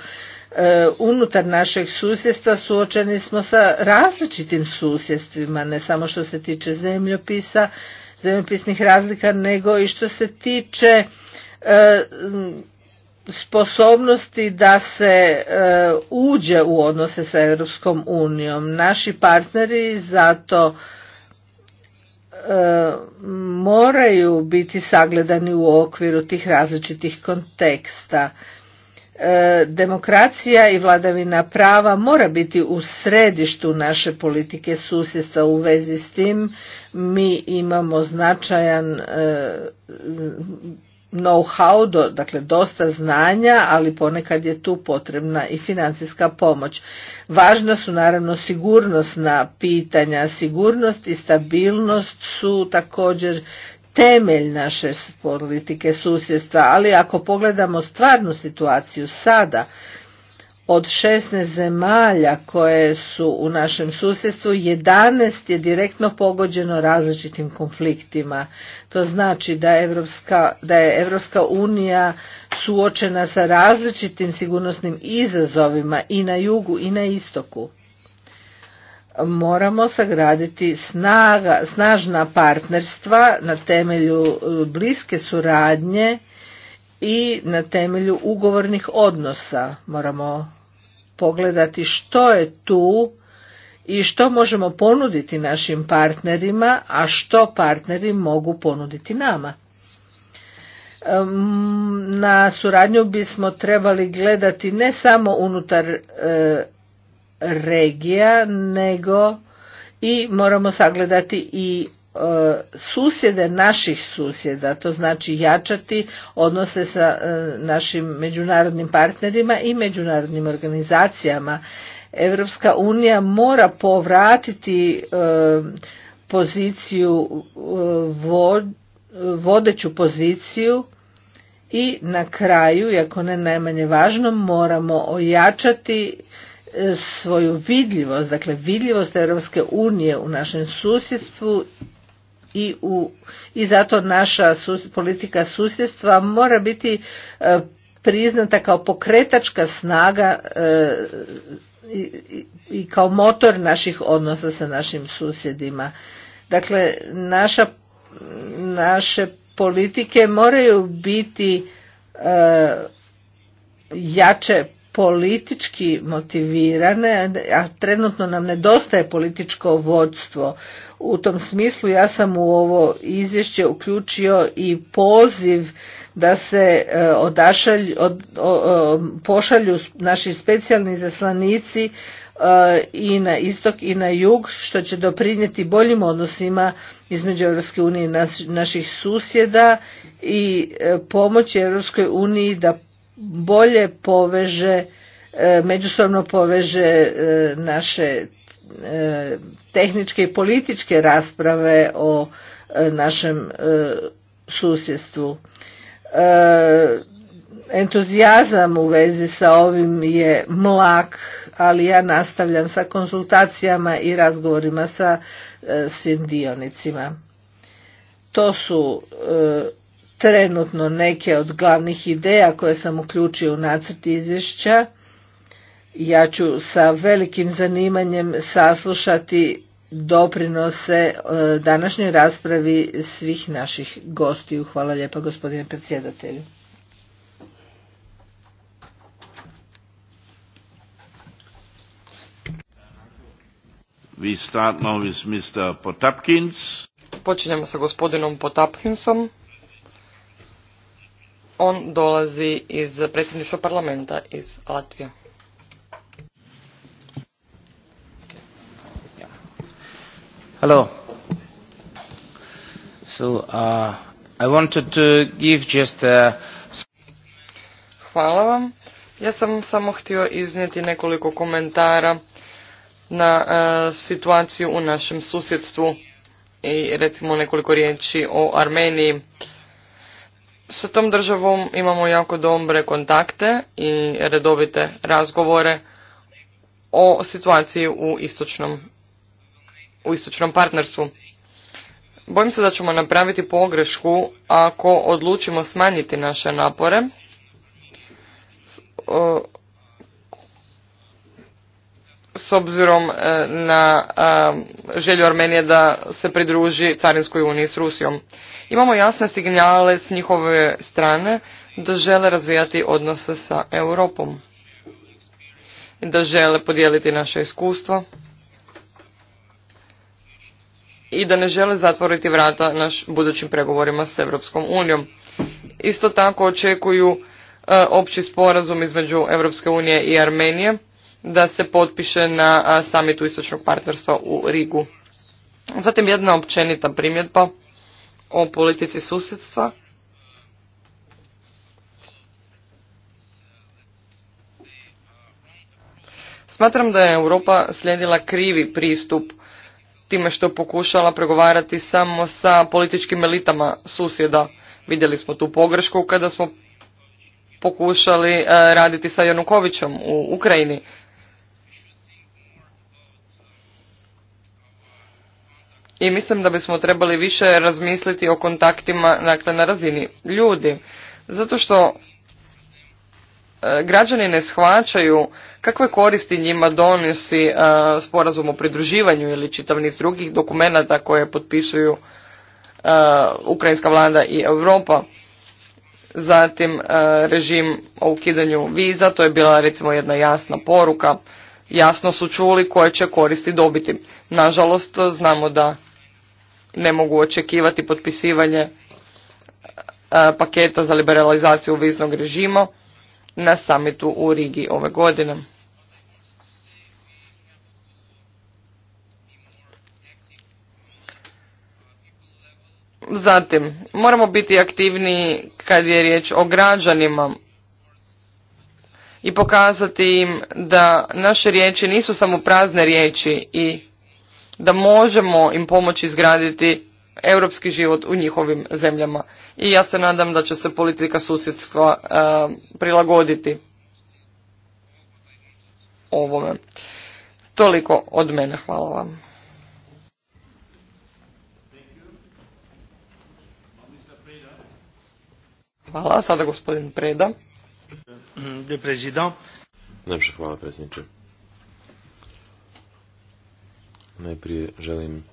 E, unutar našeg susjedstva suočeni smo sa različitim susjedstvima, ne samo što se tiče zemljopisa, zemljopisnih razlika, nego i što se tiče e, sposobnosti da se uđe u odnose sa Europskom unijom. Naši partneri zato moraju biti sagledani u okviru tih različitih konteksta e, demokracija i vladavina prava mora biti u središtu naše politike susjedstva u vezi s tim mi imamo značajan e, know-how, dakle dosta znanja, ali ponekad je tu potrebna i financijska pomoć. Važna su naravno sigurnosna pitanja, sigurnost i stabilnost su također temelj naše politike susjedstva, ali ako pogledamo stvarnu situaciju sada, od 16 zemalja koje su u našem susjedstvu, 11 je direktno pogođeno različitim konfliktima. To znači da, Evropska, da je Evropska unija suočena sa različitim sigurnosnim izazovima i na jugu i na istoku. Moramo sagraditi snaga, snažna partnerstva na temelju bliske suradnje i na temelju ugovornih odnosa moramo pogledati što je tu i što možemo ponuditi našim partnerima, a što partneri mogu ponuditi nama. Na suradnju bismo trebali gledati ne samo unutar e, regija, nego i moramo sagledati i E, susjede naših susjeda, to znači jačati odnose sa e, našim međunarodnim partnerima i međunarodnim organizacijama. Europska unija mora povratiti e, poziciju vodeću poziciju i na kraju, iako ne najmanje važno, moramo ojačati svoju vidljivost, dakle vidljivost Europske unije u našem susjedstvu i, u, i zato naša politika susjedstva mora biti e, priznata kao pokretačka snaga e, i, i kao motor naših odnosa sa našim susjedima. Dakle, naša, naše politike moraju biti e, jače politički motivirane, a trenutno nam nedostaje političko vodstvo. U tom smislu ja sam u ovo izvješće uključio i poziv da se e, odašalj, pošalju naši specijalni zaslanici e, i na istok i na jug što će doprinijeti boljim odnosima između Europske unije i naših susjeda i e, pomoći Europskoj uniji da bolje poveže, e, međusobno poveže e, naše e, tehničke i političke rasprave o našem susjedstvu. Entuzijazam u vezi sa ovim je mlak, ali ja nastavljam sa konsultacijama i razgovorima sa svim dionicima. To su trenutno neke od glavnih ideja koje sam uključio u nacrt izvješća. Ja ću sa velikim zanimanjem saslušati doprinose e, današnjoj raspravi svih naših gostiju. Hvala lijepa gospodine predsjedatelju. We start now Mr. Potapkins. Počinjemo sa gospodinom Potapkinsom. On dolazi iz predsjedništva parlamenta iz Latvije. Hello. So, uh, I wanted to give just a... Hvala vam. Ja sam samo htio iznijeti nekoliko komentara na uh, situaciju u našem susjedstvu i recimo nekoliko riječi o Armeniji sa tom državom imamo jako dobre kontakte i redovite razgovore o situaciji u istočnom, u istočnom partnerstvu. Bojim se da ćemo napraviti pogrešku ako odlučimo smanjiti naše napore s obzirom e, na e, želju Armenije da se pridruži Carinskoj uniji s Rusijom. Imamo jasne signale s njihove strane da žele razvijati odnose sa Europom, da žele podijeliti naše iskustva i da ne žele zatvoriti vrata naš budućim pregovorima s Europskom unijom. Isto tako očekuju e, opći sporazum između Europske unije i Armenije da se potpiše na samitu istočnog partnerstva u Rigu. Zatim jedna općenita primjedba o politici susjedstva. Smatram da je Europa slijedila krivi pristup time što pokušala pregovarati samo sa političkim elitama susjeda. Vidjeli smo tu pogrešku kada smo pokušali e, raditi sa Janukovićem u Ukrajini. i mislim da bismo trebali više razmisliti o kontaktima dakle, na razini ljudi. Zato što e, građani ne shvaćaju kakve koristi njima donosi e, sporazum o pridruživanju ili čitav niz drugih dokumenata koje potpisuju e, ukrajinska vlada i Europa. Zatim režim o ukidanju viza, to je bila recimo jedna jasna poruka. Jasno su čuli koje će koristi dobiti. Nažalost, znamo da ne mogu očekivati potpisivanje e, paketa za liberalizaciju viznog režima na samitu u Rigi ove godine. Zatim, moramo biti aktivniji kad je riječ o građanima i pokazati im da naše riječi nisu samo prazne riječi i da možemo im pomoći izgraditi europski život u njihovim zemljama. I ja se nadam da će se politika susjedstva e, prilagoditi ovome. Toliko od mene, hvala vam. Hvala, sada gospodin Preda. hvala predsjedniče. Najprije želim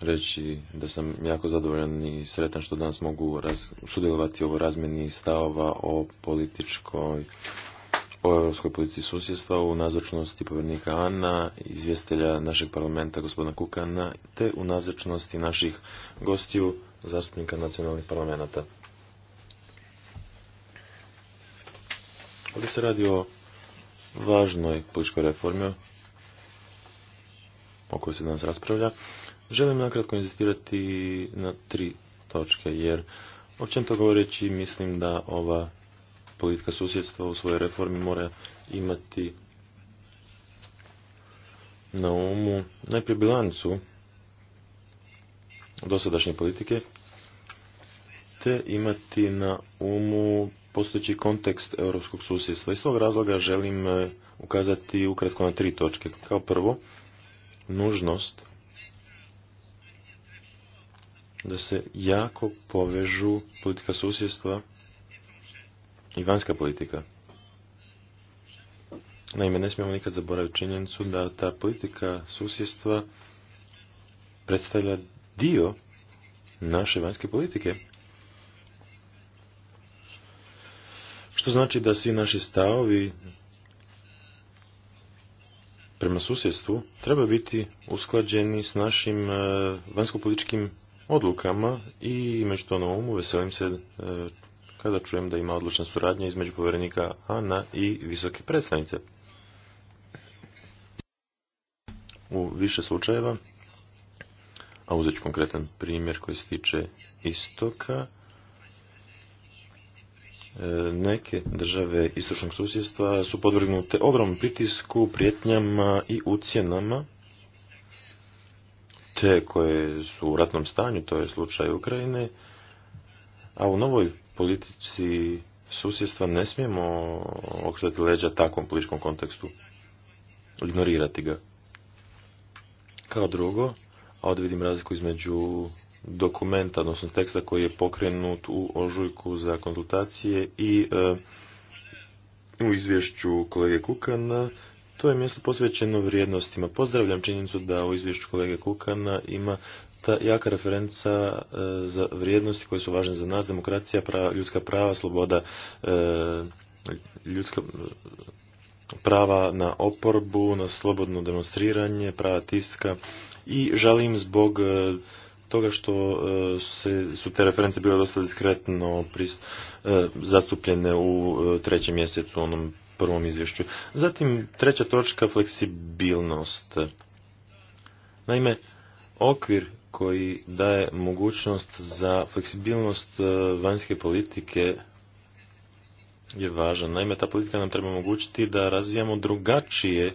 reći da sam jako zadovoljan i sretan što danas mogu sudjelovati u razmjeni stavova o političkoj o europskoj politici susjedstva u nazočnosti povjernika Ana, izvjestelja našeg parlamenta gospodina Kukana, te u nazočnosti naših gostiju, zastupnika nacionalnih parlamenta. Ovdje se radi o važnoj političkoj reformi o kojoj se danas raspravlja, želim nakratko inzistirati na tri točke, jer to govoreći mislim da ova politika susjedstva u svojoj reformi mora imati na umu najprije bilancu dosadašnje politike, te imati na umu postojeći kontekst europskog susjedstva. Iz svog razloga želim eh, ukazati ukratko na tri točke. Kao prvo, nužnost da se jako povežu politika susjedstva i vanjska politika. Naime, ne smijemo nikad zaboraviti činjenicu da ta politika susjedstva predstavlja dio naše vanjske politike. Što znači da svi naši stavovi prema susjedstvu treba biti usklađeni s našim e, vanjskopolitičkim odlukama i među to na umu veselim se e, kada čujem da ima odlučna suradnja između povjerenika Ana i visoke predstavnice. U više slučajeva, a uzet ću konkretan primjer koji se tiče istoka, neke države istočnog susjedstva su podvrgnute ogromnom pritisku, prijetnjama i ucjenama te koje su u ratnom stanju, to je slučaj Ukrajine, a u novoj politici susjedstva ne smijemo okretati leđa takvom političkom kontekstu, ignorirati ga. Kao drugo, a ovdje vidim razliku između dokumenta, odnosno teksta koji je pokrenut u ožujku za konzultacije i e, u izvješću kolege Kukana to je mjesto posvećeno vrijednostima. Pozdravljam činjenicu da u izvješću kolege Kukana ima ta jaka referenca e, za vrijednosti koje su važne za nas, demokracija, prava, ljudska prava, sloboda, e, ljudska prava na oporbu, na slobodno demonstriranje, prava tiska i žalim zbog toga što e, se, su te reference bile dosta diskretno e, zastupljene u e, trećem mjesecu, onom prvom izvješću. Zatim, treća točka, fleksibilnost. Naime, okvir koji daje mogućnost za fleksibilnost vanjske politike je važan. Naime, ta politika nam treba omogućiti da razvijamo drugačije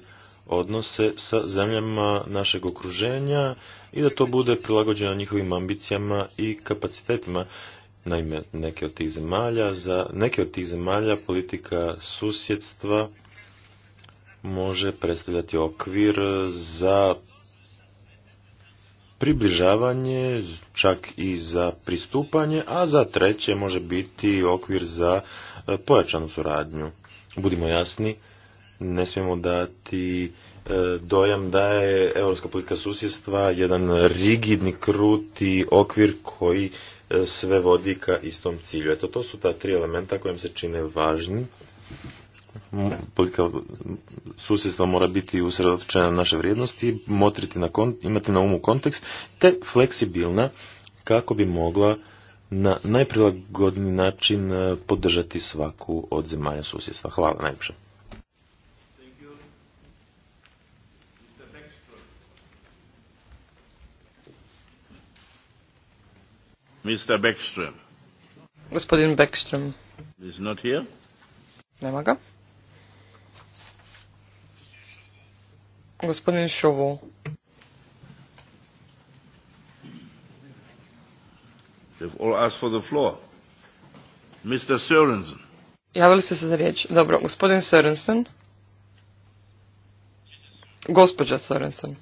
odnose sa zemljama našeg okruženja i da to bude prilagođeno njihovim ambicijama i kapacitetima. Naime, neke od tih zemalja, za neke od tih zemalja politika susjedstva može predstavljati okvir za približavanje, čak i za pristupanje, a za treće može biti okvir za e, pojačanu suradnju. Budimo jasni, ne smijemo dati e, dojam da je europska politika susjedstva jedan rigidni, kruti okvir koji e, sve vodi ka istom cilju. Eto, to su ta tri elementa kojim se čine važni. Politika susjedstva mora biti usredotočena na naše vrijednosti, motriti na imati na umu kontekst, te fleksibilna kako bi mogla na najprilagodniji način e, podržati svaku od zemalja susjedstva. Hvala najljepše. Mr. Beckström. Gospodin Beckström. Is not here. Nema ga. Gospodin Šovu. They've all asked for the floor. Mr. Sørensen. Javili ste se za riječ. Dobro, gospodin Sørensen. Gospođa Sørensen.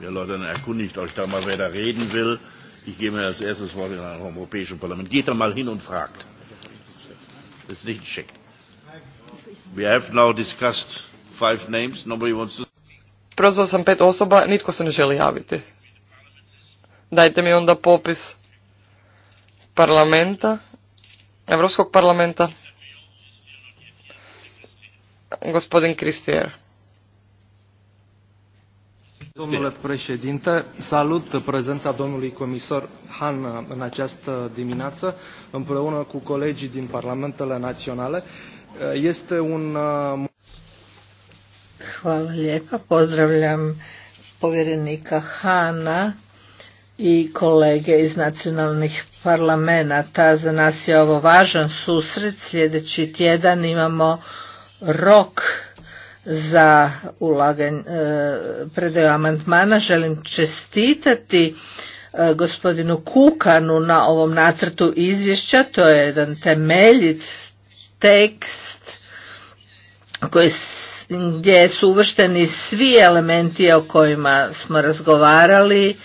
der Leute, dann erkundigt euch da mal, wer da reden will. Ich gehe mir als erstes Wort in einem er Europäischen Parlament. Geht da mal hin und fragt. Das ist nicht geschickt. We have now discussed five names. Nobody wants to... Prozvao sam pet osoba, nitko se ne želi javiti. Dajte mi onda popis parlamenta, Evropskog parlamenta. Gospodin Kristijer. Domnule președinte, salut prezența domnului comisar Han în această dimineață, împreună cu colegii din parlamentele naționale. Este un... Uh, Hvala lijepa, pozdravljam povjerenika Hana i kolege iz nacionalnih parlamenta. Za nas je ovo važan susret. Sljedeći tjedan imamo rok za ulaganje predaju amandmana. Želim čestitati e, gospodinu Kukanu na ovom nacrtu izvješća. To je jedan temeljit tekst koji gdje su uvršteni svi elementi o kojima smo razgovarali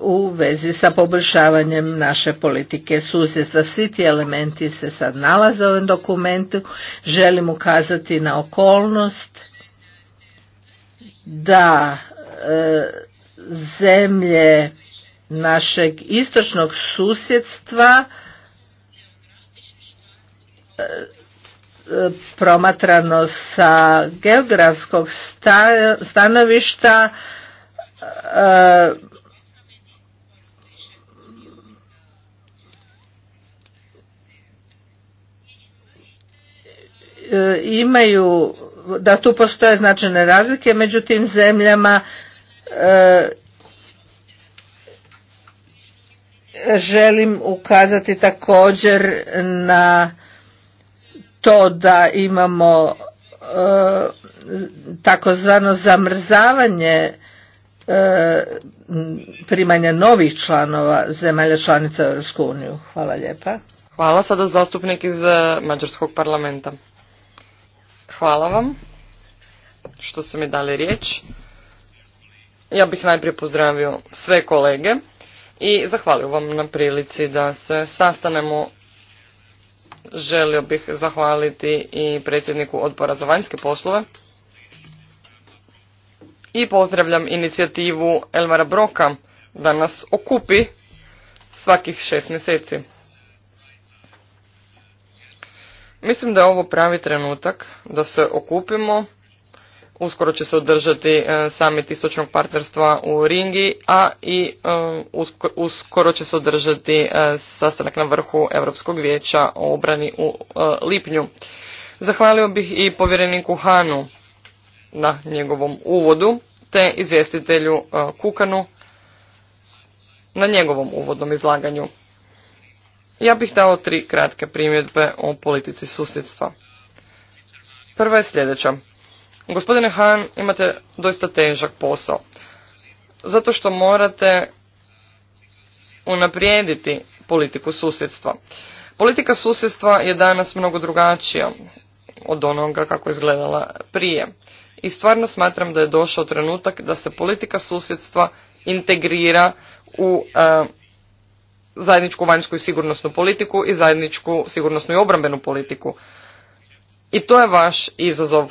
u vezi sa poboljšavanjem naše politike susjedstva. Svi ti elementi se sad nalaze u ovom dokumentu. Želim ukazati na okolnost da e, zemlje našeg istočnog susjedstva e, e, promatrano sa geografskog stanovišta E, imaju da tu postoje značajne razlike među tim zemljama e, želim ukazati također na to da imamo e, takozvano zamrzavanje E, primanja novih članova zemalja članica Europsku Hvala lijepa. Hvala sada zastupnik iz e, Mađarskog parlamenta. Hvala vam što ste mi dali riječ. Ja bih najprije pozdravio sve kolege i zahvalio vam na prilici da se sastanemo. Želio bih zahvaliti i predsjedniku odbora za vanjske poslove i pozdravljam inicijativu Elmara Broka da nas okupi svakih šest mjeseci. Mislim da je ovo pravi trenutak da se okupimo. Uskoro će se održati e, samit istočnog partnerstva u Ringi, a i e, uskoro će se održati e, sastanak na vrhu Europskog vijeća o obrani u lipnju. Zahvalio bih i povjereniku Hanu na njegovom uvodu, te izvjestitelju e, Kukanu na njegovom uvodnom izlaganju. Ja bih dao tri kratke primjedbe o politici susjedstva. Prva je sljedeća. Gospodine Han, imate doista težak posao. Zato što morate unaprijediti politiku susjedstva. Politika susjedstva je danas mnogo drugačija od onoga kako je izgledala prije i stvarno smatram da je došao trenutak da se politika susjedstva integrira u e, zajedničku vanjsku i sigurnosnu politiku i zajedničku sigurnosnu i obrambenu politiku. I to je vaš izazov.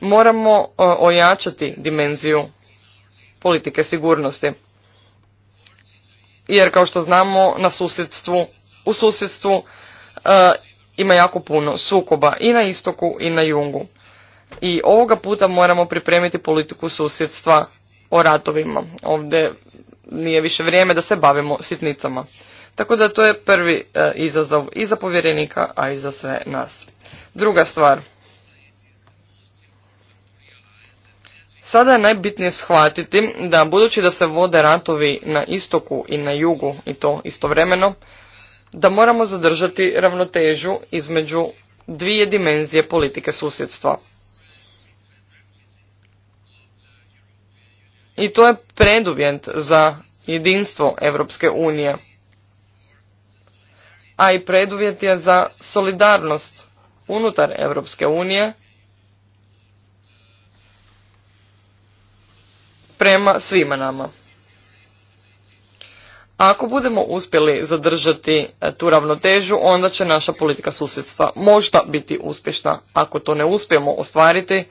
Moramo e, ojačati dimenziju politike sigurnosti. Jer kao što znamo na susjedstvu, u susjedstvu e, ima jako puno sukoba i na istoku i na jungu. I ovoga puta moramo pripremiti politiku susjedstva o ratovima. Ovdje nije više vrijeme da se bavimo sitnicama. Tako da to je prvi e, izazov i za povjerenika, a i za sve nas. Druga stvar. Sada je najbitnije shvatiti da budući da se vode ratovi na istoku i na jugu, i to istovremeno, da moramo zadržati ravnotežu između dvije dimenzije politike susjedstva. I to je preduvjet za jedinstvo Europske unije. A i preduvjet je za solidarnost unutar Europske unije prema svima nama. Ako budemo uspjeli zadržati e, tu ravnotežu, onda će naša politika susjedstva možda biti uspješna. Ako to ne uspijemo ostvariti,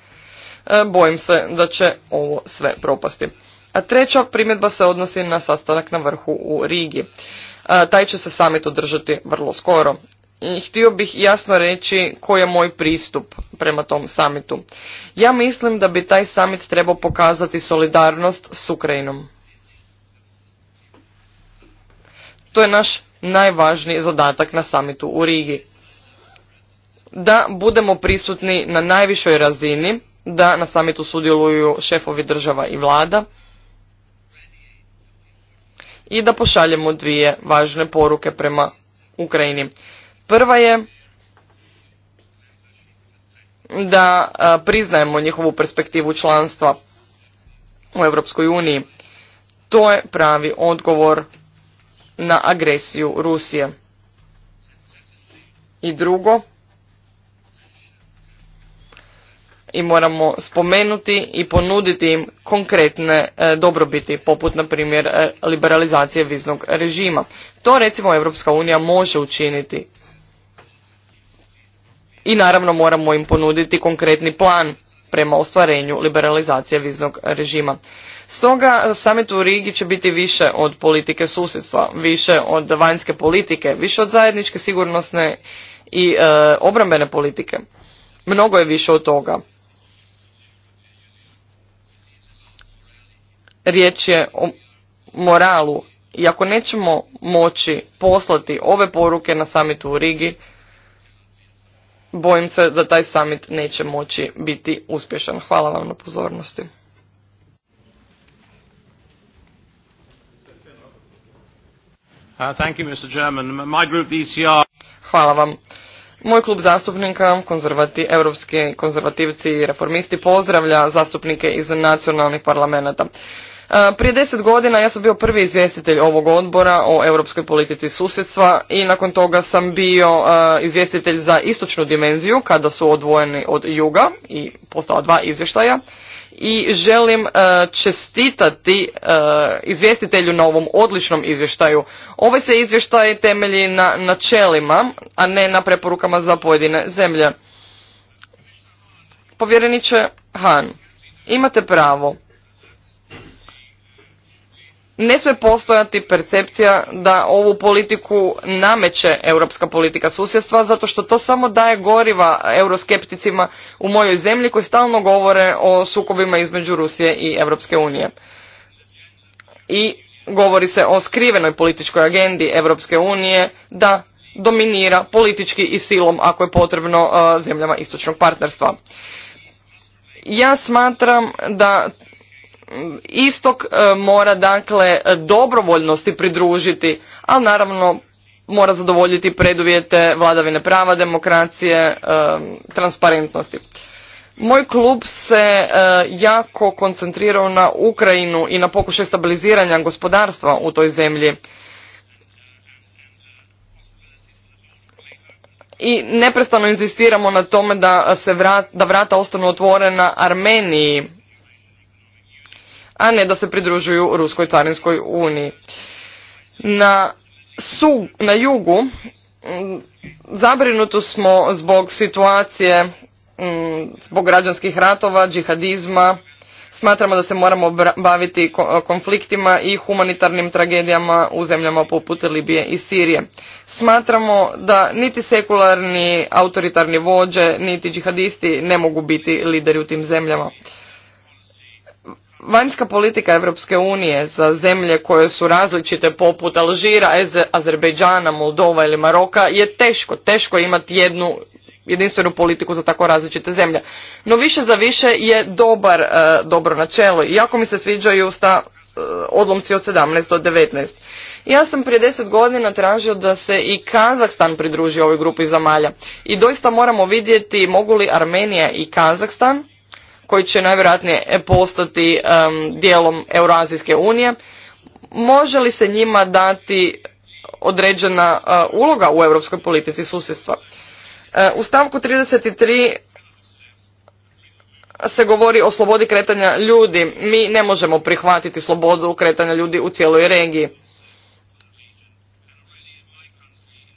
E, bojim se da će ovo sve propasti. A treća primjedba se odnosi na sastanak na vrhu u Rigi. E, taj će se samit održati vrlo skoro. I htio bih jasno reći koji je moj pristup prema tom samitu. Ja mislim da bi taj samit trebao pokazati solidarnost s Ukrajinom. To je naš najvažniji zadatak na samitu u Rigi. Da budemo prisutni na najvišoj razini da na samitu sudjeluju šefovi država i vlada i da pošaljemo dvije važne poruke prema Ukrajini. Prva je da priznajemo njihovu perspektivu članstva u Europskoj uniji. To je pravi odgovor na agresiju Rusije. I drugo, i moramo spomenuti i ponuditi im konkretne e, dobrobiti, poput na primjer e, liberalizacije viznog režima. To recimo Europska unija može učiniti. I naravno moramo im ponuditi konkretni plan prema ostvarenju liberalizacije viznog režima. Stoga samit u Rigi će biti više od politike susjedstva, više od vanjske politike, više od zajedničke sigurnosne i e, obrambene politike. Mnogo je više od toga. riječ je o moralu i ako nećemo moći poslati ove poruke na samitu u Rigi, bojim se da taj summit neće moći biti uspješan. Hvala vam na pozornosti. Uh, e Hvala vam. Moj klub zastupnika, konzervati, europski konzervativci i reformisti, pozdravlja zastupnike iz nacionalnih parlamenta. E, prije deset godina ja sam bio prvi izvjestitelj ovog odbora o europskoj politici susjedstva i nakon toga sam bio e, izvjestitelj za istočnu dimenziju kada su odvojeni od juga i postala dva izvještaja i želim e, čestitati izvjestitelju na ovom odličnom izvještaju. Ovaj se izvještaj temelji na načelima, a ne na preporukama za pojedine zemlje. Povjereniče Han, imate pravo ne smije postojati percepcija da ovu politiku nameće europska politika susjedstva zato što to samo daje goriva euroskepticima u mojoj zemlji koji stalno govore o sukobima između Rusije i Europske unije. I govori se o skrivenoj političkoj agendi Europske unije da dominira politički i silom ako je potrebno uh, zemljama istočnog partnerstva. Ja smatram da istok e, mora dakle dobrovoljnosti pridružiti, ali naravno mora zadovoljiti preduvjete vladavine prava, demokracije, e, transparentnosti. Moj klub se e, jako koncentrirao na Ukrajinu i na pokušaj stabiliziranja gospodarstva u toj zemlji. I neprestano inzistiramo na tome da da vrata ostanu otvorena Armeniji a ne da se pridružuju Ruskoj carinskoj uniji. Na, su, na jugu mm, zabrinuti smo zbog situacije, mm, zbog građanskih ratova, džihadizma, smatramo da se moramo baviti konfliktima i humanitarnim tragedijama u zemljama poput Libije i Sirije. Smatramo da niti sekularni autoritarni vođe, niti džihadisti ne mogu biti lideri u tim zemljama. Vanjska politika Europske unije za zemlje koje su različite poput Alžira, Azerbejdžana, Moldova ili Maroka je teško. Teško je imati jednu jedinstvenu politiku za tako različite zemlje. No više za više je dobar, e, dobro načelo. I jako mi se sviđaju sta e, odlomci od 17 do 19. Ja sam prije 10 godina tražio da se i Kazahstan pridruži ovoj grupi zamalja. I doista moramo vidjeti mogu li Armenija i Kazahstan koji će najvjerojatnije e, postati dijelom Euroazijske unije, može li se njima dati određena e, uloga u europskoj politici susjedstva? E, u stavku 33 se govori o slobodi kretanja ljudi. Mi ne možemo prihvatiti slobodu kretanja ljudi u cijeloj regiji.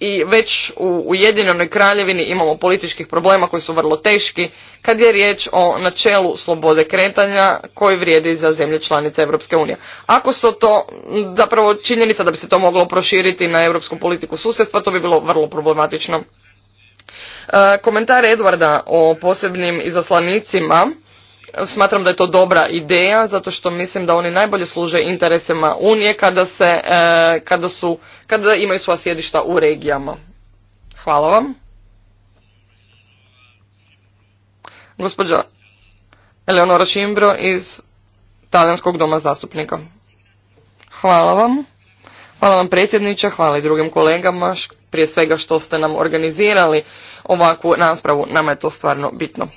i već u Ujedinjenoj kraljevini imamo političkih problema koji su vrlo teški kad je riječ o načelu slobode kretanja koji vrijedi za zemlje članice Europske unije. Ako su to, zapravo činjenica da bi se to moglo proširiti na europsku politiku susjedstva, to bi bilo vrlo problematično. E, Komentar Edwarda o posebnim izaslanicima Smatram da je to dobra ideja zato što mislim da oni najbolje služe interesima Unije kada, se, e, kada, su, kada imaju svoja sjedišta u regijama. Hvala vam. Gospođa Eleonora Čimbro iz Talijanskog doma zastupnika. Hvala vam. Hvala vam predsjedniče, hvala i drugim kolegama, prije svega što ste nam organizirali ovakvu raspravu, nama je to stvarno bitno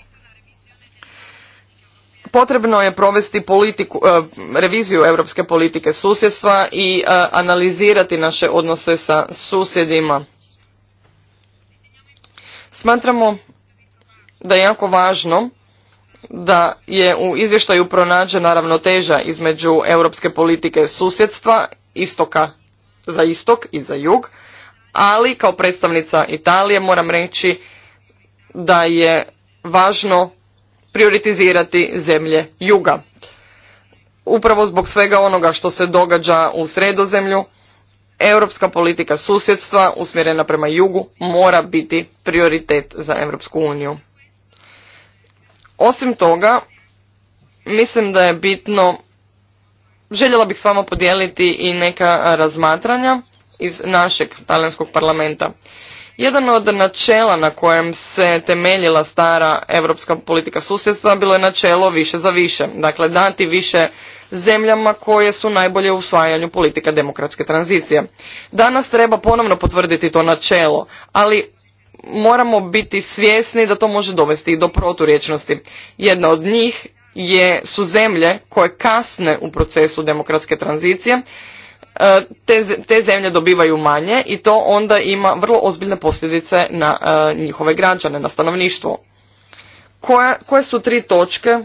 potrebno je provesti politiku, e, reviziju europske politike susjedstva i e, analizirati naše odnose sa susjedima. Smatramo da je jako važno da je u izvještaju pronađena ravnoteža između europske politike susjedstva istoka za istok i za jug, ali kao predstavnica Italije moram reći da je važno prioritizirati zemlje juga. Upravo zbog svega onoga što se događa u sredozemlju, europska politika susjedstva usmjerena prema jugu mora biti prioritet za Europsku uniju. Osim toga, mislim da je bitno, željela bih s vama podijeliti i neka razmatranja iz našeg talijanskog parlamenta. Jedan od načela na kojem se temeljila stara europska politika susjedstva bilo je načelo više za više. Dakle, dati više zemljama koje su najbolje u usvajanju politika demokratske tranzicije. Danas treba ponovno potvrditi to načelo, ali moramo biti svjesni da to može dovesti i do proturječnosti. Jedna od njih je, su zemlje koje kasne u procesu demokratske tranzicije, E, te, zemlje dobivaju manje i to onda ima vrlo ozbiljne posljedice na e, njihove građane, na stanovništvo. Koje, su tri točke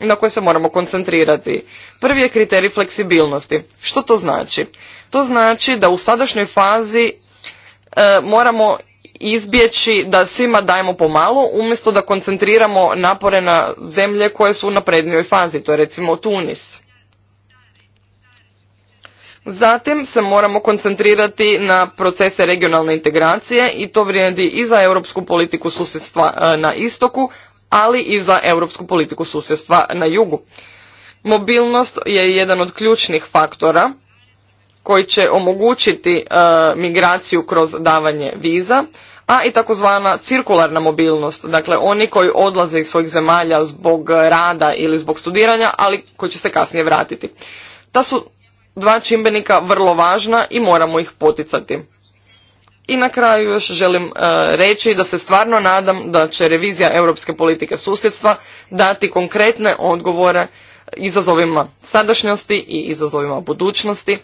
na koje se moramo koncentrirati? Prvi je kriterij fleksibilnosti. Što to znači? To znači da u sadašnjoj fazi e, moramo izbjeći da svima dajemo pomalo umjesto da koncentriramo napore na zemlje koje su u naprednijoj fazi, to je recimo Tunis. Zatim se moramo koncentrirati na procese regionalne integracije i to vrijedi i za europsku politiku susjedstva e, na istoku, ali i za europsku politiku susjedstva na jugu. Mobilnost je jedan od ključnih faktora koji će omogućiti e, migraciju kroz davanje viza, a i takozvana cirkularna mobilnost, dakle oni koji odlaze iz svojih zemalja zbog rada ili zbog studiranja, ali koji će se kasnije vratiti. Ta su dva čimbenika vrlo važna i moramo ih poticati. I na kraju još želim e, reći da se stvarno nadam da će revizija europske politike susjedstva dati konkretne odgovore izazovima sadašnjosti i izazovima budućnosti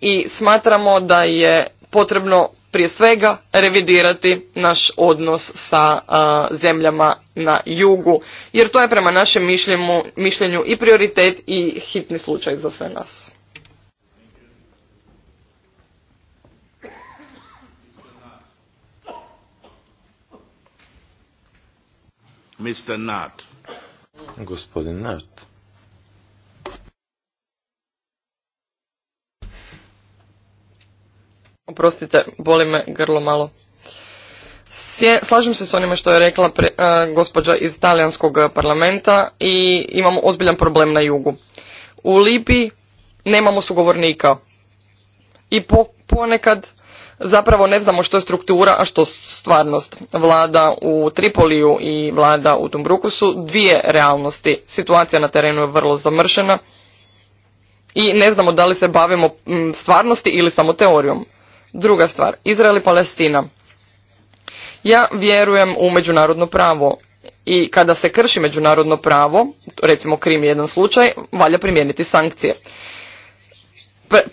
i smatramo da je potrebno prije svega revidirati naš odnos sa e, zemljama na jugu jer to je prema našem mišljenju i prioritet i hitni slučaj za sve nas. Mr. Nart. Gospodin Nart. Oprostite, boli me grlo malo. slažem se s onima što je rekla eh, gospođa iz talijanskog parlamenta i imamo ozbiljan problem na jugu. U Libiji nemamo sugovornika i ponekad zapravo ne znamo što je struktura, a što stvarnost. Vlada u Tripoliju i vlada u Tumbruku su dvije realnosti. Situacija na terenu je vrlo zamršena i ne znamo da li se bavimo mm, stvarnosti ili samo teorijom. Druga stvar, Izrael i Palestina. Ja vjerujem u međunarodno pravo i kada se krši međunarodno pravo, recimo Krim je jedan slučaj, valja primijeniti sankcije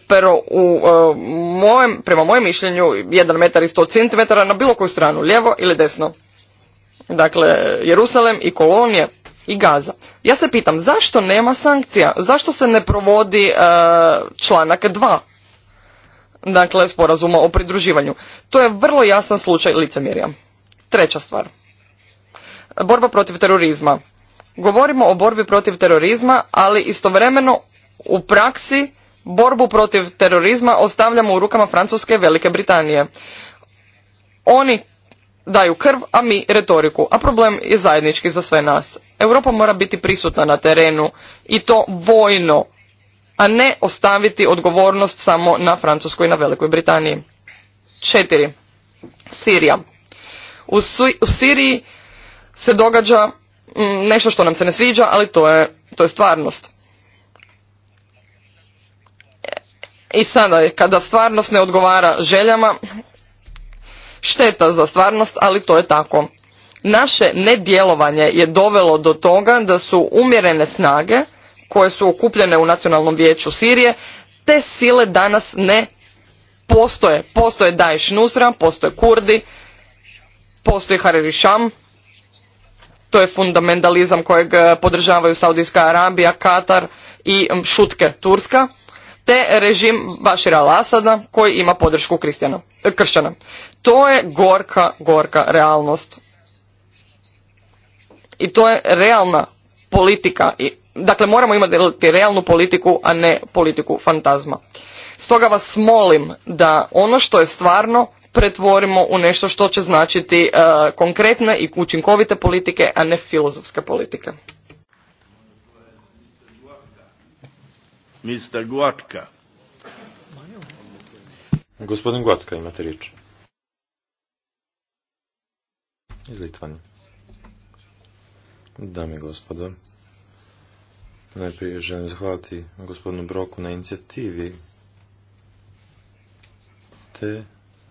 pero u e, mojem, prema mojem mišljenju jedan metar i sto centimetara na bilo koju stranu, lijevo ili desno. Dakle, Jerusalem i kolonije i Gaza. Ja se pitam zašto nema sankcija, zašto se ne provodi e, članak 2 dakle sporazuma o pridruživanju. To je vrlo jasan slučaj licemjerja. Treća stvar. Borba protiv terorizma. Govorimo o borbi protiv terorizma, ali istovremeno u praksi borbu protiv terorizma ostavljamo u rukama Francuske i Velike Britanije. Oni daju krv, a mi retoriku. A problem je zajednički za sve nas. Europa mora biti prisutna na terenu i to vojno, a ne ostaviti odgovornost samo na Francuskoj i na Velikoj Britaniji. Četiri. Sirija. U, Siriji se događa mm, nešto što nam se ne sviđa, ali to je, to je stvarnost. I sada kada stvarnost ne odgovara željama, šteta za stvarnost, ali to je tako. Naše nedjelovanje je dovelo do toga da su umjerene snage koje su okupljene u Nacionalnom vijeću Sirije, te sile danas ne postoje. Postoje Daesh Nusra, postoje Kurdi, postoje Hariri to je fundamentalizam kojeg eh, podržavaju Saudijska Arabija, Katar i mm, šutke Turska te režim Bašira Lasada koji ima podršku e, kršćana. To je gorka, gorka realnost. I to je realna politika. Dakle, moramo imati realnu politiku, a ne politiku fantazma. Stoga vas molim da ono što je stvarno pretvorimo u nešto što će značiti e, konkretne i učinkovite politike, a ne filozofske politike. Mr. Guatka. Gospodin Guatka, imate riječ. Iz Litvanje. Dame i gospodo, najprije želim zahvaliti gospodinu Broku na inicijativi te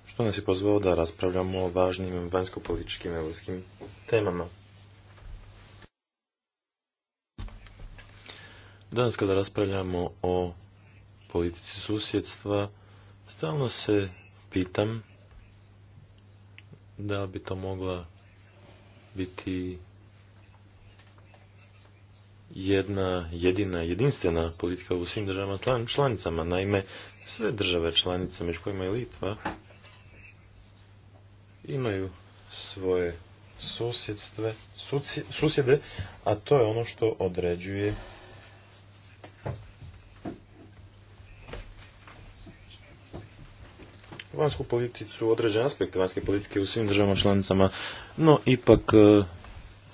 što nas je pozvao da raspravljamo o važnim vanjskopolitičkim europskim temama. Danas kada raspravljamo o politici susjedstva, stalno se pitam da bi to mogla biti jedna jedina jedinstvena politika u svim državama članicama. Naime, sve države članice, među kojima je Litva, imaju svoje susjedstve, susjede, a to je ono što određuje vanjsku politicu, određen aspekte vanjske politike u svim državama članicama, no ipak e,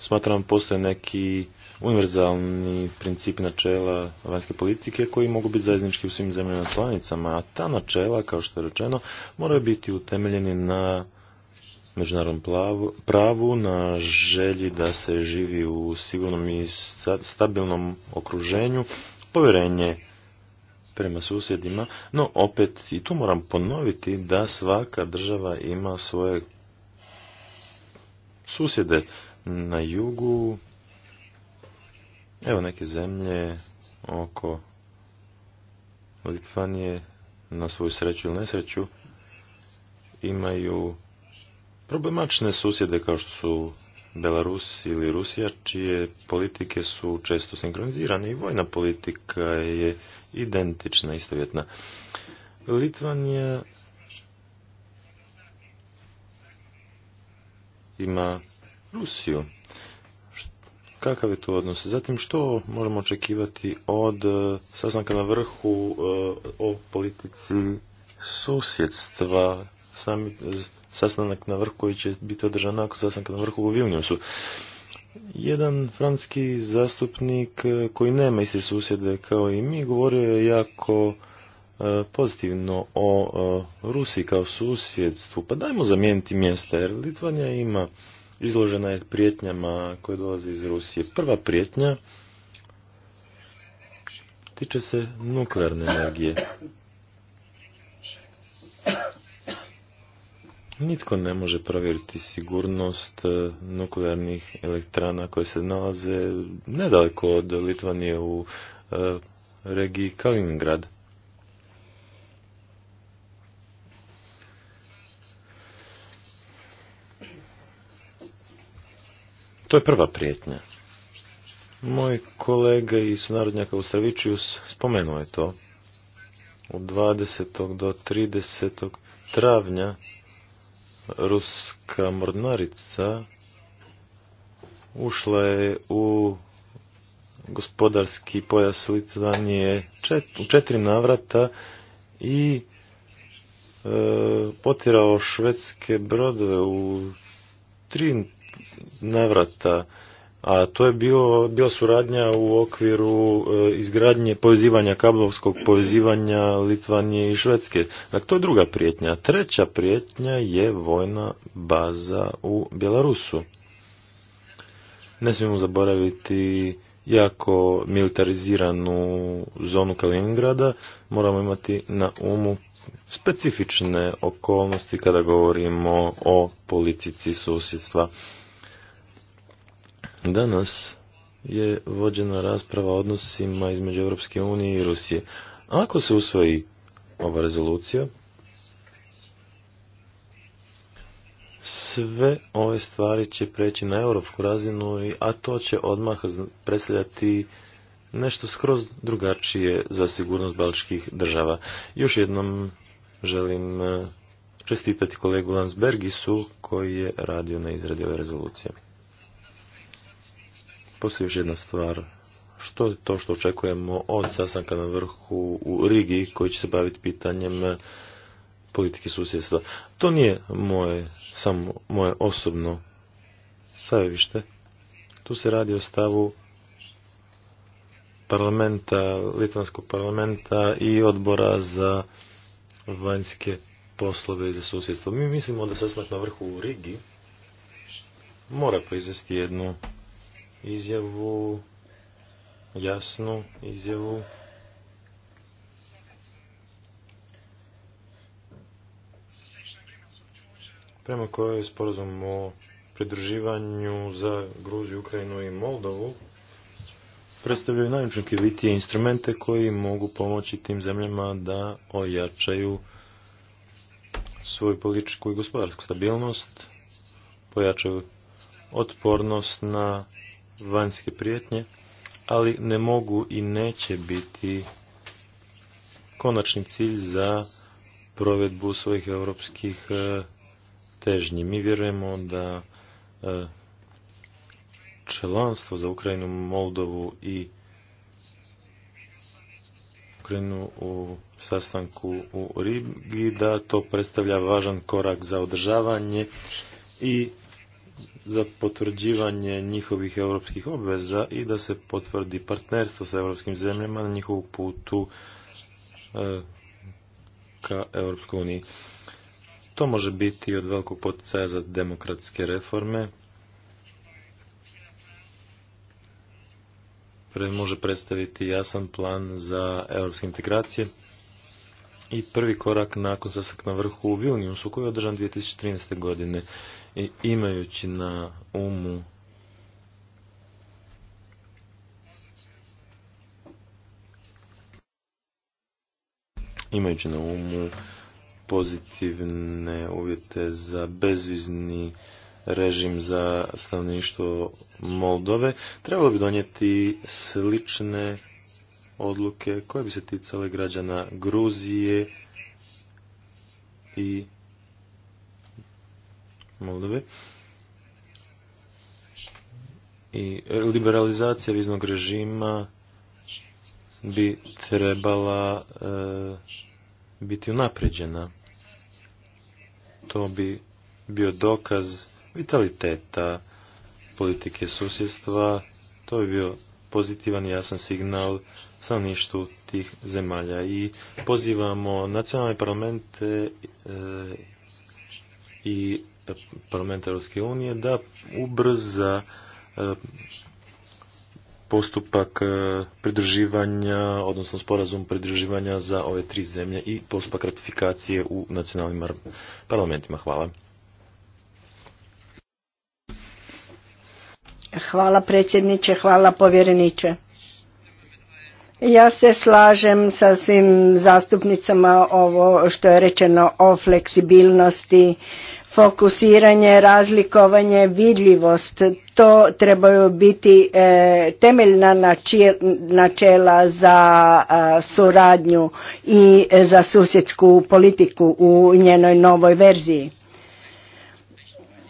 smatram postoje neki univerzalni principi načela vanjske politike koji mogu biti zajednički u svim zemljama članicama, a ta načela, kao što je rečeno, moraju biti utemeljeni na međunarodnom pravu, na želji da se živi u sigurnom i stabilnom okruženju, povjerenje prema susjedima, no opet i tu moram ponoviti da svaka država ima svoje susjede na jugu, evo neke zemlje oko Litvanije na svoju sreću ili nesreću imaju problematične susjede kao što su Belarus ili Rusija, čije politike su često sinkronizirane i vojna politika je identična, istovjetna. Litvanija ima Rusiju. Kakav je to odnos? Zatim što možemo očekivati od e, sastanka na vrhu e, o politici susjedstva sastanak na vrhu koji će biti održan nakon sastanka na vrhu u Vilniusu. Jedan franski zastupnik e, koji nema iste susjede kao i mi govorio je jako e, pozitivno o e, Rusiji kao susjedstvu. Pa dajmo zamijeniti mjesta jer Litvanja ima izložena je prijetnjama koje dolaze iz Rusije. Prva prijetnja tiče se nuklearne energije. Nitko ne može provjeriti sigurnost e, nuklearnih elektrana koje se nalaze nedaleko od Litvanije u e, regiji Kaliningrad. To je prva prijetnja. Moj kolega i sunarodnjaka Austravičius spomenuo je to. U 20. do 30. travnja ruska mornarica ušla je u gospodarski pojas Litvanije u četiri navrata i e, potirao švedske brodove u tri navrata a to je bio, bila suradnja u okviru e, izgradnje povezivanja, kablovskog povezivanja Litvanije i Švedske. Dakle, to je druga prijetnja. Treća prijetnja je vojna baza u Bjelarusu. Ne smijemo zaboraviti jako militariziranu zonu Kaliningrada, moramo imati na umu specifične okolnosti kada govorimo o politici susjedstva. Danas je vođena rasprava o odnosima između Europske unije i Rusije. Ako se usvoji ova rezolucija, sve ove stvari će preći na europsku razinu, a to će odmah predstavljati nešto skroz drugačije za sigurnost baličkih država. Još jednom želim eh, čestitati kolegu Lansbergisu koji je radio na izradi ove rezolucije poslije još jedna stvar. Što je to što očekujemo od sastanka na vrhu u Rigi koji će se baviti pitanjem eh, politike susjedstva? To nije moje, samo moje osobno savjevište. Tu se radi o stavu parlamenta, Litvanskog parlamenta i odbora za vanjske poslove i za susjedstvo. Mi mislimo da sastanak na vrhu u Rigi mora proizvesti jednu izjavu, jasnu izjavu. Prema kojoj je sporazum o pridruživanju za Gruziju, Ukrajinu i Moldovu predstavljaju najučinkovitije instrumente koji mogu pomoći tim zemljama da ojačaju svoju političku i gospodarsku stabilnost, pojačaju otpornost na vanjske prijetnje, ali ne mogu i neće biti konačni cilj za provedbu svojih europskih e, težnji. Mi vjerujemo da e, članstvo za Ukrajinu, Moldovu i Ukrajinu u sastanku u Rigi, da to predstavlja važan korak za održavanje i za potvrđivanje njihovih europskih obveza i da se potvrdi partnerstvo sa europskim zemljama na njihovu putu e, ka Europskoj uniji. To može biti od velikog poticaja za demokratske reforme. Pre može predstaviti jasan plan za europske integracije i prvi korak nakon sasak na vrhu u Vilniusu koji je održan 2013. godine i imajući na umu imajući na umu pozitivne uvjete za bezvizni režim za stanovništvo Moldove, trebalo bi donijeti slične odluke koje bi se ticale građana Gruzije i Moldove. I liberalizacija viznog režima bi trebala e, biti unapređena. To bi bio dokaz vitaliteta politike susjedstva. To bi bio pozitivan i jasan signal stanovništvu tih zemalja. I pozivamo nacionalne parlamente e, i parlamenta Europske unije da ubrza e, postupak e, pridruživanja, odnosno sporazum pridruživanja za ove tri zemlje i postupak ratifikacije u nacionalnim parlamentima. Hvala. Hvala predsjedniče, hvala povjereniče. Ja se slažem sa svim zastupnicama ovo što je rečeno o fleksibilnosti, fokusiranje, razlikovanje, vidljivost, to trebaju biti e, temeljna načela za e, suradnju i za susjedsku politiku u njenoj novoj verziji.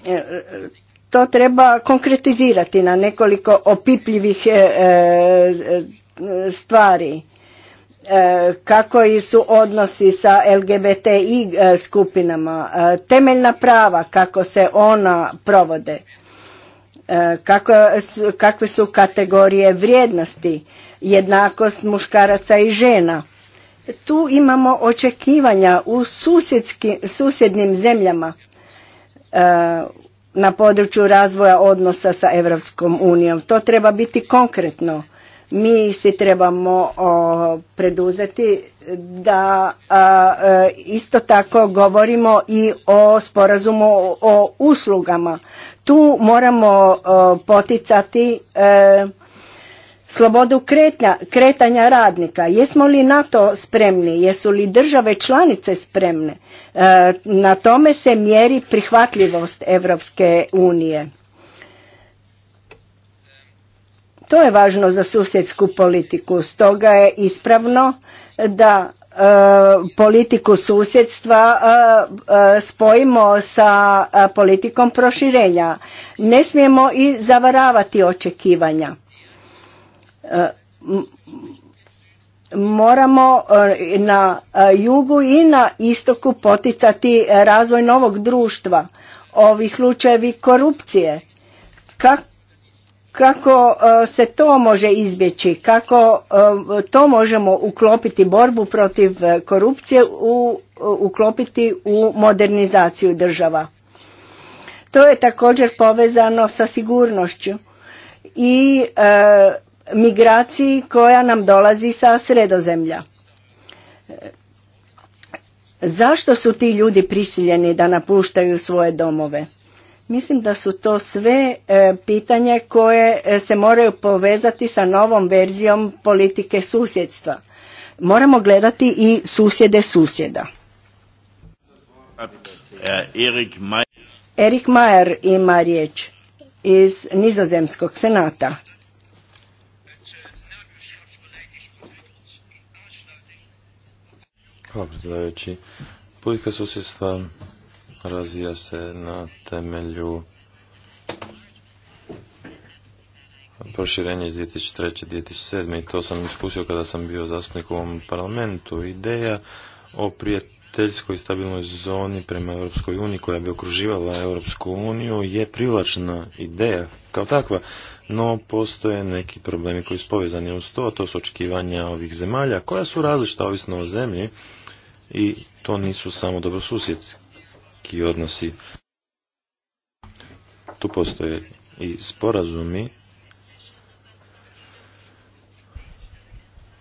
E, to treba konkretizirati na nekoliko opipljivih stvari E, kako su odnosi sa LGBTI e, skupinama, e, temeljna prava kako se ona provode, kakve su kategorije vrijednosti, jednakost muškaraca i žena. Tu imamo očekivanja u susjednim zemljama na području razvoja odnosa sa Europskom unijom. To treba biti konkretno mi si trebamo preduzeti da e, isto tako govorimo i o sporazumu o, uslugama. Tu moramo poticati e, slobodu kretanja radnika. Jesmo li na to spremni? Jesu li države članice spremne? E, na tome se mjeri prihvatljivost Europske unije to je važno za susjedsku politiku. Stoga je ispravno da e, politiku susjedstva e, e, spojimo sa politikom proširenja. Ne smijemo i zavaravati očekivanja. moramo na jugu i na istoku poticati razvoj novog društva. Ovi slučajevi korupcije. Kako kako e, se to može izbjeći, kako e, to možemo uklopiti borbu protiv e, korupcije, u, uklopiti u modernizaciju država. To je također povezano sa sigurnošću i migraciji koja nam dolazi sa sredozemlja. Zašto su ti ljudi prisiljeni da napuštaju svoje domove? Mislim da su to sve e, pitanje koje e, se moraju povezati sa novom verzijom politike susjedstva. Moramo gledati i susjede susjeda. E, Erik Majer ima riječ iz Nizozemskog senata. Hvala predsjedavajući. Politika susjedstva razvija se na temelju proširenja iz 2003. 2007. i to sam iskusio kada sam bio zastupnik u ovom parlamentu. Ideja o prijateljskoj stabilnoj zoni prema Europskoj uniji koja bi okruživala Europsku uniju je privlačna ideja kao takva, no postoje neki problemi koji su povezani uz to, a to su očekivanja ovih zemalja koja su različita ovisno o zemlji i to nisu samo dobrosusjedski ki odnosi. Tu postoje i sporazumi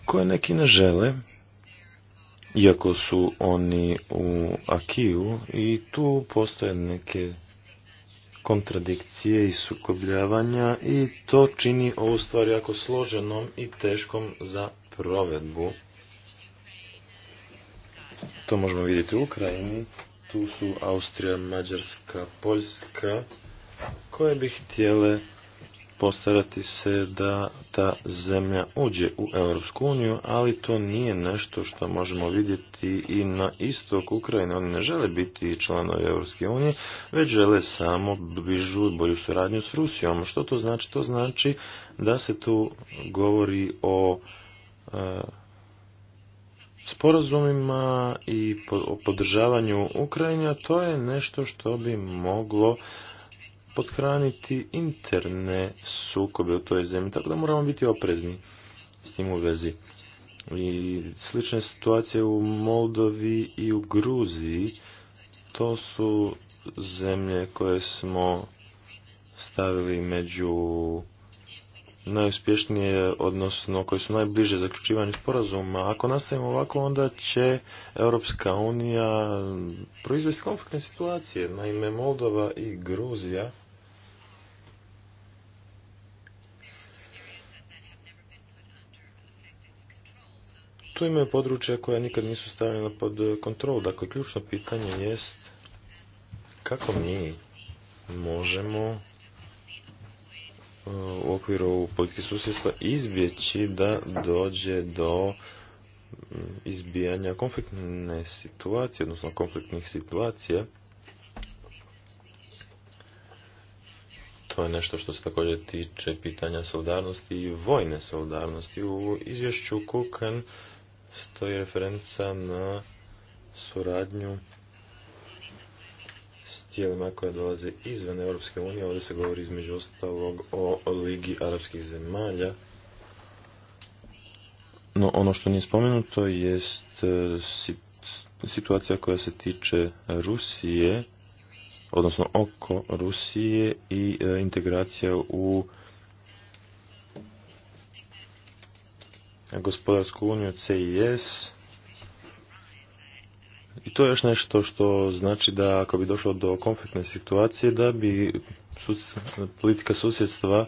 koje neki ne žele, iako su oni u Akiju i tu postoje neke kontradikcije i sukobljavanja i to čini ovu stvar jako složenom i teškom za provedbu. To možemo vidjeti u Ukrajini tu su Austrija, Mađarska, Poljska, koje bi htjele postarati se da ta zemlja uđe u Europsku uniju, ali to nije nešto što možemo vidjeti i na istok Ukrajine. Oni ne žele biti članovi Europske unije, već žele samo bližu i bolju suradnju s Rusijom. Što to znači? To znači da se tu govori o e, sporazumima i o podržavanju Ukrajine, to je nešto što bi moglo pothraniti interne sukobe u toj zemlji, tako da moramo biti oprezni s tim u vezi. I slične situacije u Moldovi i u Gruziji, to su zemlje koje smo stavili među najuspješnije, odnosno koji su najbliže zaključivanju sporazuma. Ako nastavimo ovako, onda će Europska unija proizvesti konfliktne situacije. Naime, Moldova i Gruzija tu imaju područja koja nikad nisu stavljena pod kontrol. Dakle, ključno pitanje jest kako mi možemo u okviru politike susjedstva izbjeći da dođe do mm, izbijanja konfliktne situacije, odnosno konfliktnih situacija. To je nešto što se također tiče pitanja solidarnosti i vojne solidarnosti. U izvješću Kuken stoji referenca na suradnju tijelima koja dolaze izvan Europske unije. Ovdje se govori između ostalog o Ligi arapskih zemalja. No, ono što nije spomenuto jest e, situacija koja se tiče Rusije, odnosno oko Rusije i e, integracija u gospodarsku uniju CIS i to je još nešto što znači da ako bi došlo do konfliktne situacije, da bi politika susjedstva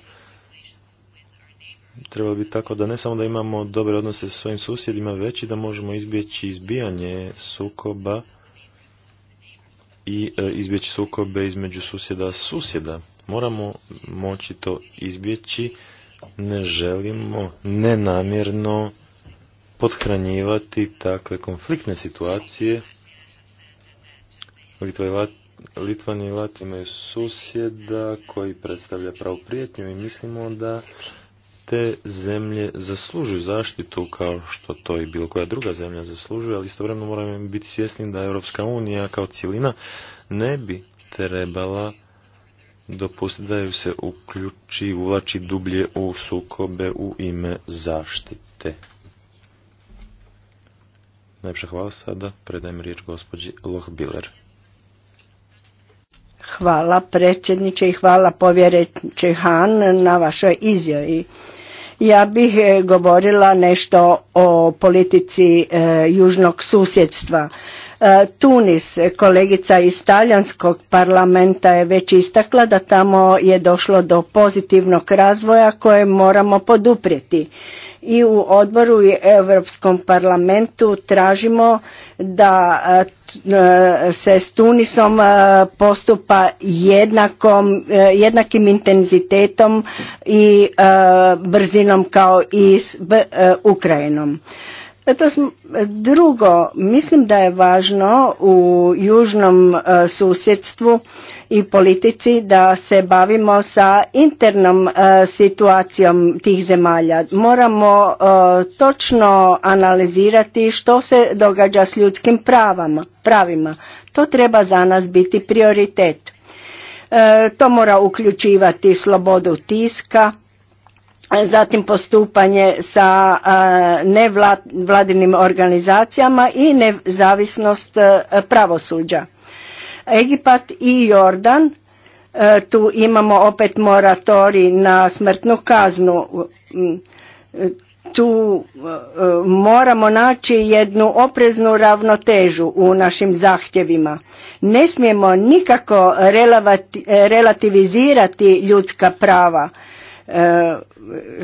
trebala biti tako da ne samo da imamo dobre odnose sa svojim susjedima, već i da možemo izbjeći izbijanje sukoba i e, izbjeći sukobe između susjeda susjeda. Moramo moći to izbjeći, ne želimo nenamjerno podhranjivati takve konfliktne situacije Litva i Lat... i Lat imaju susjeda koji predstavlja pravu prijetnju i mislimo da te zemlje zaslužuju zaštitu kao što to i bilo koja druga zemlja zaslužuje, ali istovremeno moramo biti svjesni da Europska unija kao cijelina ne bi trebala dopustiti da ju se uključi, uvlači dublje u sukobe u ime zaštite. Najpša hvala sada, predajem riječ gospođi Lohbiler. Hvala predsjedniče i hvala povjereniče Han na vašoj izjavi. Ja bih e, govorila nešto o politici e, južnog susjedstva. E, Tunis, kolegica iz talijanskog parlamenta je već istakla da tamo je došlo do pozitivnog razvoja koje moramo poduprijeti i u odboru i Europskom parlamentu tražimo da e, se s Tunisom e, postupa jednakom, e, jednakim intenzitetom i brzinom kao i s Ukrajinom. E, to e, drugo, mislim da je važno u južnom e, susjedstvu i politici da se bavimo sa internom situacijom tih zemalja. Moramo točno analizirati što se događa s ljudskim pravama, pravima. To treba za nas biti prioritet. To mora uključivati slobodu tiska, zatim postupanje sa e, nevladinim organizacijama i nezavisnost e, pravosuđa. Egipat i Jordan, e, tu imamo opet moratori na smrtnu kaznu. Mm, tu moramo naći jednu opreznu ravnotežu u našim zahtjevima. Ne smijemo nikako relativizirati ljudska prava E,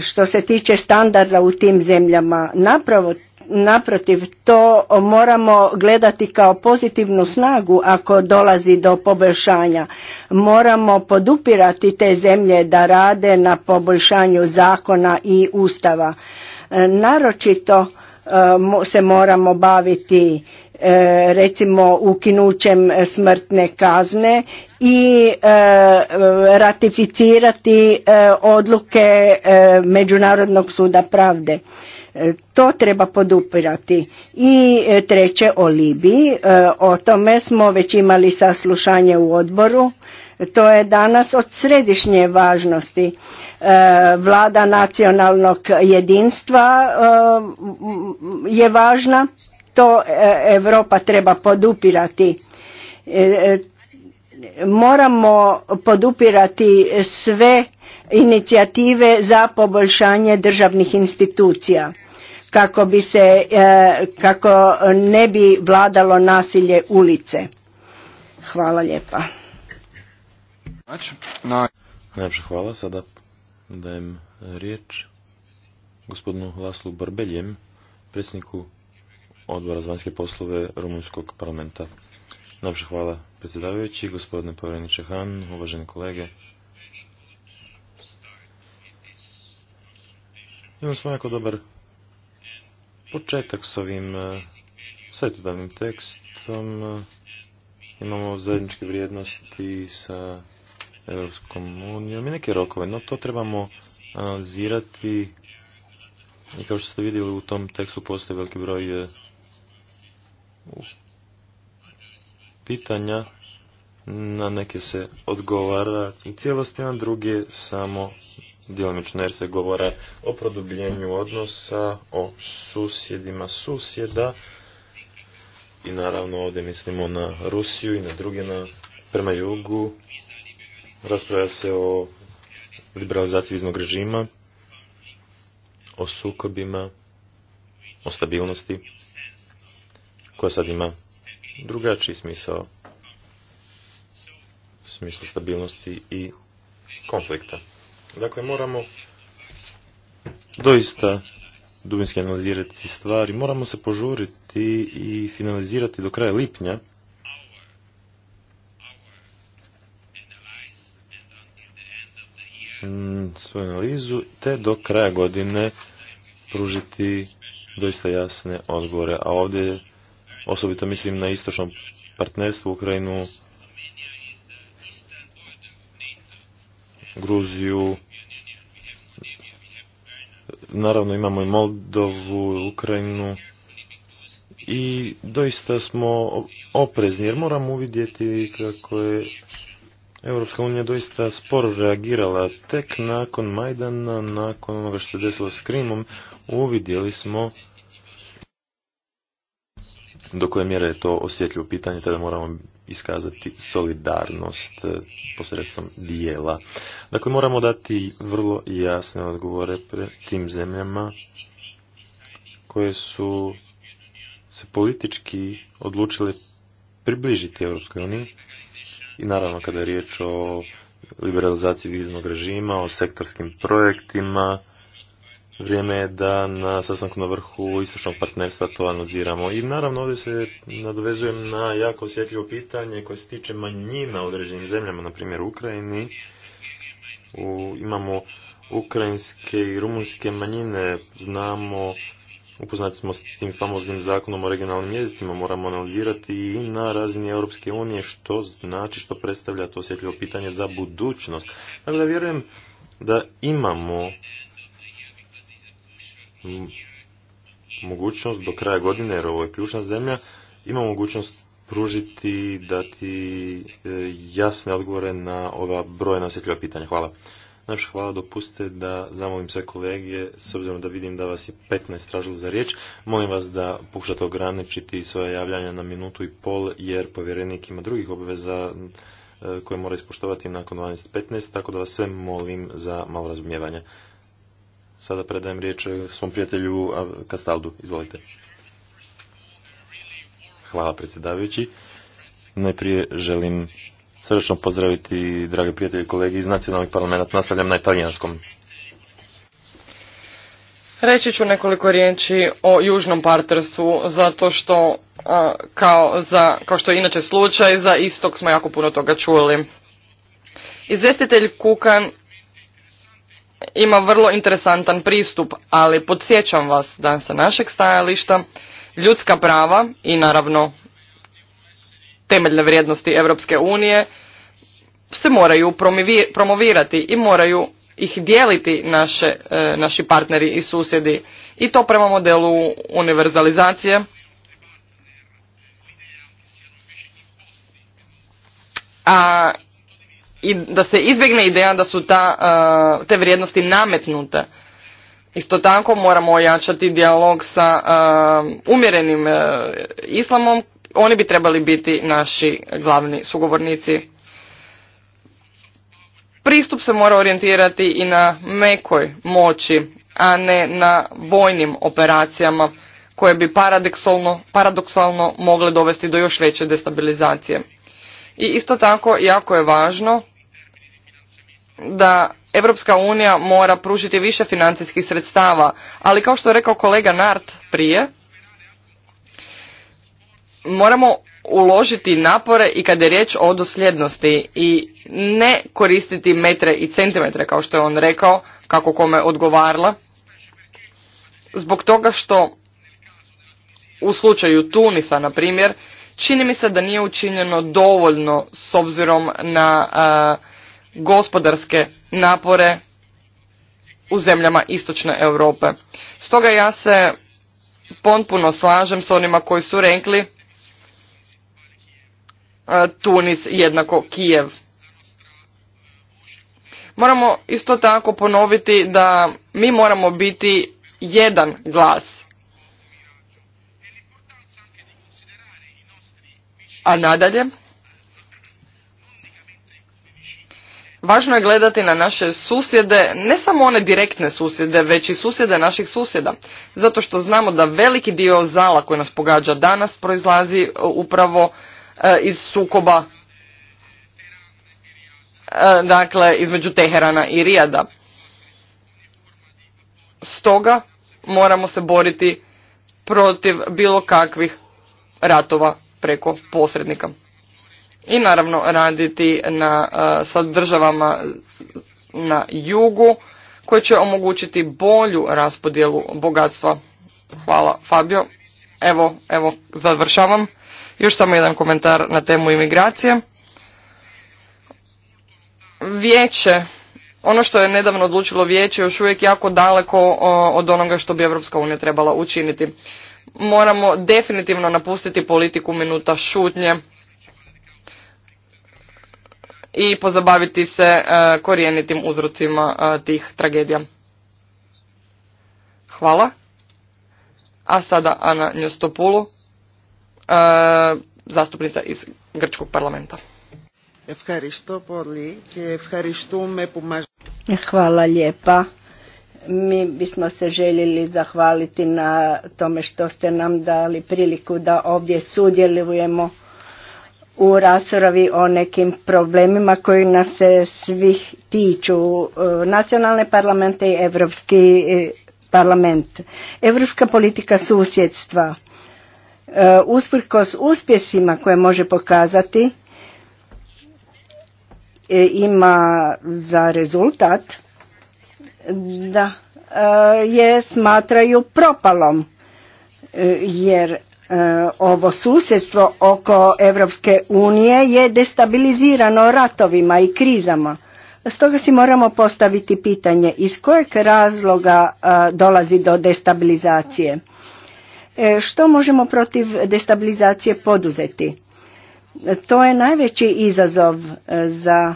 što se tiče standarda u tim zemljama. Napravo, naprotiv, to moramo gledati kao pozitivnu snagu ako dolazi do poboljšanja. Moramo podupirati te zemlje da rade na poboljšanju zakona i ustava. E, naročito e, se moramo baviti E, recimo ukinućem smrtne kazne i e, ratificirati e, odluke Međunarodnog suda pravde. To treba podupirati. I treće o Libiji, o tome smo već imali saslušanje u odboru, to je danas od središnje važnosti. Vlada nacionalnog jedinstva je važna to Europa treba podupirati. E, e, moramo podupirati sve inicijative za poboljšanje državnih institucija kako bi se e, kako ne bi vladalo nasilje ulice. Hvala lijepa. Najlepša hvala. Sada dajem riječ gospodinu Laslu Barbeljem, predsjedniku odbora za vanjske poslove Rumunjskog parlamenta. hvala predsjedavajući, gospodine povjereniče Han, uvaženi kolege. Imamo smo jako dobar početak s ovim eh, savjetodavnim tekstom. Imamo zajedničke vrijednosti sa Europskom unijom i neke rokove, no to trebamo analizirati i kao što ste vidjeli u tom tekstu postoji veliki broj eh, pitanja, na neke se odgovara u cijelosti, na druge samo djelomično jer se govora o produbljenju odnosa, o susjedima susjeda i naravno ovdje mislimo na Rusiju i na druge na, prema jugu. Raspravlja se o liberalizaciji viznog režima, o sukobima, o stabilnosti koja sad ima drugačiji smisao u smislu stabilnosti i konflikta. Dakle, moramo doista dubinski analizirati stvari, moramo se požuriti i finalizirati do kraja lipnja mm, svoju analizu, te do kraja godine pružiti doista jasne odgovore. A ovdje osobito mislim na istočno partnerstvo Ukrajinu, Gruziju, naravno imamo i Moldovu, Ukrajinu i doista smo oprezni jer moramo uvidjeti kako je Europska unija doista sporo reagirala tek nakon Majdana, nakon onoga što se desilo s Krimom, uvidjeli smo do koje mjere je to osjetljivo pitanje, tada moramo iskazati solidarnost eh, posredstvom dijela. Dakle, moramo dati vrlo jasne odgovore tim zemljama koje su se politički odlučile približiti Europskoj uniji i naravno kada je riječ o liberalizaciji viznog režima, o sektorskim projektima, Vrijeme je da na sastanku na vrhu istočnog partnerstva to analiziramo. I naravno ovdje se nadovezujem na jako osjetljivo pitanje koje se tiče manjina u određenim zemljama, na primjer Ukrajini. U, imamo ukrajinske i rumunjske manjine, znamo, upoznati smo s tim famoznim zakonom o regionalnim jezicima, moramo analizirati i na razini Europske unije što znači, što predstavlja to osjetljivo pitanje za budućnost. Dakle, vjerujem da imamo mogućnost do kraja godine, jer ovo je ključna zemlja, ima mogućnost pružiti, dati e, jasne odgovore na ova brojna osjetljiva pitanja. Hvala. hvala, dopustite da zamolim sve kolege, s obzirom da vidim da vas je 15 tražilo za riječ, molim vas da pokušate ograničiti svoje javljanja na minutu i pol, jer povjerenik ima drugih obveza e, koje mora ispoštovati nakon 12.15, tako da vas sve molim za malo razumijevanja. Sada predajem riječ svom prijatelju Kastaldu. Izvolite. Hvala predsjedavajući. Najprije želim srdečno pozdraviti drage prijatelje i kolege iz nacionalnih parlamenta. Nastavljam na italijanskom. Reći ću nekoliko riječi o južnom partnerstvu, zato što, kao, za, kao što je inače slučaj, za istok smo jako puno toga čuli. Izvjestitelj Kukan ima vrlo interesantan pristup, ali podsjećam vas da sa našeg stajališta ljudska prava i naravno temeljne vrijednosti Europske unije se moraju promovirati i moraju ih dijeliti naše, e, naši partneri i susjedi i to prema modelu univerzalizacije. A i da se izbjegne ideja da su ta, e, te vrijednosti nametnute. Isto tako moramo ojačati dijalog sa e, umjerenim e, islamom, oni bi trebali biti naši glavni sugovornici. Pristup se mora orijentirati i na mekoj moći, a ne na vojnim operacijama koje bi paradoksalno mogle dovesti do još veće destabilizacije. I isto tako jako je važno da Europska unija mora pružiti više financijskih sredstava, ali kao što je rekao kolega Nart prije, moramo uložiti napore i kada je riječ o dosljednosti i ne koristiti metre i centimetre kao što je on rekao, kako kome odgovarla, zbog toga što u slučaju Tunisa, na primjer, čini mi se da nije učinjeno dovoljno s obzirom na gospodarske napore u zemljama istočne Europe. Stoga ja se potpuno slažem s onima koji su rekli e, Tunis jednako Kijev. Moramo isto tako ponoviti da mi moramo biti jedan glas. A nadalje, Važno je gledati na naše susjede, ne samo one direktne susjede, već i susjede naših susjeda. Zato što znamo da veliki dio zala koji nas pogađa danas proizlazi e, upravo e, iz sukoba e, dakle, između Teherana i Rijada. Stoga moramo se boriti protiv bilo kakvih ratova preko posrednika i naravno raditi na, sa državama na jugu koje će omogućiti bolju raspodjelu bogatstva. Hvala Fabio. Evo, evo, završavam. Još samo jedan komentar na temu imigracije. Vijeće, ono što je nedavno odlučilo vijeće još uvijek jako daleko od onoga što bi Europska unija trebala učiniti. Moramo definitivno napustiti politiku minuta šutnje i pozabaviti se e, korijenitim uzrocima e, tih tragedija. Hvala. A sada Ana Njostopulu, e, zastupnica iz Grčkog parlamenta. Hvala lijepa. Mi bismo se željeli zahvaliti na tome što ste nam dali priliku da ovdje sudjelujemo u raspravi o nekim problemima koji nas se svih tiču, e, nacionalne parlamente i Europski e, parlament. Europska politika susjedstva, e, usprkos uspjesima koje može pokazati, ima za rezultat da je smatraju propalom jer E, ovo susjedstvo oko Europske unije je destabilizirano ratovima i krizama. Stoga si moramo postaviti pitanje iz kojeg razloga e, dolazi do destabilizacije. E, što možemo protiv destabilizacije poduzeti? To je najveći izazov za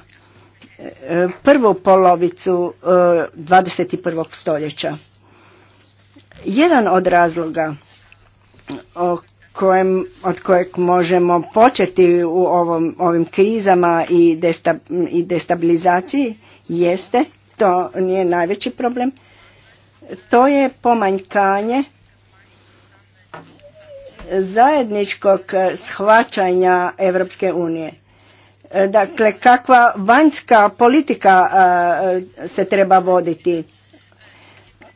prvu polovicu 21. stoljeća. Jedan od razloga kojem, od kojeg možemo početi u ovom, ovim krizama i, destabilizaciji jeste, to nije najveći problem, to je pomanjkanje zajedničkog shvaćanja Europske unije. Dakle, kakva vanjska politika se treba voditi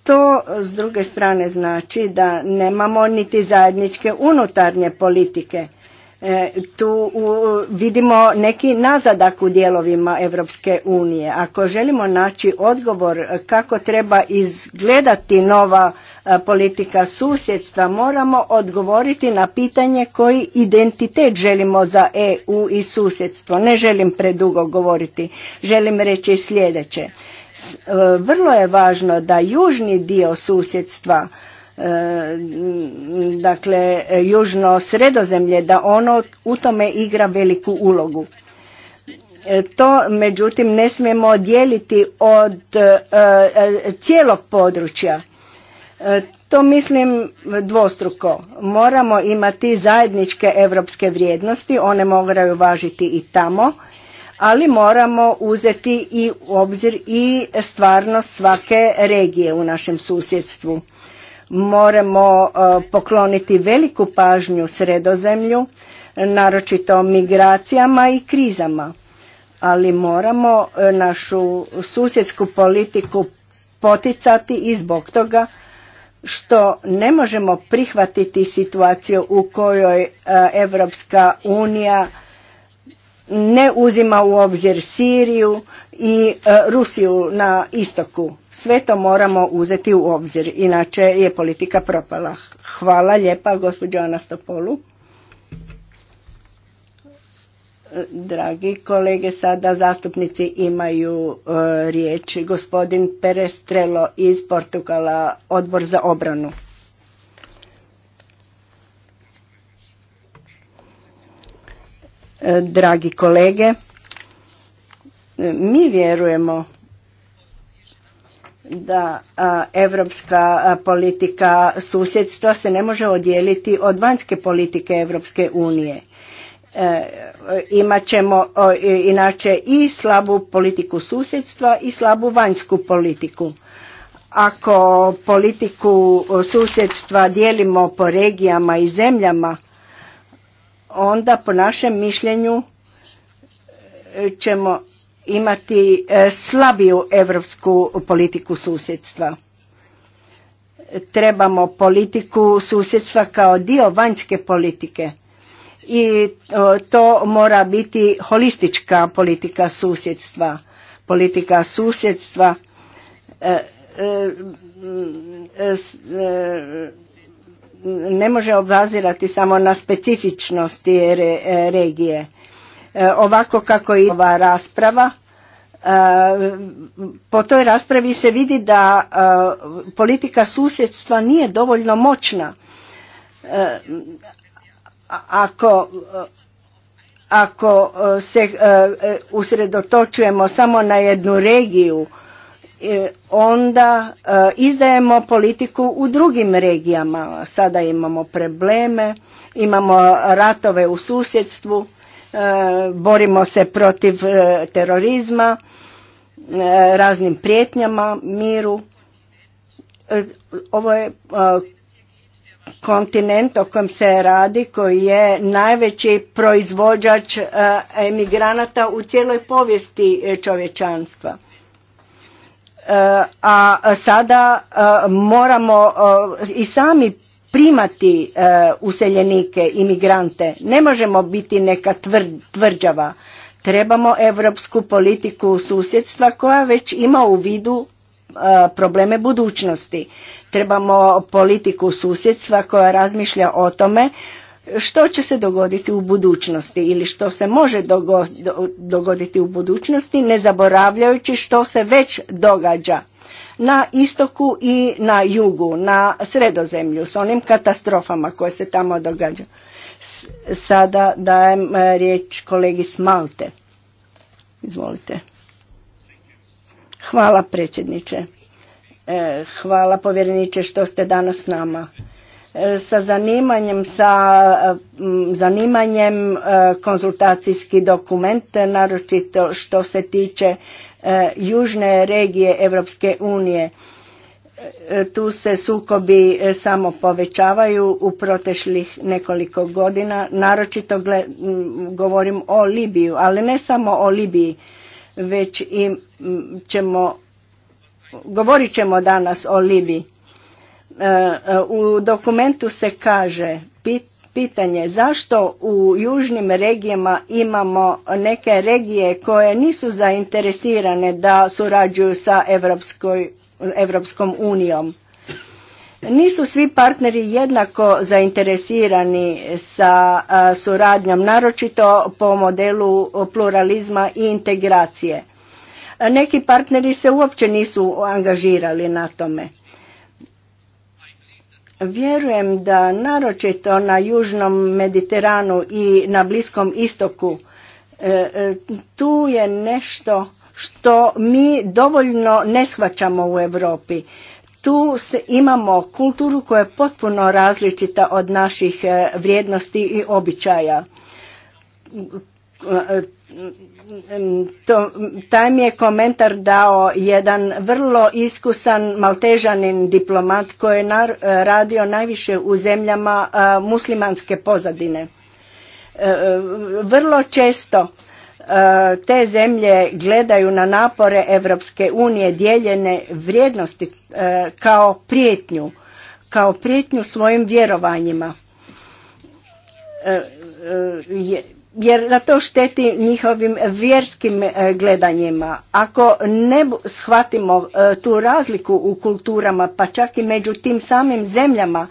to s druge strane znači da nemamo niti zajedničke unutarnje politike. E, tu vidimo neki nazadak u dijelovima Europske unije. Ako želimo naći odgovor kako treba izgledati nova e, politika susjedstva, moramo odgovoriti na pitanje koji identitet želimo za EU i susjedstvo. Ne želim predugo govoriti, želim reći sljedeće. E, vrlo je važno da južni dio susjedstva, e, dakle južno sredozemlje, da ono u tome igra veliku ulogu. E, to međutim ne smijemo dijeliti od cijelog područja. To mislim dvostruko. Moramo imati zajedničke europske vrijednosti, one moraju važiti i tamo ali moramo uzeti i u obzir i stvarnost svake regije u našem susjedstvu. Moramo e, pokloniti veliku pažnju sredozemlju, naročito migracijama i krizama, ali moramo e, našu susjedsku politiku poticati i zbog toga što ne možemo prihvatiti situaciju u kojoj e, Evropska unija ne uzima u obzir Siriju i e, Rusiju na istoku. Sve to moramo uzeti u obzir, inače je politika propala. Hvala lijepa gospođo Anastopolu. Dragi kolege, sada zastupnici imaju e, riječ. Gospodin Perestrelo iz Portugala, odbor za obranu. E, dragi kolege. E, mi vjerujemo da europska politika susjedstva se ne može odijeliti od vanjske politike Europske unije. E, imat ćemo inače i slabu politiku susjedstva i slabu vanjsku politiku. Ako politiku susjedstva dijelimo po regijama i zemljama, onda po našem mišljenju e, ćemo imati e, slabiju europsku politiku susjedstva. Trebamo politiku susjedstva kao dio vanjske politike i e, to mora biti holistička politika susjedstva. Politika susjedstva ne može obazirati samo na specifičnosti regije. E, ovako kako i ova rasprava, e, po toj raspravi se vidi da e, politika susjedstva nije dovoljno moćna. Ako ako se usredotočujemo samo na jednu regiju E, onda e, izdajemo politiku u drugim regijama. Sada imamo probleme, imamo ratove u susjedstvu, e, borimo se protiv terorizma, raznim prijetnjama, miru. Ovo je kontinent o kojem se radi, koji je najveći proizvođač emigranata u cijeloj povijesti čovječanstva a sada e, moramo e, i sami primati e, useljenike, imigrante. Ne možemo biti neka tvrđava. Trebamo europsku politiku susjedstva koja već ima u vidu probleme budućnosti. Trebamo politiku susjedstva koja razmišlja o tome što će se dogoditi u budućnosti ili što se može dogoditi u budućnosti ne zaboravljajući što se već događa na istoku i na jugu, na sredozemlju s onim katastrofama koje se tamo događaju. Sada dajem e, riječ kolegi Smalte. Izvolite. Hvala predsjedniče. E, hvala povjereniče što ste danas s nama. E, sa zanimanjem sa e, zanimanjem e, konzultacijski dokument naročito što se tiče južne regije Europske unije tu se sukobi samo povećavaju u protešlih nekoliko godina naročito govorim o Libiju ali ne samo o Libiji već i ćemo govorit ćemo danas o Libiji u dokumentu se kaže pitanje zašto u južnim regijama imamo neke regije koje nisu zainteresirane da surađuju sa Evropskoj, Evropskom unijom. Nisu svi partneri jednako zainteresirani sa suradnjom, naročito po modelu pluralizma i integracije. Neki partneri se uopće nisu angažirali na tome. Vjerujem da naročito na Južnom Mediteranu i na Bliskom istoku e, e, tu je nešto što mi dovoljno ne shvaćamo u Europi. Tu se imamo kulturu koja je potpuno različita od naših e, vrijednosti i običaja to, taj mi je komentar dao jedan vrlo iskusan maltežanin diplomat koji je e, radio najviše u zemljama e, muslimanske pozadine. E, vrlo često te zemlje gledaju na napore Evropske unije dijeljene vrijednosti kao prijetnju, kao prijetnju svojim vjerovanjima. Je, jer da to šteti njihovim vjerskim e, gledanjima. Ako ne shvatimo e, tu razliku u kulturama, pa čak i među tim samim zemljama,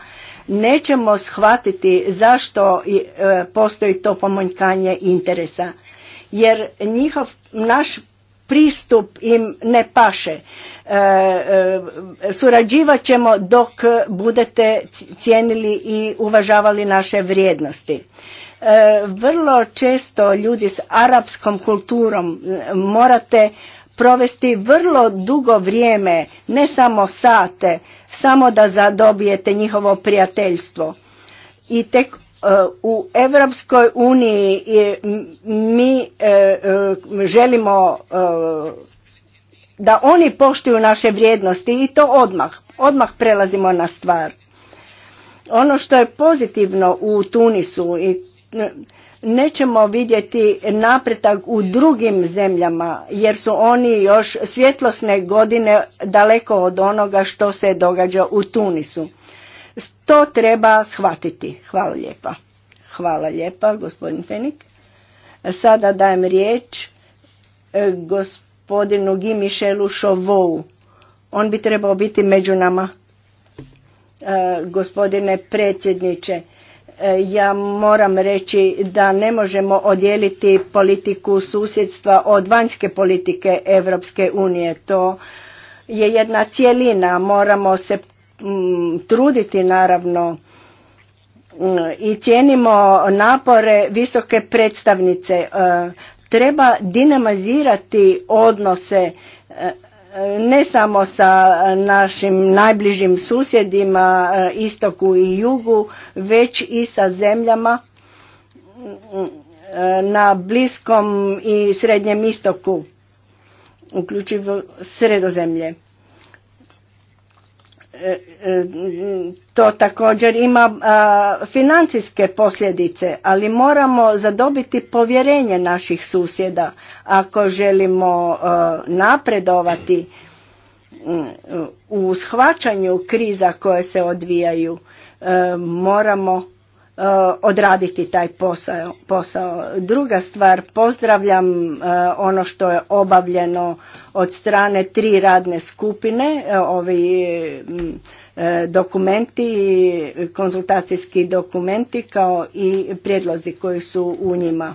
nećemo shvatiti zašto e, postoji to pomanjkanje interesa. Jer njihov, naš pristup im ne paše. Surađivat ćemo dok budete cijenili i uvažavali naše vrijednosti. E, vrlo često ljudi s arapskom kulturom e, morate provesti vrlo dugo vrijeme, ne samo sate, samo da zadobijete njihovo prijateljstvo. I tek e, u Europskoj uniji mi želimo da oni poštuju naše vrijednosti i to odmah. Odmah prelazimo na stvar. Ono što je pozitivno u Tunisu i nećemo vidjeti napretak u drugim zemljama jer su oni još svjetlosne godine daleko od onoga što se događa u Tunisu. To treba shvatiti. Hvala lijepa. Hvala lijepa, gospodin Fenik. Sada dajem riječ e, gospodinu Gimišelu Šovou. On bi trebao biti među nama. E, gospodine predsjedniče, E, ja moram reći da ne možemo odijeliti politiku susjedstva od vanjske politike Europske unije. To je jedna cijelina, moramo se mm, truditi naravno mm, i cijenimo napore visoke predstavnice. E, treba dinamizirati odnose e, ne samo sa našim najbližim susjedima eh, istoku i jugu, već i sa zemljama eh, na bliskom i srednjem istoku, uključivo sredozemlje. E, e, to također ima financijske posljedice, ali moramo zadobiti povjerenje naših susjeda ako želimo e, napredovati mm, u shvaćanju kriza koje se odvijaju. Moramo Eh, odraditi taj posao, Druga stvar, pozdravljam eh, ono što je obavljeno od strane tri radne skupine, eh, ovi mm, dokumenti, konzultacijski dokumenti kao i prijedlozi koji su u njima.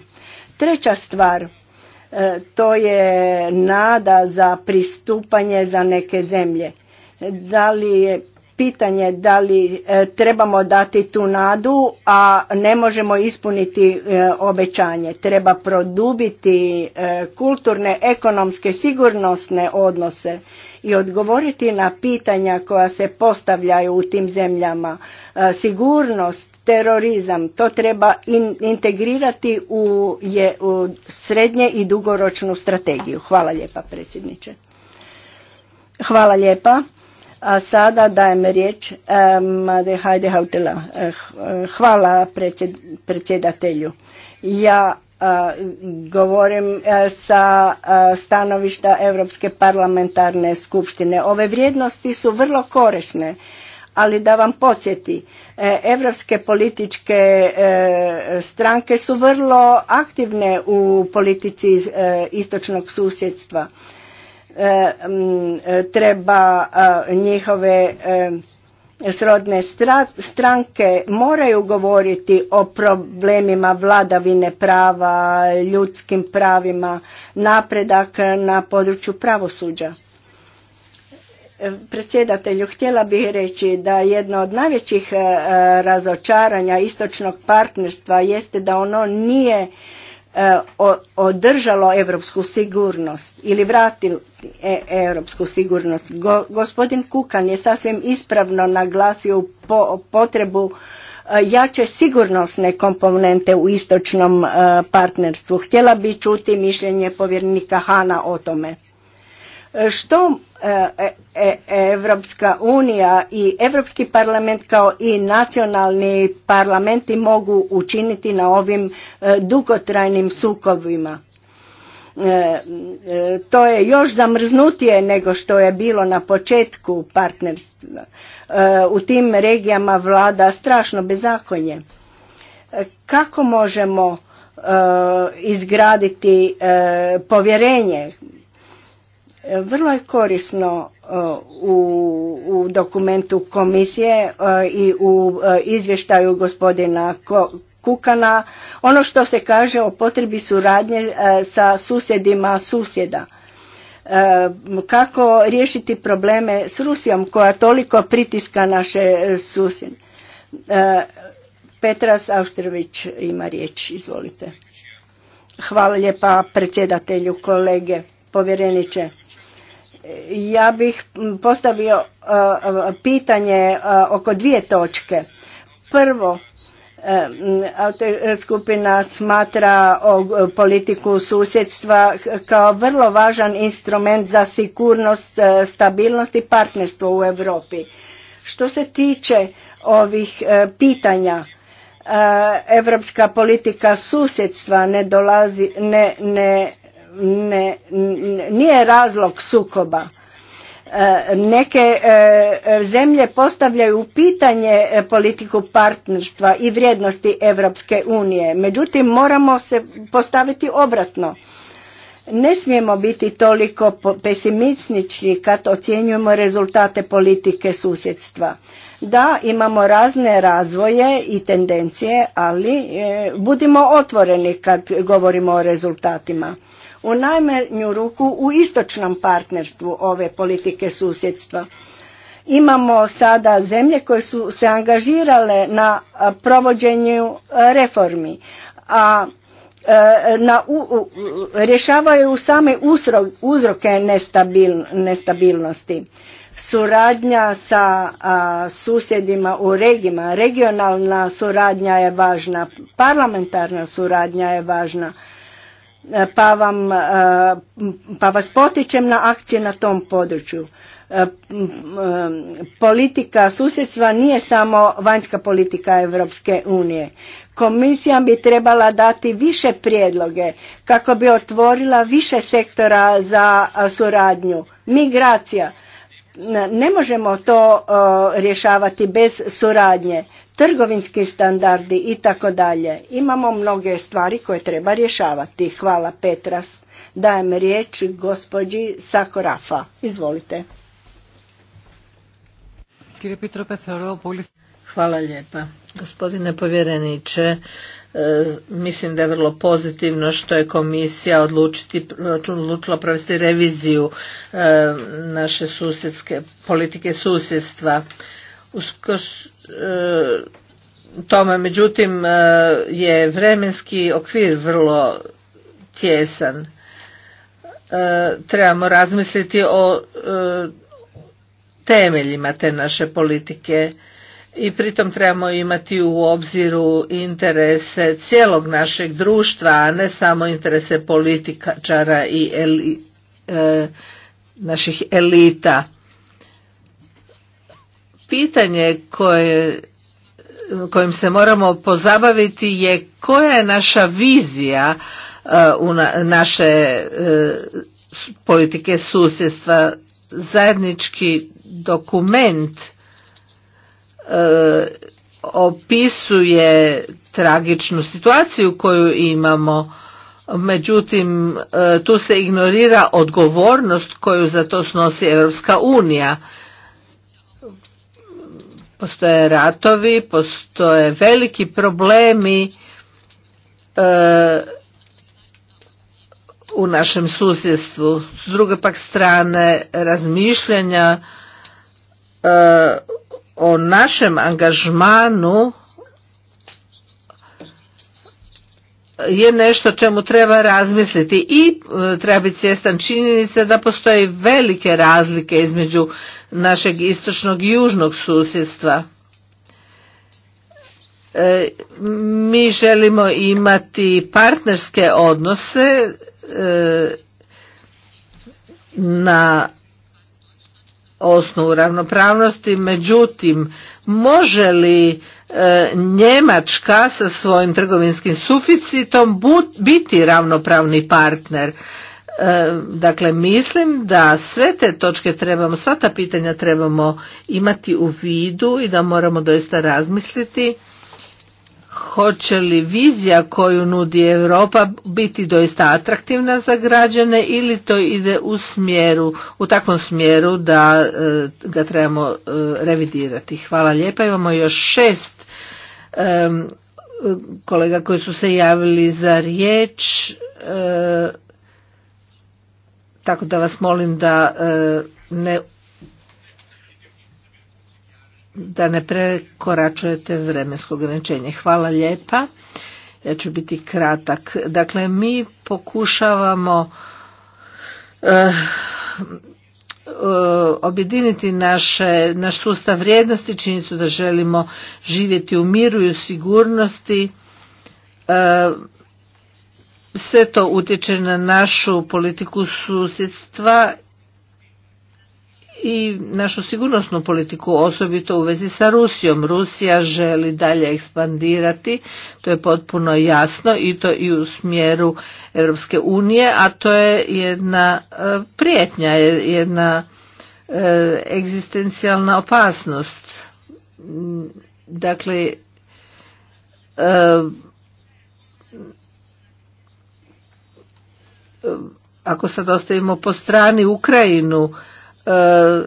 Treća stvar, to je nada za pristupanje za neke zemlje. Da li je pitanje da li e, trebamo dati tu nadu, a ne možemo ispuniti e, obećanje. Treba produbiti e, kulturne, ekonomske, sigurnosne odnose i odgovoriti na pitanja koja se postavljaju u tim zemljama. Sigurnost, terorizam, to treba integrirati u, je, u srednje i dugoročnu strategiju. Hvala lijepa predsjedniče. Hvala lijepa. A sada dajem riječ Made Hajde Hautela. Eh, hvala predsjedatelju. Ja eh, govorim eh, sa stanovišta Europske parlamentarne skupštine. Ove vrijednosti su vrlo korisne, ali da vam podsjeti, Europske političke stranke su vrlo aktivne u politici istočnog susjedstva E, e, treba e, njihove srodne stranke moraju govoriti o problemima vladavine prava, ljudskim pravima, napredak na području pravosuđa. Predsjedatelju, htjela bih reći da jedno od najvećih razočaranja istočnog partnerstva jeste da ono nije E, održalo europsku sigurnost ili vratilo europsku sigurnost. gospodin Kukan je sasvim ispravno naglasio potrebu e, jače sigurnosne komponente u istočnom e, partnerstvu. Htjela bi čuti mišljenje povjernika Hana o tome. Što e, e, e, Evropska unija i Europski parlament kao i nacionalni parlamenti mogu učiniti na ovim dugotrajnim sukovima? to je još zamrznutije nego što je bilo na početku partnerstva. U tim regijama vlada strašno bezakonje. Kako možemo izgraditi povjerenje vrlo je korisno e, u, u dokumentu komisije e, i u e, izvještaju gospodina Kukana ono što se kaže o potrebi suradnje sa susjedima susjeda. Kako riješiti probleme s Rusijom koja toliko pritiska naše susjede. Petras Austrović ima riječ, izvolite. Hvala lijepa predsjedatelju, kolege, povjereniče. Ja bih postavio e, pitanje e, oko dvije točke. Prvo, e, skupina smatra politiku susjedstva kao vrlo važan instrument za sigurnost, stabilnost i partnerstvo u Europi. Što se tiče ovih pitanja, europska politika susjedstva ne dolazi, ne, ne ne, nije razlog sukoba. E, neke e, zemlje postavljaju pitanje e, politiku partnerstva i vrijednosti Europske unije. Međutim, moramo se postaviti obratno. Ne smijemo biti toliko pesimistični kad ocjenjujemo rezultate politike susjedstva. Da, imamo razne razvoje i tendencije, ali budimo otvoreni kad govorimo o rezultatima u najmanju ruku u istočnom partnerstvu ove politike susjedstva. Imamo sada zemlje koje su se angažirale na provođenju e, reformi, a e, na, rješavaju same uzroke nestabilnosti. Suradnja sa susjedima u regijima, regionalna suradnja je važna, parlamentarna suradnja je važna. E, pa, vam, e, pa vas potičem na akcije na tom području. E, politika susjedstva nije samo vanjska politika Europske unije. Komisija bi trebala dati više prijedloge kako bi otvorila više sektora za suradnju. Migracija. Ne možemo to rješavati bez suradnje trgovinski standardi i tako dalje. Imamo mnoge stvari koje treba rješavati. Hvala Petras. Dajem riječ gospođi Sakorafa. Izvolite. Hvala lijepa. Gospodine povjereniče, e, mislim da je vrlo pozitivno što je komisija odlučiti, odlučila provesti reviziju e, naše susjedske politike susjedstva. E, tome, međutim e, je vremenski okvir vrlo tjesan. E, trebamo razmisliti o temeljima te naše politike i pritom trebamo imati u obziru interese cijelog našeg društva, a ne samo interese političara i e, naših elita pitanje koje kojim se moramo pozabaviti je koja je naša vizija e, u naše e, politike susjedstva zajednički dokument e, opisuje tragičnu situaciju koju imamo međutim tu se ignorira odgovornost koju za to snosi Europska unija postoje ratovi, postoje veliki problemi e, u našem susjedstvu. S druge pak strane razmišljanja e, o našem angažmanu je nešto čemu treba razmisliti i e, treba biti svjestan činjenica da postoje velike razlike između našeg istočnog i južnog susjedstva. E, mi želimo imati partnerske odnose e, na osnovu ravnopravnosti, međutim može li e, Njemačka sa svojim trgovinskim suficitom biti ravnopravni partner? E, dakle, mislim da sve te točke trebamo, sva ta pitanja trebamo imati u vidu i da moramo doista razmisliti hoće li vizija koju nudi Europa biti doista atraktivna za građane ili to ide u smjeru, u takvom smjeru da e, ga trebamo e, revidirati. Hvala lijepa. Imamo još šest kolega koji su se javili za riječ. Tako da vas molim da e, ne da ne prekoračujete vremensko ograničenje. Hvala lijepa. Ja ću biti kratak. Dakle, mi pokušavamo e, e, objediniti naš sustav vrijednosti, činjenicu da želimo živjeti u miru i u sigurnosti, sve to utječe na našu politiku susjedstva i našu sigurnosnu politiku, osobito u vezi sa Rusijom. Rusija želi dalje ekspandirati, to je potpuno jasno i to i u smjeru Europske unije, a to je jedna e, prijetnja, jedna e, egzistencijalna opasnost. Dakle, e, ako sad ostavimo po strani Ukrajinu, e,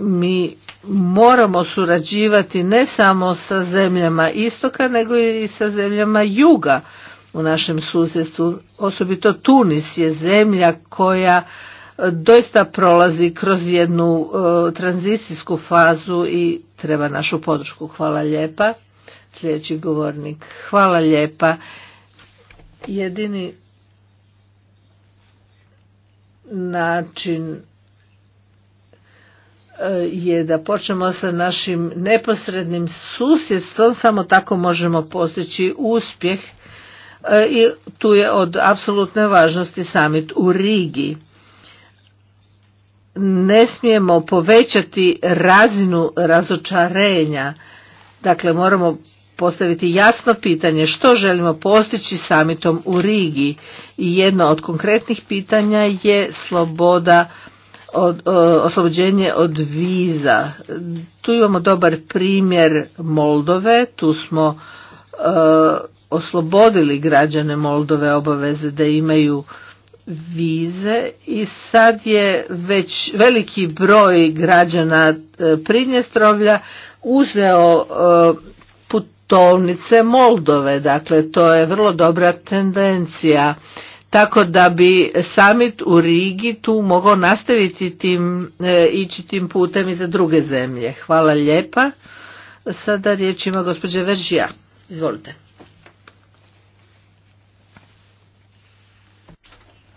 mi moramo surađivati ne samo sa zemljama istoka, nego i sa zemljama juga u našem susjedstvu. Osobito Tunis je zemlja koja e, doista prolazi kroz jednu e, tranzicijsku fazu i treba našu podršku. Hvala lijepa. Sljedeći govornik. Hvala lijepa. Jedini način e, je da počnemo sa našim neposrednim susjedstvom, samo tako možemo postići uspjeh e, i tu je od apsolutne važnosti samit u Rigi. Ne smijemo povećati razinu razočarenja, dakle moramo postaviti jasno pitanje što želimo postići samitom u Rigi. I jedno od konkretnih pitanja je sloboda od, oslobođenje od viza. Tu imamo dobar primjer Moldove, tu smo e, oslobodili građane Moldove obaveze da imaju vize i sad je već veliki broj građana e, Pridnjestrovlja uzeo e, stolnice Moldove. Dakle, to je vrlo dobra tendencija. Tako da bi summit u Rigi tu mogao nastaviti tim, e, ići tim putem i za druge zemlje. Hvala lijepa. Sada riječ ima gospođe Veržija. Izvolite.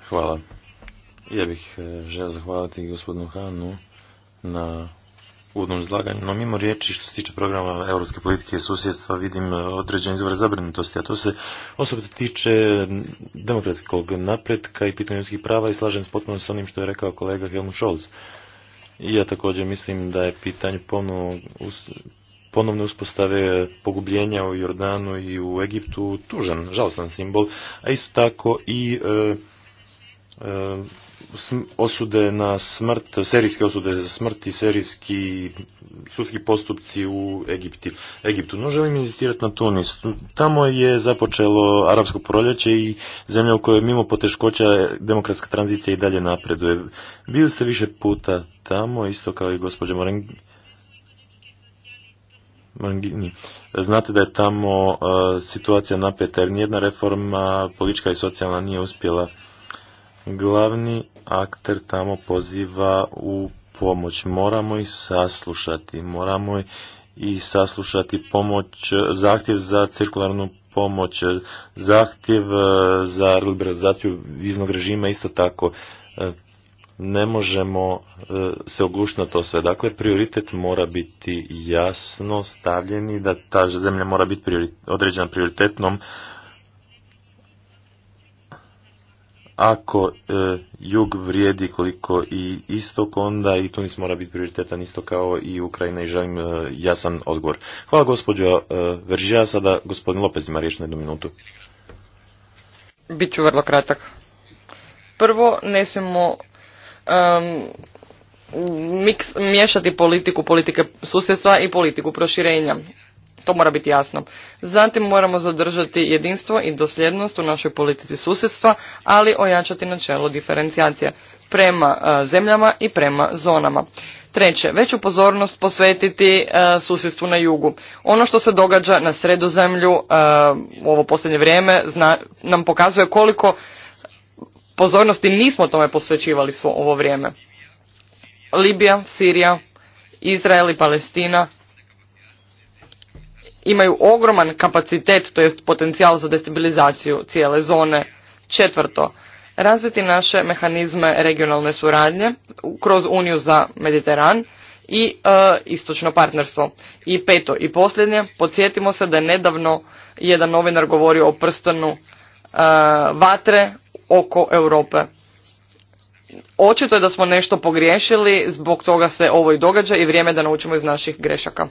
Hvala. Ja bih e, želio zahvaliti gospodinu Hanu na uvodnom izlaganju, no mimo riječi što se tiče programa europske politike i susjedstva vidim e, određene izvore zabrinutosti, a to se osobito tiče demokratskog napretka i pitanja ljudskih prava i slažem s potpuno s onim što je rekao kolega Helmut Scholz. I ja također mislim da je pitanje ponovne uspostave pogubljenja u Jordanu i u Egiptu tužan, žalostan simbol, a isto tako i e, e, osude na smrt, serijske osude za smrt i serijski sudski postupci u Egipti. Egiptu. No želim inzistirati na Tunis. Tamo je započelo arapsko proljeće i zemlja u kojoj mimo poteškoća demokratska tranzicija i dalje napreduje. Bili ste više puta tamo, isto kao i gospođa Znate da je tamo e, situacija napeta jer nijedna reforma politička i socijalna nije uspjela glavni akter tamo poziva u pomoć. Moramo i saslušati, moramo i saslušati pomoć, zahtjev za cirkularnu pomoć, zahtjev e, za liberalizaciju viznog režima isto tako. E, ne možemo e, se oglušiti na to sve. Dakle, prioritet mora biti jasno stavljeni, da ta zemlja mora biti određena prioritetnom ako e, jug vrijedi koliko i istok, onda i Tunis mora biti prioritetan isto kao i Ukrajina i želim e, jasan odgovor. Hvala gospođo e, Veržija, sada gospodin Lopez ima riječ na jednu minutu. Biću vrlo kratak. Prvo, ne smijemo um, miješati politiku politike susjedstva i politiku proširenja. To mora biti jasno. Zatim moramo zadržati jedinstvo i dosljednost u našoj politici susjedstva, ali ojačati načelo diferencijacije prema e, zemljama i prema zonama. Treće, veću pozornost posvetiti e, susjedstvu na jugu. Ono što se događa na sredu zemlju e, u ovo posljednje vrijeme nam pokazuje koliko pozornosti nismo tome posvećivali svo ovo vrijeme. Libija, Sirija, Izrael i Palestina imaju ogroman kapacitet, to jest potencijal za destabilizaciju cijele zone. Četvrto, razviti naše mehanizme regionalne suradnje kroz Uniju za Mediteran i e, istočno partnerstvo. I peto i posljednje, podsjetimo se da je nedavno jedan novinar govorio o prstanu e, vatre oko Europe. Očito je da smo nešto pogriješili, zbog toga se ovo i događa i vrijeme da naučimo iz naših grešaka.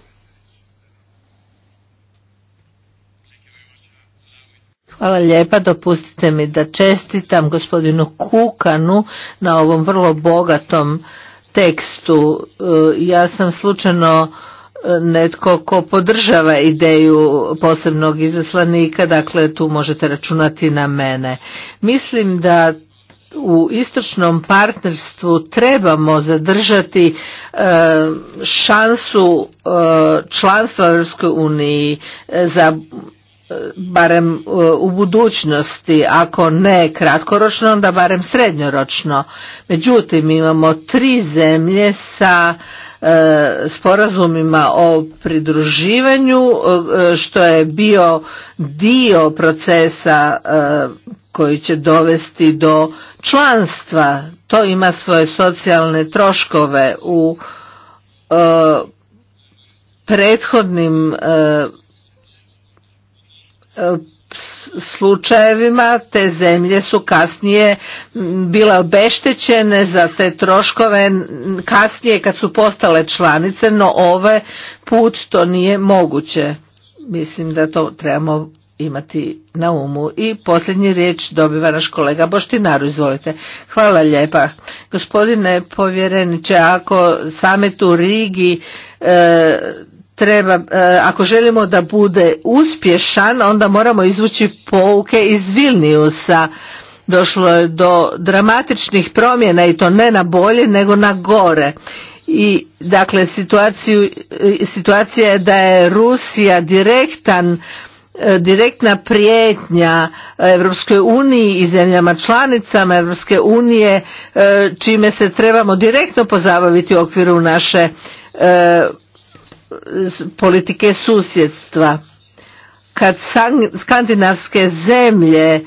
Hvala lijepa, dopustite mi da čestitam gospodinu Kukanu na ovom vrlo bogatom tekstu. E, ja sam slučajno e, netko ko podržava ideju posebnog izaslanika, dakle tu možete računati na mene. Mislim da u istočnom partnerstvu trebamo zadržati e, šansu članstva u Europskoj uniji za barem e, u budućnosti, ako ne kratkoročno, onda barem srednjoročno. Međutim, imamo tri zemlje sa e, sporazumima o pridruživanju e, što je bio dio procesa koji će dovesti do članstva to ima svoje socijalne troškove u prethodnim slučajevima te zemlje su kasnije bile obeštećene za te troškove kasnije kad su postale članice, no ovaj put to nije moguće. Mislim da to trebamo imati na umu. I posljednji riječ dobiva naš kolega Boštinaru, izvolite. Hvala lijepa. Gospodine povjereniče, ako same tu Rigi e, treba, e, ako želimo da bude uspješan, onda moramo izvući pouke iz Vilniusa. Došlo je do dramatičnih promjena i to ne na bolje, nego na gore. I dakle e, situacija je da je Rusija direktan e, direktna prijetnja Europskoj uniji i zemljama članicama Europske unije čime se trebamo direktno pozabaviti u okviru naše politike susjedstva. Kad skandinavske zemlje e,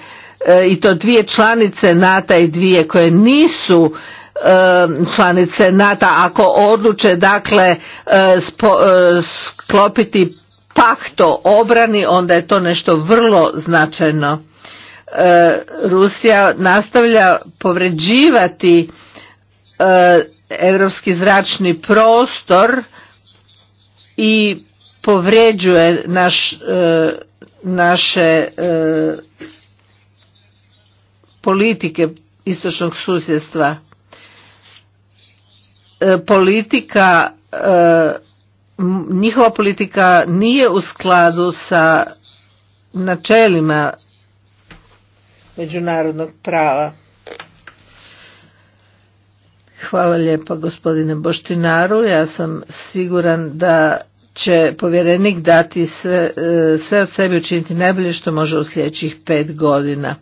i to dvije članice NATO i dvije koje nisu e, članice NATO ako odluče dakle e, sklopiti pakt obrani onda je to nešto vrlo značajno. Rusija nastavlja povređivati europski zračni prostor i povređuje naš, e, naše e, politike istočnog susjedstva. E, politika, njihova politika nije u skladu sa načelima međunarodnog prava. Hvala lijepa gospodine Boštinaru. Ja sam siguran da će povjerenik dati sve, e, sve od sebi učiniti najbolje što može u sljedećih pet godina.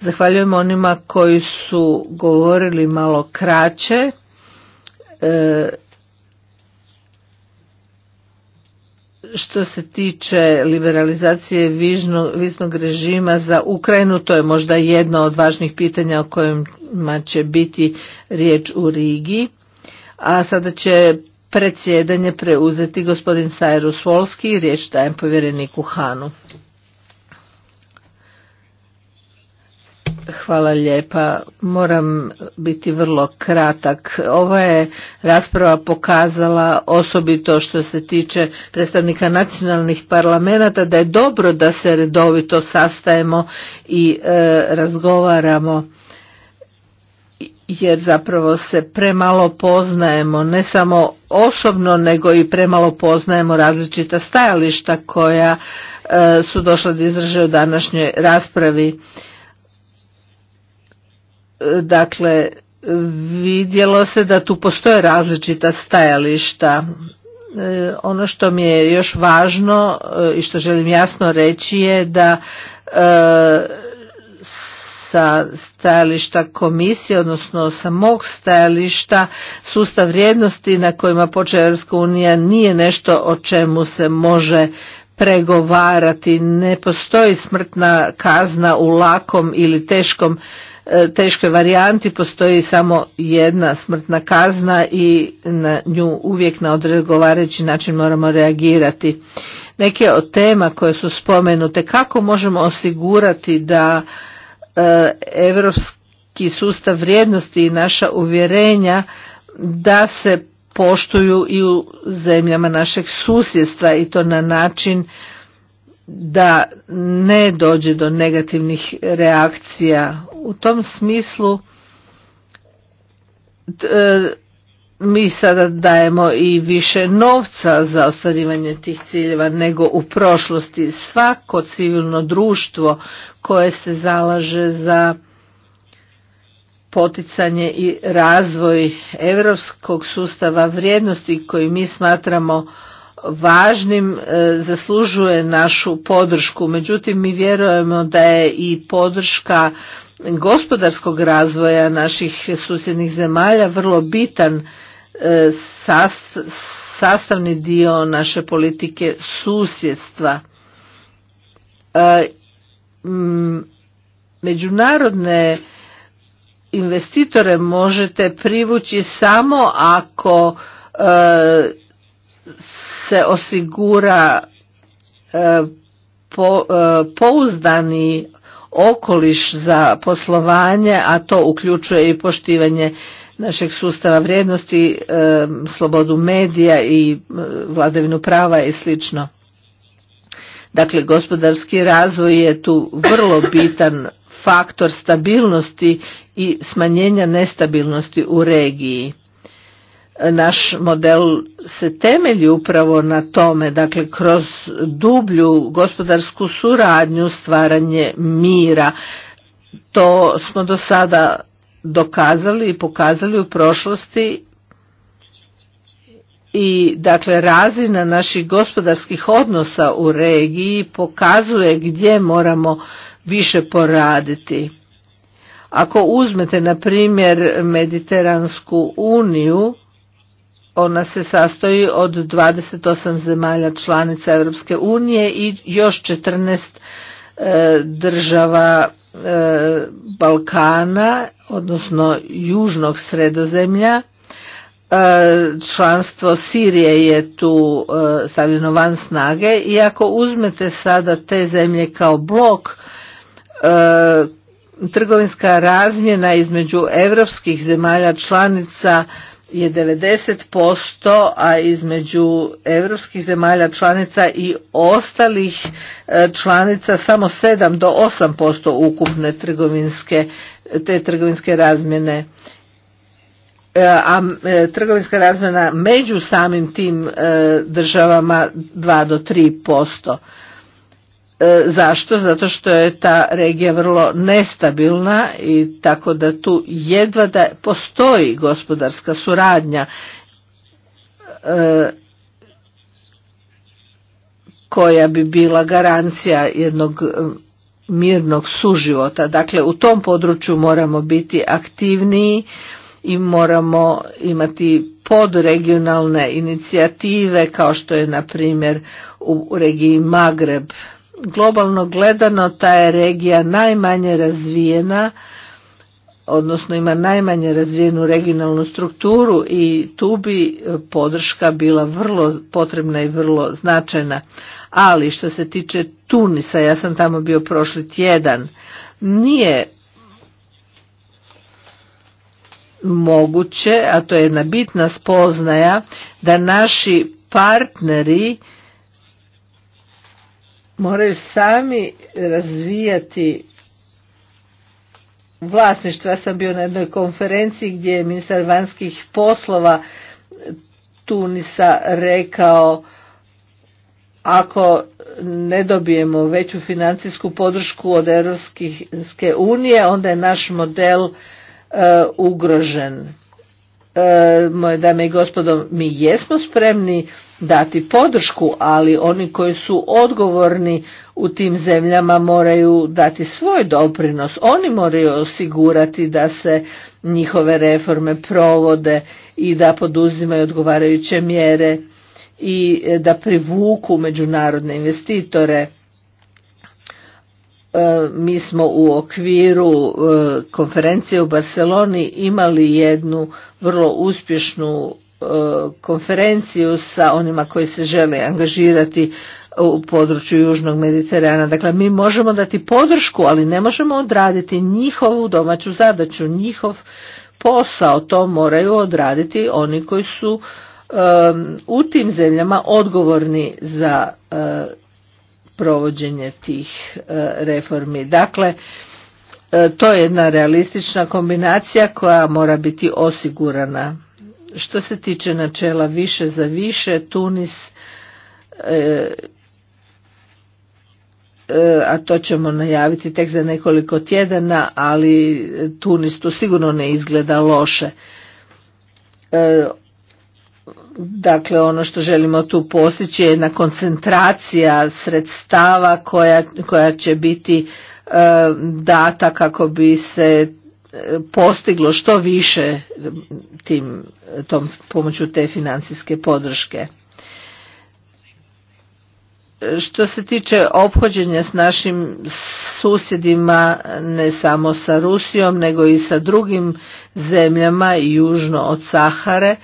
Zahvaljujem onima koji su govorili malo kraće. E, što se tiče liberalizacije viznog režima za Ukrajinu, to je možda jedno od važnih pitanja o kojima će biti riječ u Rigi. A sada će predsjedanje preuzeti gospodin Sajrus Volski i riječ dajem povjereniku Hanu. Hvala lijepa. Moram biti vrlo kratak. Ova je rasprava pokazala osobito što se tiče predstavnika nacionalnih parlamenta da je dobro da se redovito sastajemo i e, razgovaramo jer zapravo se premalo poznajemo, ne samo osobno, nego i premalo poznajemo različita stajališta koja e, su došla do izražaja u današnjoj raspravi Dakle, vidjelo se da tu postoje različita stajališta. E, ono što mi je još važno e, i što želim jasno reći je da e, sa stajališta komisije, odnosno sa mog stajališta, sustav vrijednosti na kojima poče Europska unija nije nešto o čemu se može pregovarati. Ne postoji smrtna kazna u lakom ili teškom E, teškoj varijanti postoji samo jedna smrtna kazna i na nju uvijek na odgovarajući način moramo reagirati. Neke od tema koje su spomenute, kako možemo osigurati da e, evropski sustav vrijednosti i naša uvjerenja da se poštuju i u zemljama našeg susjedstva i to na način da ne dođe do negativnih reakcija u tom smislu e, mi sada dajemo i više novca za ostvarivanje tih ciljeva nego u prošlosti. Svako civilno društvo koje se zalaže za poticanje i razvoj europskog sustava vrijednosti koji mi smatramo važnim e, zaslužuje našu podršku. Međutim, mi vjerujemo da je i podrška gospodarskog razvoja naših susjednih zemalja vrlo bitan e, sastavni dio naše politike susjedstva. E, međunarodne investitore možete privući samo ako e, se osigura pouzdani okoliš za poslovanje, a to uključuje i poštivanje našeg sustava vrijednosti, slobodu medija i vladavinu prava i slično. Dakle, gospodarski razvoj je tu vrlo bitan faktor stabilnosti i smanjenja nestabilnosti u regiji naš model se temelji upravo na tome, dakle kroz dublju gospodarsku suradnju, stvaranje mira. To smo do sada dokazali i pokazali u prošlosti i dakle razina naših gospodarskih odnosa u regiji pokazuje gdje moramo više poraditi. Ako uzmete na primjer Mediteransku uniju, ona se sastoji od 28 zemalja članica Europske unije i još 14 e, država e, Balkana, odnosno južnog sredozemlja. E, članstvo Sirije je tu stavljeno van snage i ako uzmete sada te zemlje kao blok trgovinska razmjena između europskih zemalja članica je 90%, a između evropskih zemalja članica i ostalih e, članica samo 7 do 8% ukupne trgovinske, te trgovinske razmjene. E, a e, trgovinska razmjena među samim tim državama 2 do 3%. E, zašto? Zato što je ta regija vrlo nestabilna i tako da tu jedva da postoji gospodarska suradnja e, koja bi bila garancija jednog e, mirnog suživota. Dakle, u tom području moramo biti aktivniji i moramo imati podregionalne inicijative kao što je na primjer u regiji Magreb globalno gledano ta je regija najmanje razvijena, odnosno ima najmanje razvijenu regionalnu strukturu i tu bi e, podrška bila vrlo potrebna i vrlo značajna. Ali što se tiče Tunisa, ja sam tamo bio prošli tjedan, nije moguće, a to je jedna bitna spoznaja, da naši partneri moraju sami razvijati vlasništvo. Ja sam bio na jednoj konferenciji gdje je ministar vanjskih poslova Tunisa rekao ako ne dobijemo veću financijsku podršku od Europske unije, onda je naš model e, ugrožen. E, moje dame i gospodo, mi jesmo spremni dati podršku, ali oni koji su odgovorni u tim zemljama moraju dati svoj doprinos. Oni moraju osigurati da se njihove reforme provode i da poduzimaju odgovarajuće mjere i e, da privuku međunarodne investitore. E, mi smo u okviru e, konferencije u Barceloni imali jednu vrlo uspješnu konferenciju sa onima koji se žele angažirati u području Južnog Mediterana. Dakle, mi možemo dati podršku, ali ne možemo odraditi njihovu domaću zadaću, njihov posao. To moraju odraditi oni koji su u tim zemljama odgovorni za eh, provođenje tih eh, reformi. Dakle, eh, to je jedna realistična kombinacija koja mora biti osigurana. Što se tiče načela više za više, Tunis, e, e, a to ćemo najaviti tek za nekoliko tjedana, ali Tunis tu sigurno ne izgleda loše. E, dakle ono što želimo tu postići je jedna koncentracija sredstava koja, će biti data kako bi se postiglo što više tim, tom, pomoću te financijske podrške. Što se tiče ophođenja s našim susjedima, ne samo sa Rusijom, nego i sa drugim zemljama južno od Sahare,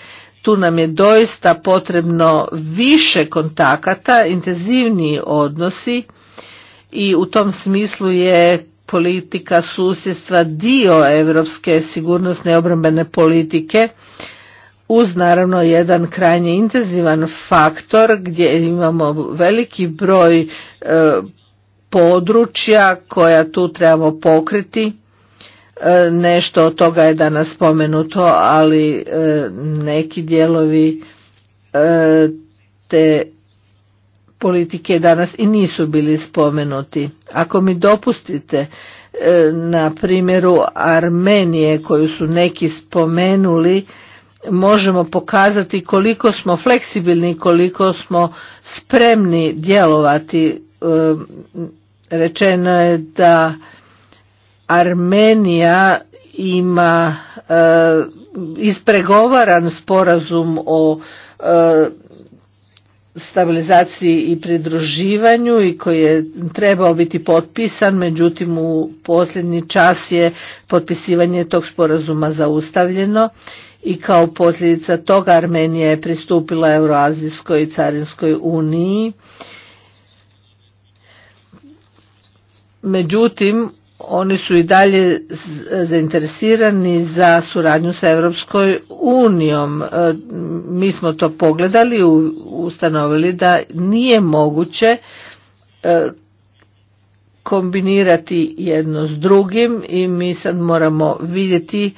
tu nam je doista potrebno više kontakata, intenzivniji odnosi i u tom smislu je politika susjedstva dio europske sigurnosne i obrambene politike uz naravno jedan krajnje intenzivan faktor gdje imamo veliki broj e, područja koja tu trebamo pokriti. E, nešto od toga je danas spomenuto, ali e, neki dijelovi te politike danas i nisu bili spomenuti. Ako mi dopustite e, na primjeru Armenije koju su neki spomenuli, možemo pokazati koliko smo fleksibilni, koliko smo spremni djelovati. E, rečeno je da Armenija ima e, ispregovaran sporazum o stabilizaciji i pridruživanju i koji je trebao biti potpisan, međutim u posljednji čas je potpisivanje tog sporazuma zaustavljeno i kao posljedica toga Armenija je pristupila Euroazijskoj i Carinskoj uniji. Međutim, oni su i dalje zainteresirani za suradnju sa Europskoj unijom. E, mi smo to pogledali i ustanovili da nije moguće e, kombinirati jedno s drugim i mi sad moramo vidjeti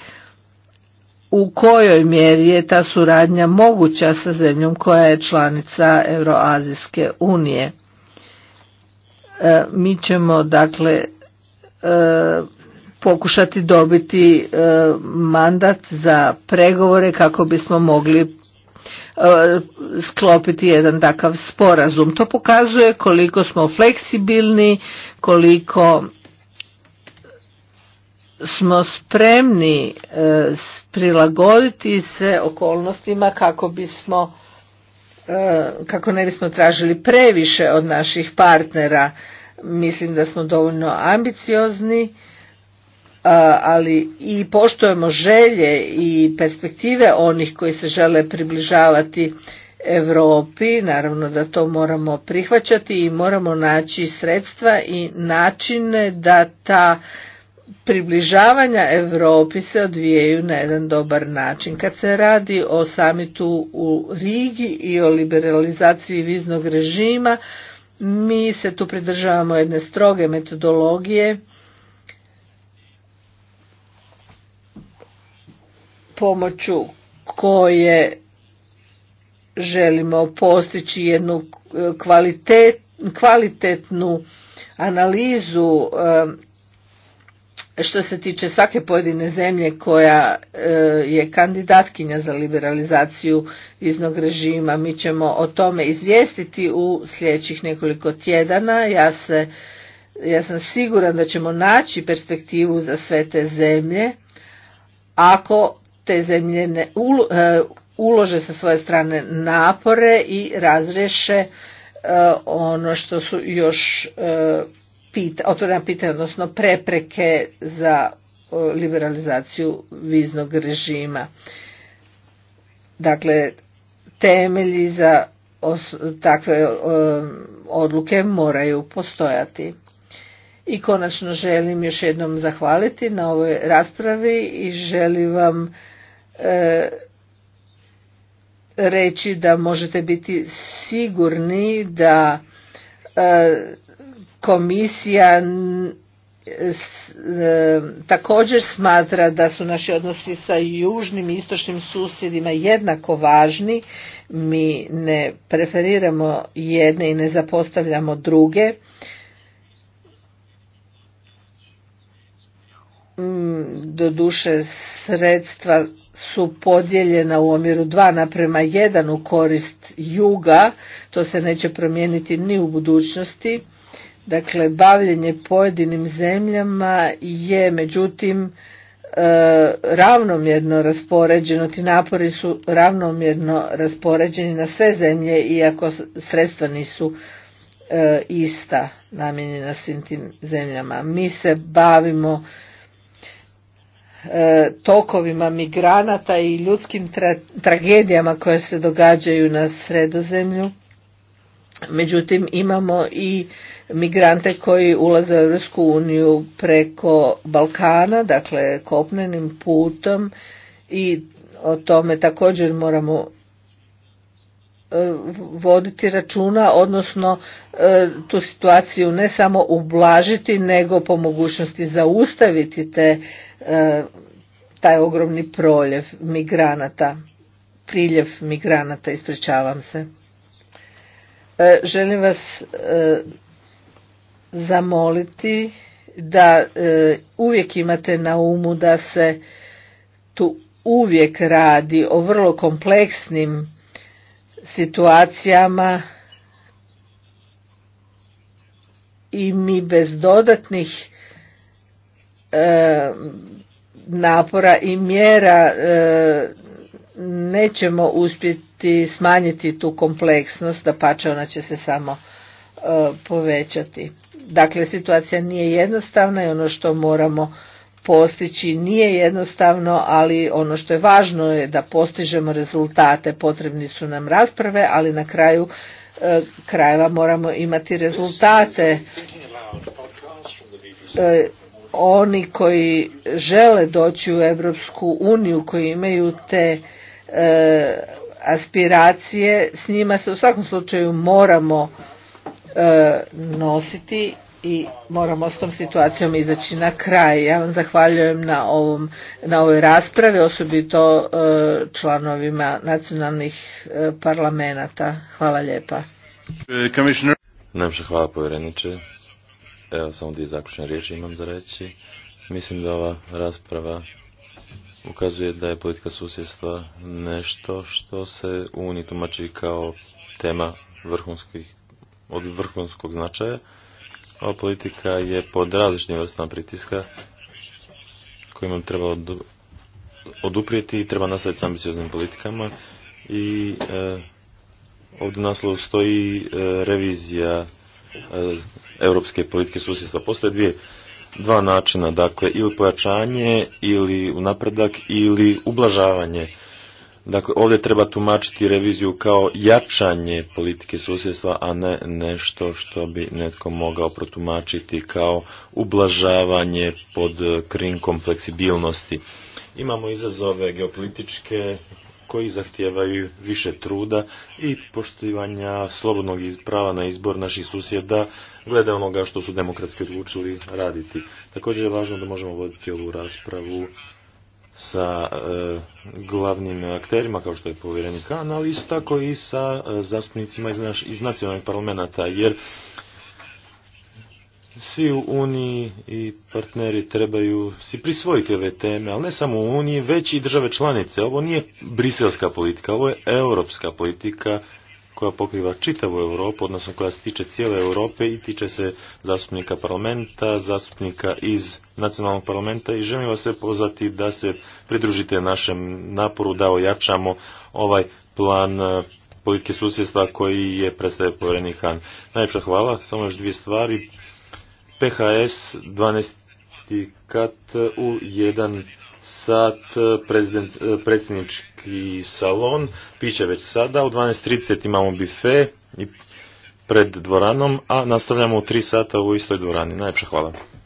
u kojoj mjeri je ta suradnja moguća sa zemljom koja je članica Euroazijske unije. E, mi ćemo dakle E, pokušati dobiti e, mandat za pregovore kako bismo mogli e, sklopiti jedan takav sporazum. To pokazuje koliko smo fleksibilni, koliko smo spremni prilagoditi se okolnostima kako bismo kako ne bismo tražili previše od naših partnera Mislim da smo dovoljno ambiciozni, e, ali i poštujemo želje i perspektive onih koji se žele približavati Europi, naravno da to moramo prihvaćati i moramo naći sredstva i načine da ta približavanja Europi se odvijaju na jedan dobar način. Kad se radi o samitu u Rigi i o liberalizaciji viznog režima, mi se tu pridržavamo jedne stroge metodologije. pomoću koje želimo postići jednu eh, kvalitet, kvalitetnu analizu eh, što se tiče svake pojedine zemlje koja e, je kandidatkinja za liberalizaciju viznog režima. Mi ćemo o tome izvijestiti u sljedećih nekoliko tjedana. Ja, se, ja sam siguran da ćemo naći perspektivu za sve te zemlje ako te zemlje ne e, ulože sa svoje strane napore i razreše e, ono što su još pita, otvorena pitanja, odnosno prepreke za e, liberalizaciju viznog režima. Dakle, temelji za takve e, odluke moraju postojati. I konačno želim još jednom zahvaliti na ovoj raspravi i želim vam e, reći da možete biti sigurni da komisija e, također smatra da su naši odnosi sa južnim i istočnim susjedima jednako važni. Mi ne preferiramo jedne i ne zapostavljamo druge. Mm, doduše sredstva su podijeljena u omjeru 2 naprema jedan u korist juga. To se neće promijeniti ni u budućnosti. Dakle, bavljenje pojedinim zemljama je međutim e, ravnomjerno raspoređeno, ti napori su ravnomjerno raspoređeni na sve zemlje iako sredstva nisu e, ista namijenjena svim tim zemljama. Mi se bavimo e, tokovima migranata i ljudskim tragedijama koje se događaju na sredozemlju. Međutim, imamo i migrante koji ulaze u Europsku uniju preko Balkana, dakle kopnenim putom i o tome također moramo e, voditi računa, odnosno e, tu situaciju ne samo ublažiti, nego po mogućnosti zaustaviti te, e, taj ogromni proljev migranata, priljev migranata, ispričavam se. Želim vas zamoliti da e, uvijek imate na umu da se tu uvijek radi o vrlo kompleksnim situacijama i mi bez dodatnih e, napora i mjera e, nećemo uspjeti smanjiti tu kompleksnost, da pače ona će se samo povećati. Dakle, situacija nije jednostavna i ono što moramo postići nije jednostavno, ali ono što je važno je da postižemo rezultate, potrebni su nam rasprave, ali na kraju e, krajeva moramo imati rezultate. E, oni koji žele doći u Europsku uniju, koji imaju te e, aspiracije, s njima se u svakom slučaju moramo E, nositi i moramo s tom situacijom izaći na kraj. Ja vam zahvaljujem na, ovom, na ovoj raspravi, osobito e, članovima nacionalnih e, parlamenta. Hvala lijepa. Najpša hvala povjereniče. Evo samo dvije zaključne riječi imam za reći. Mislim da ova rasprava ukazuje da je politika susjedstva nešto što se u Uniji tumači kao tema vrhunskih od vrhunskog značaja. Ova politika je pod različnim vrstama pritiska kojima treba oduprijeti i treba nastaviti s ambicioznim politikama i e, ovdje naslov stoji e, revizija e, europske politike susjedstva. Postoje dvije, dva načina, dakle ili pojačanje ili napredak ili ublažavanje Dakle, ovdje treba tumačiti reviziju kao jačanje politike susjedstva, a ne nešto što bi netko mogao protumačiti kao ublažavanje pod krinkom fleksibilnosti. Imamo izazove geopolitičke koji zahtijevaju više truda i poštivanja slobodnog prava na izbor naših susjeda glede onoga što su demokratski odlučili raditi. Također je važno da možemo voditi ovu raspravu sa e, glavnim akterima kao što je povjerenik kanal, ali isto tako i sa e, zastupnicima iz, iz nacionalnih parlamenta, jer svi u Uniji i partneri trebaju si prisvojiti ove teme, ali ne samo u Uniji, već i države članice. Ovo nije briselska politika, ovo je europska politika koja pokriva čitavu Europu, odnosno koja se tiče cijele Europe i tiče se zastupnika parlamenta, zastupnika iz nacionalnog parlamenta i želim vas sve pozvati da se pridružite našem naporu da ojačamo ovaj plan eh, politike susjedstva koji je predstavio povjerenik Han. Najljepša hvala, samo još dvije stvari. PHS 12. kat u 1 sat e, e, predsjednički salon, piće već sada, u 12.30 imamo bife i pred dvoranom, a nastavljamo u 3 sata u istoj dvorani. Najljepša hvala.